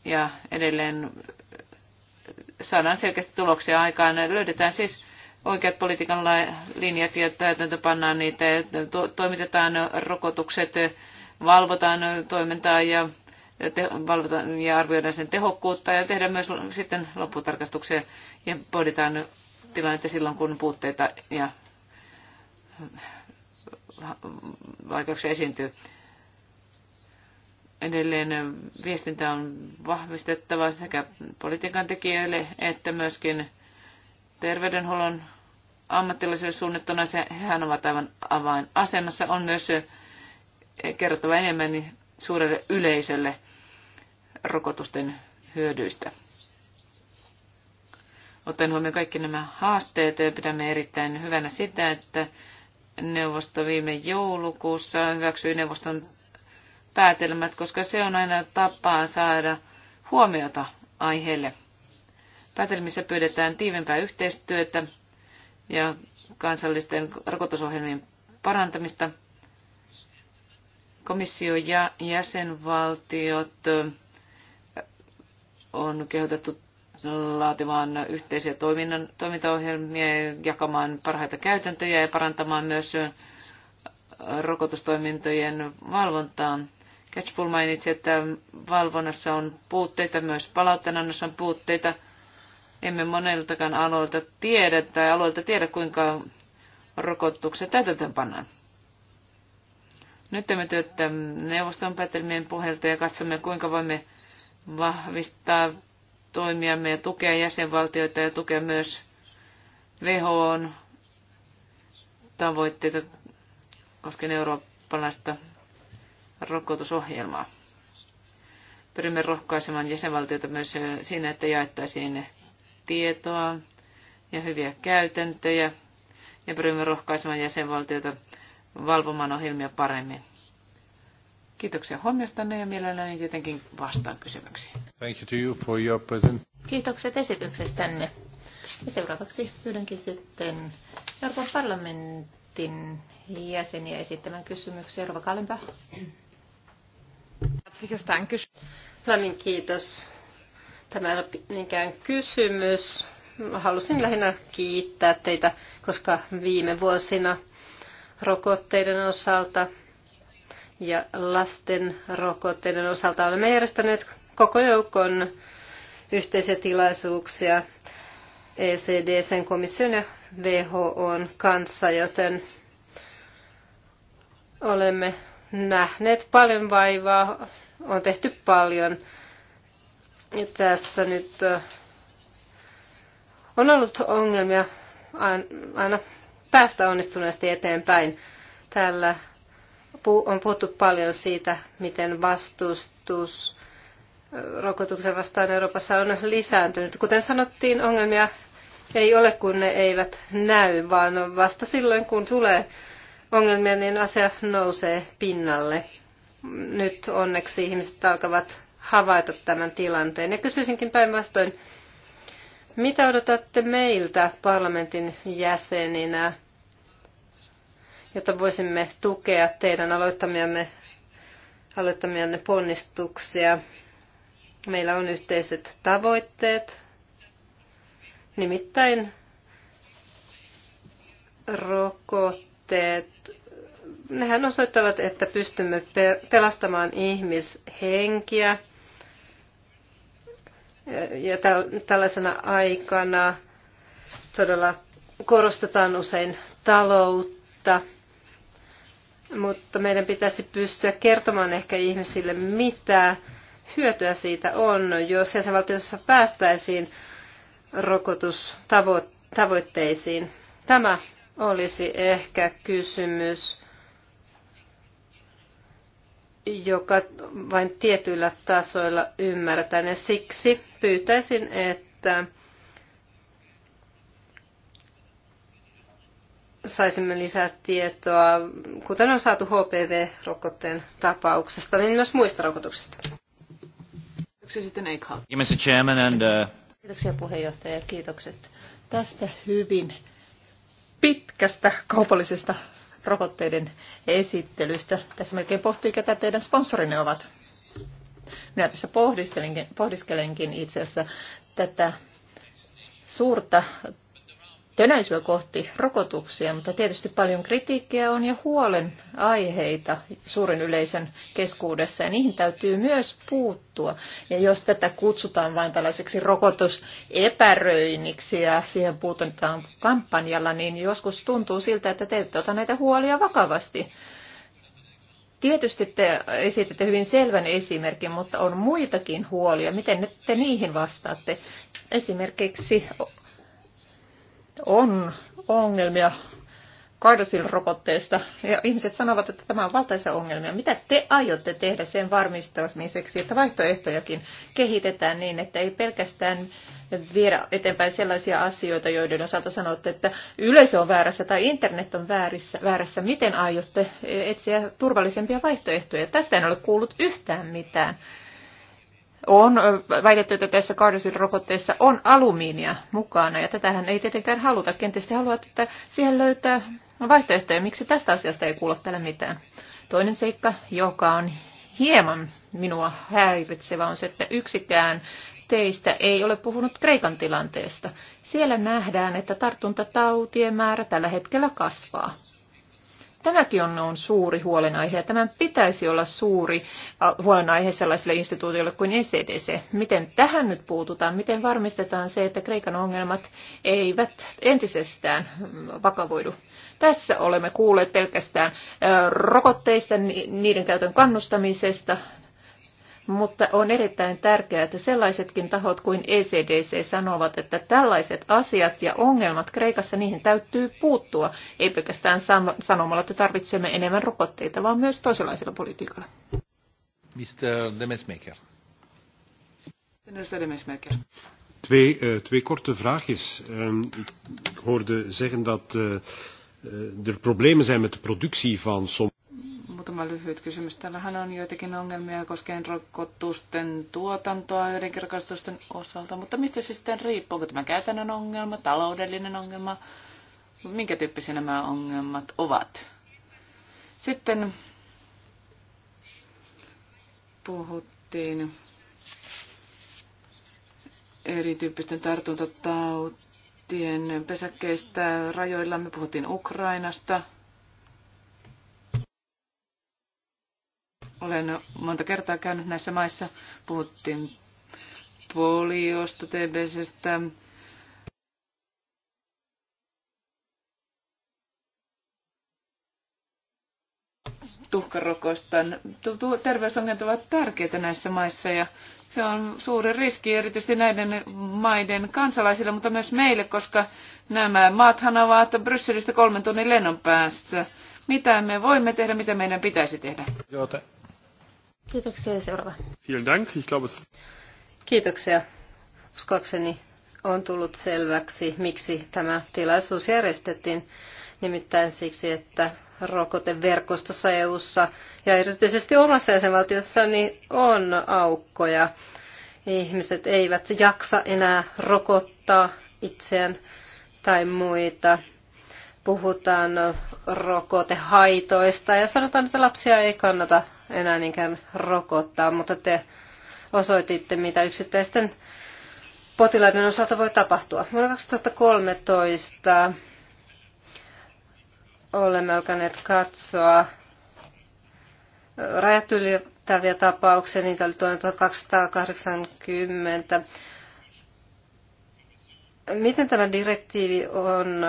ja edelleen saadaan selkeästi tuloksia aikaan. Löydetään siis oikeat politiikan linjat ja täytäntöpannaan niitä ja toimitetaan rokotukset, valvotaan toimintaa ja valvotaan ja arvioidaan sen tehokkuutta ja tehdään myös sitten lopputarkastuksia ja pohditaan tilannetta silloin, kun puutteita ja vaikeuksia esiintyy. Edelleen viestintä on vahvistettava sekä politiikan tekijöille että myöskin terveydenhuollon ammattilaisille suunnittuna, se, hehän ovat aivan avainasemassa. On myös eh, kerrottava enemmän niin suurelle yleisölle rokotusten hyödyistä. Ottaen huomioon kaikki nämä haasteet, ja eh, pidämme erittäin hyvänä sitä, että neuvosto viime joulukuussa hyväksyi neuvoston päätelmät, koska se on aina tapaa saada huomiota aiheelle – Päätelmissä pyydetään tiivempää yhteistyötä ja kansallisten rokotusohjelmien parantamista. Komissio ja jäsenvaltiot äh, on kehotettu laatimaan yhteisiä toiminnan, toimintaohjelmia, jakamaan parhaita käytäntöjä ja parantamaan myös äh, rokotustoimintojen valvontaa. Catchpool mainitsi, että valvonnassa on puutteita, myös palautteenannossa on puutteita – emme moneltakaan aloilta tiedä tai aloilta tiedä, kuinka rokotukset täytäntöön pannaan. Nyt teemme työtä neuvoston päätelmien pohjalta ja katsomme, kuinka voimme vahvistaa toimiamme ja tukea jäsenvaltioita ja tukea myös WHOn tavoitteita koskien eurooppalaista rokotusohjelmaa. Pyrimme rohkaisemaan jäsenvaltioita myös siinä, että jaettaisiin tietoa ja hyviä käytäntöjä ja pyrimme rohkaisemaan jäsenvaltioita valvomaan ohjelmia paremmin. Kiitoksia huomiostanne ja mielelläni tietenkin vastaan kysymyksiin. Thank you to you for your present. Kiitokset esityksestänne. Ja seuraavaksi pyydänkin sitten Euroopan parlamentin jäseniä esittämään kysymyksiä. Rova Kallenbach. Lämmin kiitos Tämä niinkään kysymys. Halusin lähinnä kiittää teitä, koska viime vuosina rokotteiden osalta ja lasten rokotteiden osalta olemme järjestäneet koko joukon yhteisiä tilaisuuksia ECDCn komission ja WHOn kanssa, joten olemme nähneet paljon vaivaa, on tehty paljon ja tässä nyt on ollut ongelmia aina päästä onnistuneesti eteenpäin. Täällä on puhuttu paljon siitä, miten vastustus rokotuksen vastaan Euroopassa on lisääntynyt. Kuten sanottiin, ongelmia ei ole, kun ne eivät näy, vaan vasta silloin, kun tulee ongelmia, niin asia nousee pinnalle. Nyt onneksi ihmiset alkavat havaita tämän tilanteen. Ja kysyisinkin päinvastoin, mitä odotatte meiltä parlamentin jäseninä, jotta voisimme tukea teidän aloittamianne, aloittamianne ponnistuksia? Meillä on yhteiset tavoitteet, nimittäin rokotteet. Nehän osoittavat, että pystymme pelastamaan ihmishenkiä ja tällaisena aikana todella korostetaan usein taloutta, mutta meidän pitäisi pystyä kertomaan ehkä ihmisille, mitä hyötyä siitä on, jos jäsenvaltiossa päästäisiin rokotustavoitteisiin. Tämä olisi ehkä kysymys, joka vain tietyillä tasoilla ymmärretään. Ja siksi pyytäisin, että saisimme lisää tietoa, kuten on saatu HPV-rokotteen tapauksesta, niin myös muista rokotuksista. Kiitoksia uh, Kiitoksia puheenjohtaja ja kiitokset tästä hyvin pitkästä kaupallisesta rokotteiden esittelystä. Tässä melkein pohtii, ketä teidän sponsorinne ovat. Minä tässä pohdiskelenkin itse asiassa tätä suurta tönäisyä kohti rokotuksia, mutta tietysti paljon kritiikkiä on ja huolen aiheita suuren yleisön keskuudessa ja niihin täytyy myös puuttua. Ja jos tätä kutsutaan vain tällaiseksi rokotusepäröinniksi ja siihen puututaan kampanjalla, niin joskus tuntuu siltä, että te ette ota näitä huolia vakavasti. Tietysti te esitätte hyvin selvän esimerkin, mutta on muitakin huolia. Miten te niihin vastaatte? Esimerkiksi on ongelmia gardasil Ja ihmiset sanovat, että tämä on valtaisa ongelmia. Mitä te aiotte tehdä sen varmistamiseksi, että vaihtoehtojakin kehitetään niin, että ei pelkästään viedä eteenpäin sellaisia asioita, joiden osalta sanotte, että yleisö on väärässä tai internet on väärissä, väärässä. Miten aiotte etsiä turvallisempia vaihtoehtoja? Tästä en ole kuullut yhtään mitään on väitetty, että tässä Gardasil rokotteessa on alumiinia mukana, ja tätähän ei tietenkään haluta. Kenties te haluat, että siihen löytää vaihtoehtoja. Miksi tästä asiasta ei kuulla täällä mitään? Toinen seikka, joka on hieman minua häiritsevä, on se, että yksikään teistä ei ole puhunut Kreikan tilanteesta. Siellä nähdään, että tartuntatautien määrä tällä hetkellä kasvaa. Tämäkin on, on suuri huolenaihe ja tämän pitäisi olla suuri huolenaihe sellaisille instituutioille kuin ECDC. Miten tähän nyt puututaan? Miten varmistetaan se, että Kreikan ongelmat eivät entisestään mm, vakavoidu? Tässä olemme kuulleet pelkästään rokotteista, niiden käytön kannustamisesta, mutta on erittäin tärkeää, että sellaisetkin tahot kuin ECDC sanovat, että tällaiset asiat ja ongelmat Kreikassa, niihin täytyy puuttua, ei pelkästään sanomalla, että tarvitsemme enemmän rokotteita, vaan myös toisenlaisella politiikalla. Mr. Demesmaker. Twee, uh, twee korte vraagjes. Uh, ik hoorde zeggen dat uh, uh, er problemen zijn met de productie van sommige muutama lyhyt kysymys. Täällähän on joitakin ongelmia koskien rokotusten tuotantoa joidenkin rokotusten osalta, mutta mistä se sitten riippuu? Onko tämä käytännön ongelma, taloudellinen ongelma? Minkä tyyppisiä nämä ongelmat ovat? Sitten puhuttiin erityyppisten tartuntatautien pesäkkeistä rajoilla. Me puhuttiin Ukrainasta – Olen monta kertaa käynyt näissä maissa. Puhuttiin poliosta, TBCstä, tuhkarokosta. Terveysongelmat ovat tärkeitä näissä maissa ja se on suuri riski erityisesti näiden maiden kansalaisille, mutta myös meille, koska nämä maathan ovat Brysselistä kolmen tunnin lennon päässä. Mitä me voimme tehdä, mitä meidän pitäisi tehdä? Joo, Kiitoksia ja seuraava. Vielen Dank. Ich glaube, Kiitoksia. Uskoakseni on tullut selväksi, miksi tämä tilaisuus järjestettiin. Nimittäin siksi, että rokoteverkostossa EU:ssa ja erityisesti omassa niin on aukkoja. Ihmiset eivät jaksa enää rokottaa itseään tai muita puhutaan rokotehaitoista ja sanotaan, että lapsia ei kannata enää niinkään rokottaa, mutta te osoititte, mitä yksittäisten potilaiden osalta voi tapahtua. Vuonna 2013 olemme alkaneet katsoa rajat ylittäviä tapauksia, niitä oli 1280. Miten tämä direktiivi on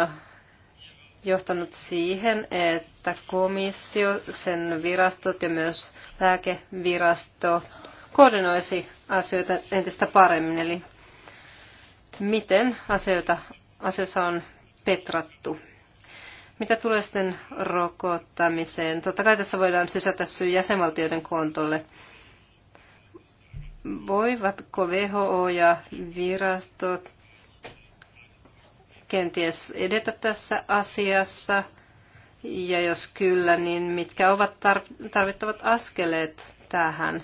johtanut siihen, että komissio, sen virastot ja myös lääkevirasto koordinoisi asioita entistä paremmin. Eli miten asioita, asioissa on petrattu. Mitä tulee sitten rokottamiseen? Totta kai tässä voidaan sysätä syy jäsenvaltioiden kontolle. Voivatko WHO ja virastot kenties edetä tässä asiassa? Ja jos kyllä, niin mitkä ovat tarvittavat askeleet tähän?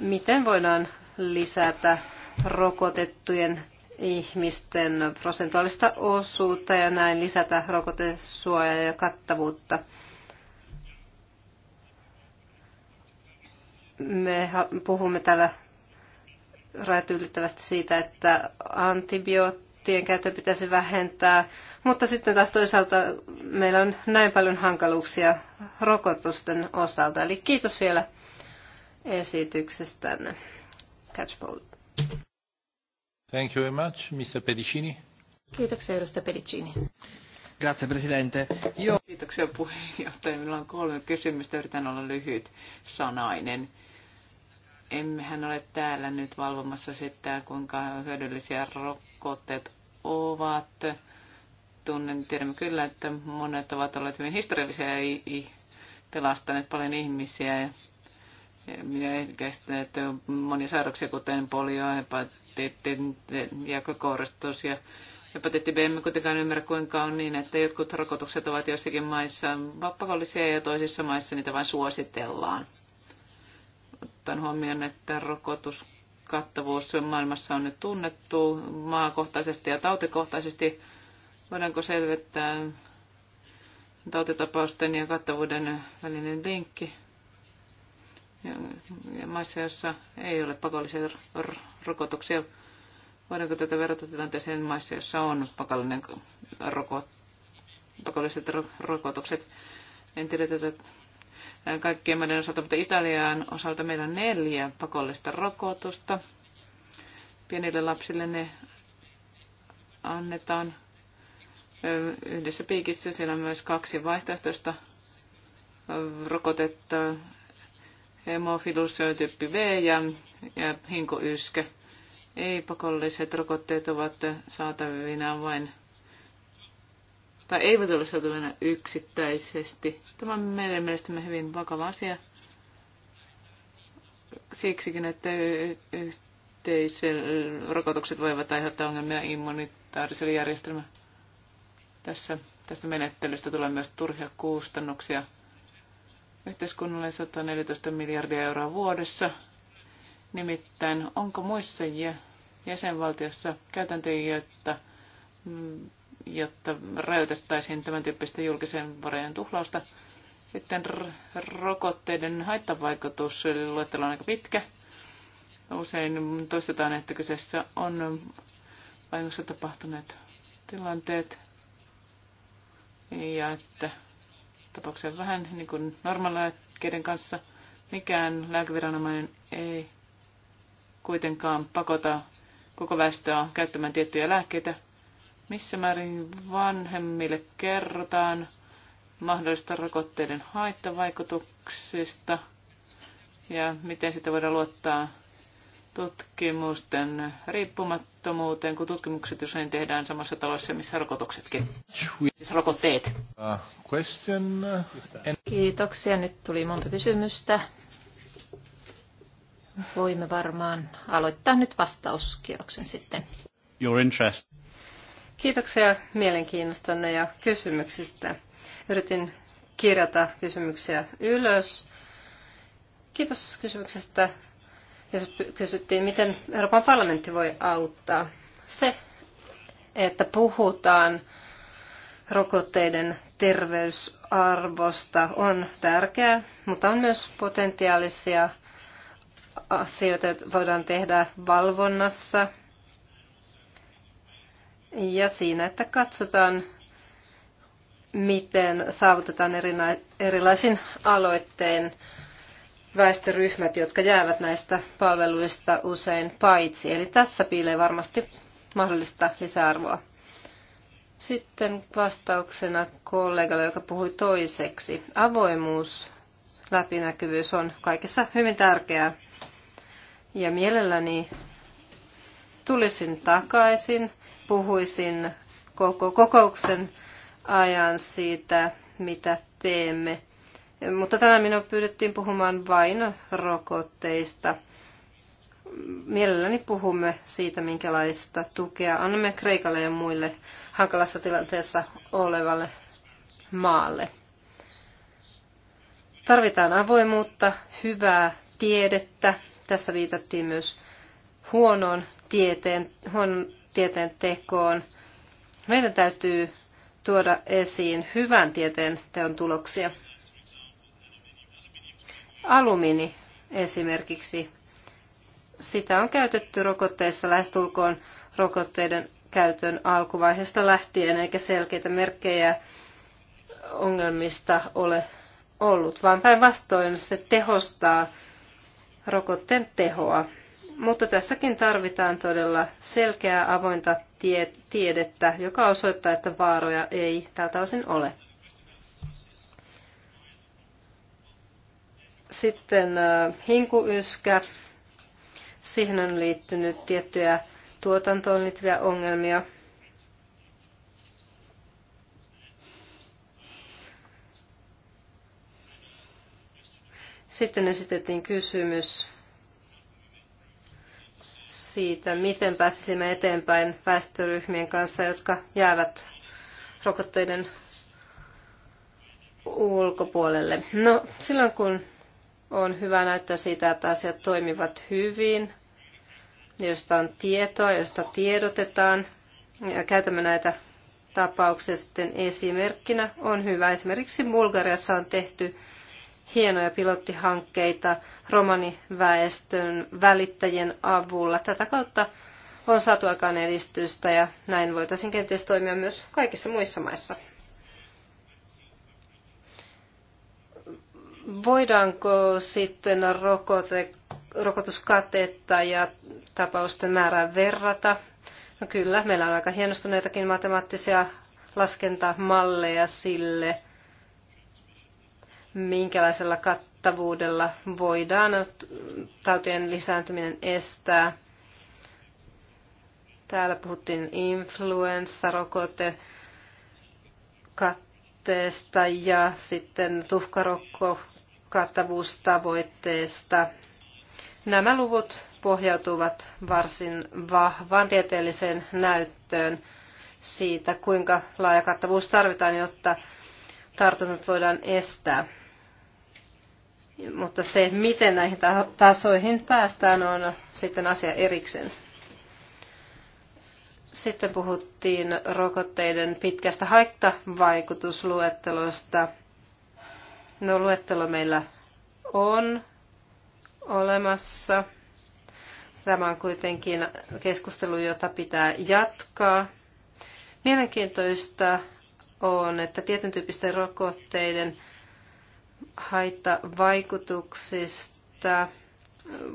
Miten voidaan lisätä rokotettujen ihmisten prosentuaalista osuutta ja näin lisätä rokotesuojaa ja kattavuutta? Me puhumme täällä rajat siitä, että antibioot tien käyttöä pitäisi vähentää, mutta sitten taas toisaalta meillä on näin paljon hankaluuksia rokotusten osalta. Eli kiitos vielä esityksestänne. Catchpole. Thank you very much, Mr. Pedicini. Kiitoksia, edustaja Pedicini. Grazie, presidente. Jo. Kiitoksia puheenjohtaja. Minulla on kolme kysymystä. Yritän olla lyhyt sanainen emmehän ole täällä nyt valvomassa sitä, kuinka hyödyllisiä rokotteet ovat. Tunnen, tiedämme kyllä, että monet ovat olleet hyvin historiallisia ja pelastaneet paljon ihmisiä ja, ja että monia sairauksia, kuten polio, hepatiitti ja kokoristus ja hepatiitti B. Emme kuitenkaan ymmärrä, kuinka on niin, että jotkut rokotukset ovat joissakin maissa vapakollisia ja toisissa maissa niitä vain suositellaan ottaen huomioon, että rokotus kattavuus maailmassa on nyt tunnettu maakohtaisesti ja tautikohtaisesti. Voidaanko selvittää tautitapausten ja kattavuuden välinen linkki? Ja, ja maissa, joissa ei ole pakollisia rokotuksia, voidaanko tätä verrata tilanteeseen maissa, joissa on pakollinen roko, pakolliset ro- rokotukset? En tiedä tätä kaikkien maiden osalta, mutta Italian osalta meillä on neljä pakollista rokotusta. Pienille lapsille ne annetaan yhdessä piikissä. Siellä on myös kaksi vaihtoehtoista rokotetta, hemofilus tyyppi V ja, ja hinkoyskä. Ei-pakolliset rokotteet ovat saatavina vain tai eivät ole satuneena yksittäisesti. Tämä on meidän mielestämme hyvin vakava asia. Siksikin, että yhteisen rokotukset voivat aiheuttaa ongelmia immunitaariselle järjestelmälle. Tässä, tästä menettelystä tulee myös turhia kustannuksia. Yhteiskunnalle 114 miljardia euroa vuodessa. Nimittäin, onko muissa jäsenvaltiossa käytäntöjä, jotta mm, jotta rajoitettaisiin tämän tyyppistä julkisen varojen tuhlausta. Sitten rokotteiden haittavaikutus luettelo on aika pitkä. Usein toistetaan, että kyseessä on vahingossa tapahtuneet tilanteet ja että tapauksia vähän niin kuin normaalilääkkeiden kanssa. Mikään lääkeviranomainen ei kuitenkaan pakota koko väestöä käyttämään tiettyjä lääkkeitä – missä määrin vanhemmille kerrotaan mahdollista rokotteiden haittavaikutuksista ja miten sitä voidaan luottaa tutkimusten riippumattomuuteen, kun tutkimukset usein tehdään samassa talossa, missä rokotuksetkin. Siis rokotteet. Uh, uh, Kiitoksia. Nyt tuli monta kysymystä. Voimme varmaan aloittaa nyt vastauskierroksen sitten. Your interest. Kiitoksia mielenkiinnostanne ja kysymyksistä. Yritin kirjata kysymyksiä ylös. Kiitos kysymyksestä. Ja kysyttiin, miten Euroopan parlamentti voi auttaa. Se, että puhutaan rokotteiden terveysarvosta on tärkeää, mutta on myös potentiaalisia asioita, joita voidaan tehdä valvonnassa – ja siinä, että katsotaan, miten saavutetaan erilaisin aloitteen väestöryhmät, jotka jäävät näistä palveluista usein paitsi. Eli tässä piilee varmasti mahdollista lisäarvoa. Sitten vastauksena kollegalle, joka puhui toiseksi. Avoimuus, läpinäkyvyys on kaikessa hyvin tärkeää. Ja mielelläni tulisin takaisin puhuisin koko kokouksen ajan siitä, mitä teemme. Mutta tänään minua pyydettiin puhumaan vain rokotteista. Mielelläni puhumme siitä, minkälaista tukea annamme Kreikalle ja muille hankalassa tilanteessa olevalle maalle. Tarvitaan avoimuutta, hyvää tiedettä. Tässä viitattiin myös huonoon tieteen, huon, tieteen tekoon. Meidän täytyy tuoda esiin hyvän tieteen teon tuloksia. Alumiini esimerkiksi. Sitä on käytetty rokotteissa lähestulkoon rokotteiden käytön alkuvaiheesta lähtien, eikä selkeitä merkkejä ongelmista ole ollut, vaan päinvastoin se tehostaa rokotteen tehoa. Mutta tässäkin tarvitaan todella selkeää avointa tie- tiedettä, joka osoittaa, että vaaroja ei tältä osin ole. Sitten hinkuyskä. Siihen on liittynyt tiettyjä tuotantoon liittyviä ongelmia. Sitten esitettiin kysymys siitä, miten pääsisimme eteenpäin väestöryhmien kanssa, jotka jäävät rokotteiden ulkopuolelle. No, silloin kun on hyvä näyttää siitä, että asiat toimivat hyvin, josta on tietoa, josta tiedotetaan, ja käytämme näitä tapauksia sitten esimerkkinä, on hyvä. Esimerkiksi Bulgariassa on tehty hienoja pilottihankkeita romaniväestön välittäjien avulla. Tätä kautta on saatu aikaan edistystä ja näin voitaisiin kenties toimia myös kaikissa muissa maissa. Voidaanko sitten rokote, rokotuskatetta ja tapausten määrää verrata? No kyllä, meillä on aika hienostuneitakin matemaattisia laskentamalleja sille – minkälaisella kattavuudella voidaan tautien lisääntyminen estää. Täällä puhuttiin influenssarokote katteesta ja sitten tuhkarokko kattavuustavoitteesta. Nämä luvut pohjautuvat varsin vahvaan tieteelliseen näyttöön siitä, kuinka laaja kattavuus tarvitaan, jotta tartunnat voidaan estää. Mutta se, miten näihin tasoihin päästään, on sitten asia erikseen. Sitten puhuttiin rokotteiden pitkästä haittavaikutusluettelosta. No luettelo meillä on olemassa. Tämä on kuitenkin keskustelu, jota pitää jatkaa. Mielenkiintoista on, että tietyn tyyppisten rokotteiden haittavaikutuksista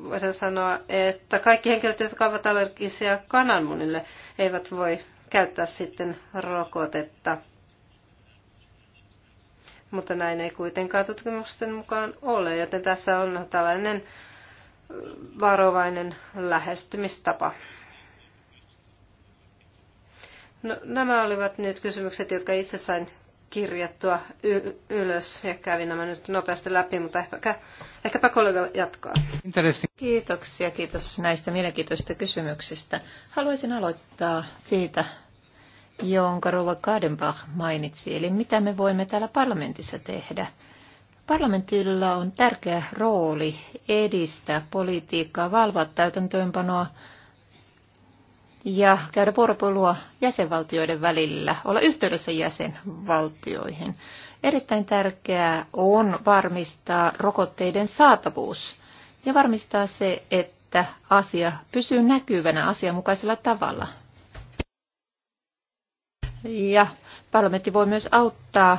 voidaan sanoa, että kaikki henkilöt, jotka ovat allergisia kananmunille, eivät voi käyttää sitten rokotetta. Mutta näin ei kuitenkaan tutkimusten mukaan ole, joten tässä on tällainen varovainen lähestymistapa. No, nämä olivat nyt kysymykset, jotka itse sain kirjattua ylös ja kävin nämä nyt nopeasti läpi, mutta ehkä, ehkäpä kollega jatkaa. Kiitoksia, kiitos näistä mielenkiintoisista kysymyksistä. Haluaisin aloittaa siitä, jonka Rova Kadenbach mainitsi, eli mitä me voimme täällä parlamentissa tehdä. Parlamentilla on tärkeä rooli edistää politiikkaa, valvoa täytäntöönpanoa, ja käydä vuoropuhelua jäsenvaltioiden välillä, olla yhteydessä jäsenvaltioihin. Erittäin tärkeää on varmistaa rokotteiden saatavuus ja varmistaa se, että asia pysyy näkyvänä asianmukaisella tavalla. Ja parlamentti voi myös auttaa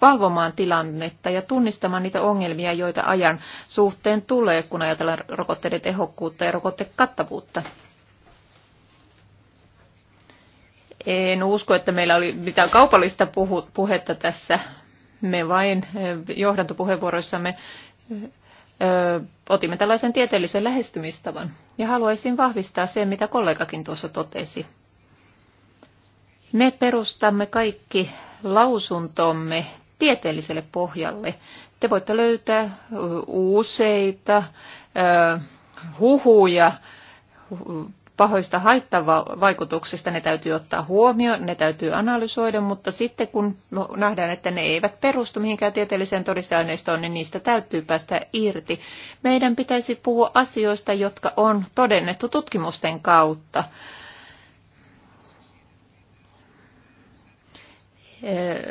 valvomaan tilannetta ja tunnistamaan niitä ongelmia, joita ajan suhteen tulee, kun ajatellaan rokotteiden tehokkuutta ja rokotekattavuutta. kattavuutta. En usko, että meillä oli mitään kaupallista puhu, puhetta tässä. Me vain johdantopuheenvuoroissamme ö, otimme tällaisen tieteellisen lähestymistavan. Ja haluaisin vahvistaa sen, mitä kollegakin tuossa totesi. Me perustamme kaikki lausuntomme tieteelliselle pohjalle. Te voitte löytää useita ö, huhuja pahoista haittavaikutuksista ne täytyy ottaa huomioon, ne täytyy analysoida, mutta sitten kun nähdään, että ne eivät perustu mihinkään tieteelliseen todisteaineistoon, niin niistä täytyy päästä irti. Meidän pitäisi puhua asioista, jotka on todennettu tutkimusten kautta.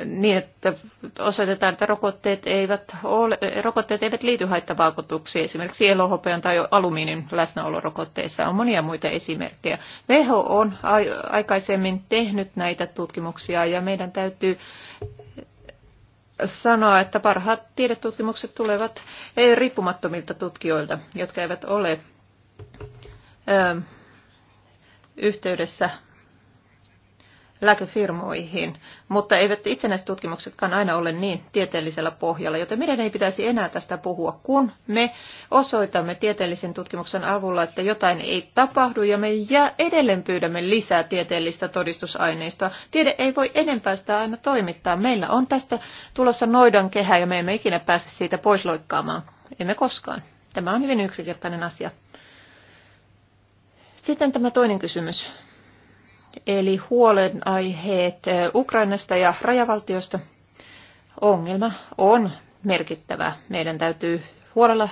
niin, että osoitetaan, että rokotteet eivät, ole, rokotteet eivät liity haittavaikutuksiin. Esimerkiksi elohopean tai alumiinin läsnäolo rokotteissa on monia muita esimerkkejä. WHO on aikaisemmin tehnyt näitä tutkimuksia ja meidän täytyy sanoa, että parhaat tiedetutkimukset tulevat riippumattomilta tutkijoilta, jotka eivät ole yhteydessä lääkefirmoihin, mutta eivät itsenäiset tutkimuksetkaan aina ole niin tieteellisellä pohjalla, joten meidän ei pitäisi enää tästä puhua, kun me osoitamme tieteellisen tutkimuksen avulla, että jotain ei tapahdu ja me edelleen pyydämme lisää tieteellistä todistusaineistoa. Tiede ei voi enempää sitä aina toimittaa. Meillä on tästä tulossa noidan kehä ja me emme ikinä pääse siitä pois loikkaamaan. Emme koskaan. Tämä on hyvin yksinkertainen asia. Sitten tämä toinen kysymys eli huolenaiheet Ukrainasta ja rajavaltiosta. Ongelma on merkittävä. Meidän täytyy huolella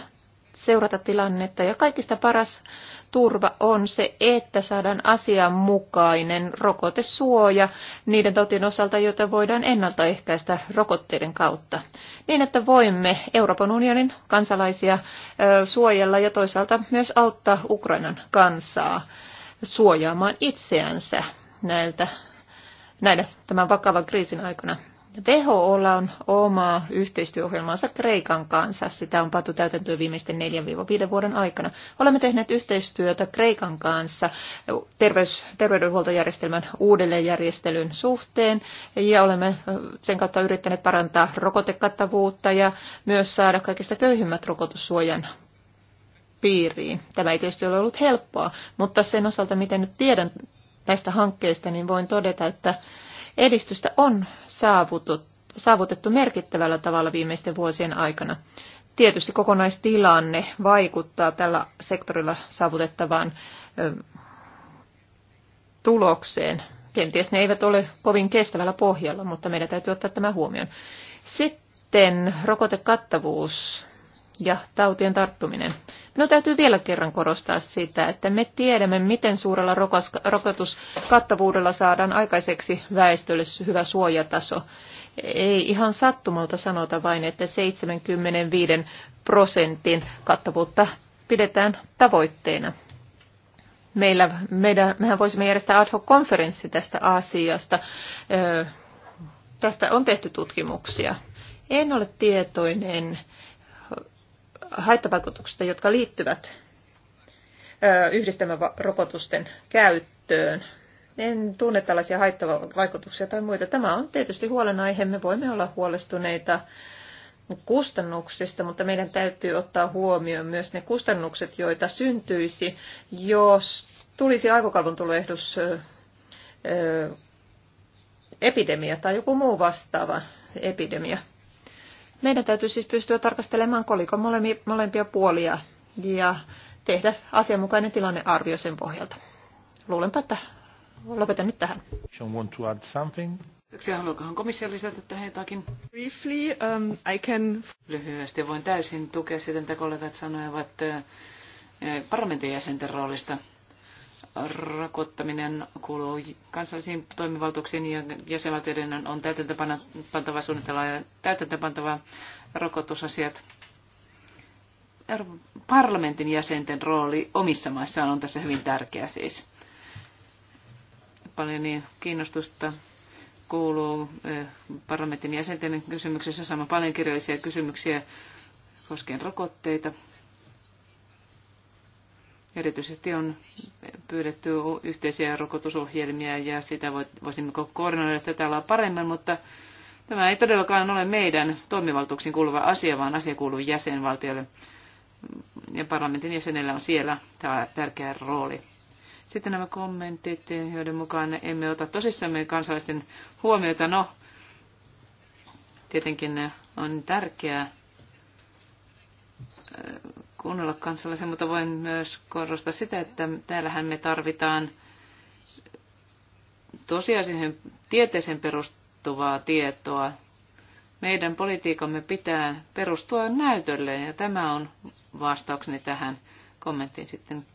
seurata tilannetta ja kaikista paras turva on se, että saadaan asianmukainen rokotesuoja niiden tautien osalta, joita voidaan ennaltaehkäistä rokotteiden kautta, niin että voimme Euroopan unionin kansalaisia suojella ja toisaalta myös auttaa Ukrainan kansaa suojaamaan itseänsä näiltä, näiden tämän vakavan kriisin aikana. WHO on oma yhteistyöohjelmansa Kreikan kanssa. Sitä on pantu täytäntöön viimeisten 4-5 vuoden aikana. Olemme tehneet yhteistyötä Kreikan kanssa terveys, terveydenhuoltojärjestelmän uudelleenjärjestelyn suhteen ja olemme sen kautta yrittäneet parantaa rokotekattavuutta ja myös saada kaikista köyhimmät rokotussuojan piiriin. Tämä ei tietysti ole ollut helppoa, mutta sen osalta, miten nyt tiedän näistä hankkeista, niin voin todeta, että edistystä on saavutettu merkittävällä tavalla viimeisten vuosien aikana. Tietysti kokonaistilanne vaikuttaa tällä sektorilla saavutettavaan tulokseen. Kenties ne eivät ole kovin kestävällä pohjalla, mutta meidän täytyy ottaa tämä huomioon. Sitten rokotekattavuus ja tautien tarttuminen. No täytyy vielä kerran korostaa sitä, että me tiedämme, miten suurella rokotuskattavuudella saadaan aikaiseksi väestölle hyvä suojataso. Ei ihan sattumalta sanota vain, että 75 prosentin kattavuutta pidetään tavoitteena. Meillä, meidän, mehän voisimme järjestää ad hoc-konferenssi tästä asiasta. Öö, tästä on tehty tutkimuksia. En ole tietoinen haittavaikutuksista, jotka liittyvät yhdistelmärokotusten käyttöön. En tunne tällaisia haittavaikutuksia tai muita. Tämä on tietysti huolenaihe. Me voimme olla huolestuneita kustannuksista, mutta meidän täytyy ottaa huomioon myös ne kustannukset, joita syntyisi, jos tulisi aikokalvon tuloehdus epidemia tai joku muu vastaava epidemia. Meidän täytyy siis pystyä tarkastelemaan kolikon molempia puolia ja tehdä asianmukainen tilannearvio sen pohjalta. Luulenpa, että lopetan nyt tähän. Want to add something? Yksi haluakohan komissio lisätä tähän jotakin? Briefly, um, I can... Lyhyesti voin täysin tukea sitä, mitä kollegat sanoivat eh, eh, parlamentin jäsenten roolista rokottaminen kuuluu kansallisiin toimivaltuuksiin ja jäsenvaltioiden on täytäntöpantava suunnitella ja täytäntöpantava rokotusasiat. Euroopan parlamentin jäsenten rooli omissa maissaan on tässä hyvin tärkeä siis. Paljon niin kiinnostusta kuuluu parlamentin jäsenten kysymyksessä sama paljon kirjallisia kysymyksiä koskien rokotteita. Erityisesti on pyydetty yhteisiä rokotusohjelmia ja sitä voisimmeko koordinoida tätä paremmin, mutta Tämä ei todellakaan ole meidän toimivaltuuksiin kuuluva asia, vaan asia kuuluu jäsenvaltiolle. Ja parlamentin jäsenellä on siellä tämä tärkeä rooli. Sitten nämä kommentit, joiden mukaan emme ota tosissamme kansalaisten huomiota. No, tietenkin on tärkeää kuunnella kansalaisia, mutta voin myös korostaa sitä, että täällähän me tarvitaan tosiasiin tieteeseen perustuvaa tietoa. Meidän politiikamme pitää perustua näytölle ja tämä on vastaukseni tähän kommenttiin sitten.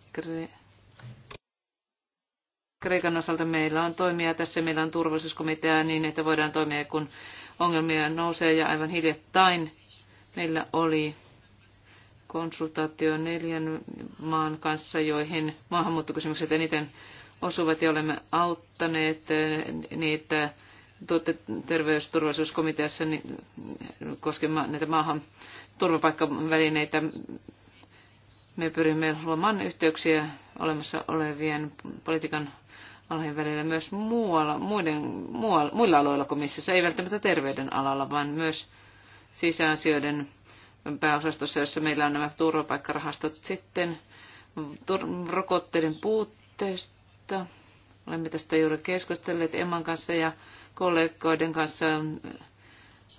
Kreikan osalta meillä on toimia tässä, meillä on turvallisuuskomitea niin, että voidaan toimia, kun ongelmia nousee ja aivan hiljattain meillä oli konsultaatio neljän maan kanssa, joihin maahanmuuttokysymykset eniten osuvat ja olemme auttaneet eh, niitä terveysturvallisuuskomiteassa niin, koskemaan näitä maahan turvapaikkavälineitä. Me pyrimme luomaan yhteyksiä olemassa olevien politiikan alojen välillä myös muualla, muiden, muualla, muilla aloilla komissiossa, ei välttämättä terveyden alalla, vaan myös sisäasioiden pääosastossa, jossa meillä on nämä turvapaikkarahastot. Sitten rokotteiden puutteesta. Olemme tästä juuri keskustelleet Emman kanssa ja kollegoiden kanssa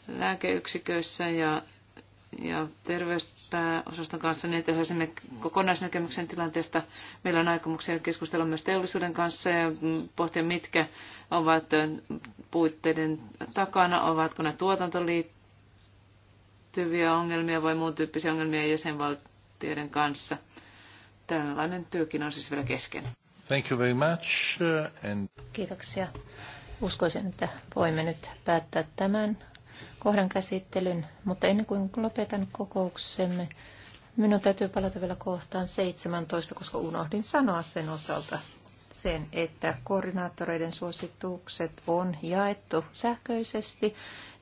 lääkeyksiköissä ja, ja terveyspääosaston kanssa, niin että sinne kokonaisnäkemyksen tilanteesta. Meillä on aikomuksia keskustella myös teollisuuden kanssa ja pohtia, mitkä ovat puitteiden takana, ovatko ne tuotantoon liittyviä ongelmia vai muun tyyppisiä ongelmia jäsenvaltioiden kanssa. Tällainen työkin on siis vielä kesken. Thank you very much. Uh, and... Kiitoksia. Uskoisin, että voimme nyt päättää tämän kohdan käsittelyn, mutta ennen kuin lopetan kokouksemme, minun täytyy palata vielä kohtaan 17, koska unohdin sanoa sen osalta sen, että koordinaattoreiden suositukset on jaettu sähköisesti.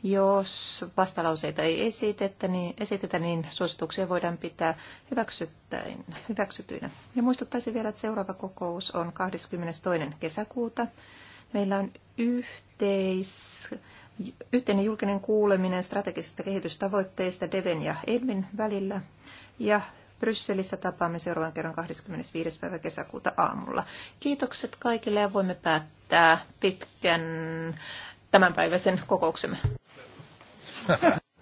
Jos vastalauseita ei esitetä, niin, esitetä, niin suosituksia voidaan pitää hyväksytyinä. Ja muistuttaisin vielä, että seuraava kokous on 22. kesäkuuta. Meillä on yhteis, yhteinen julkinen kuuleminen strategisista kehitystavoitteista Deven ja Edmin välillä. Ja Brysselissä tapaamme seuraavan kerran 25. päivä kesäkuuta aamulla. Kiitokset kaikille ja voimme päättää pitkän tämänpäiväisen kokouksemme. <laughs>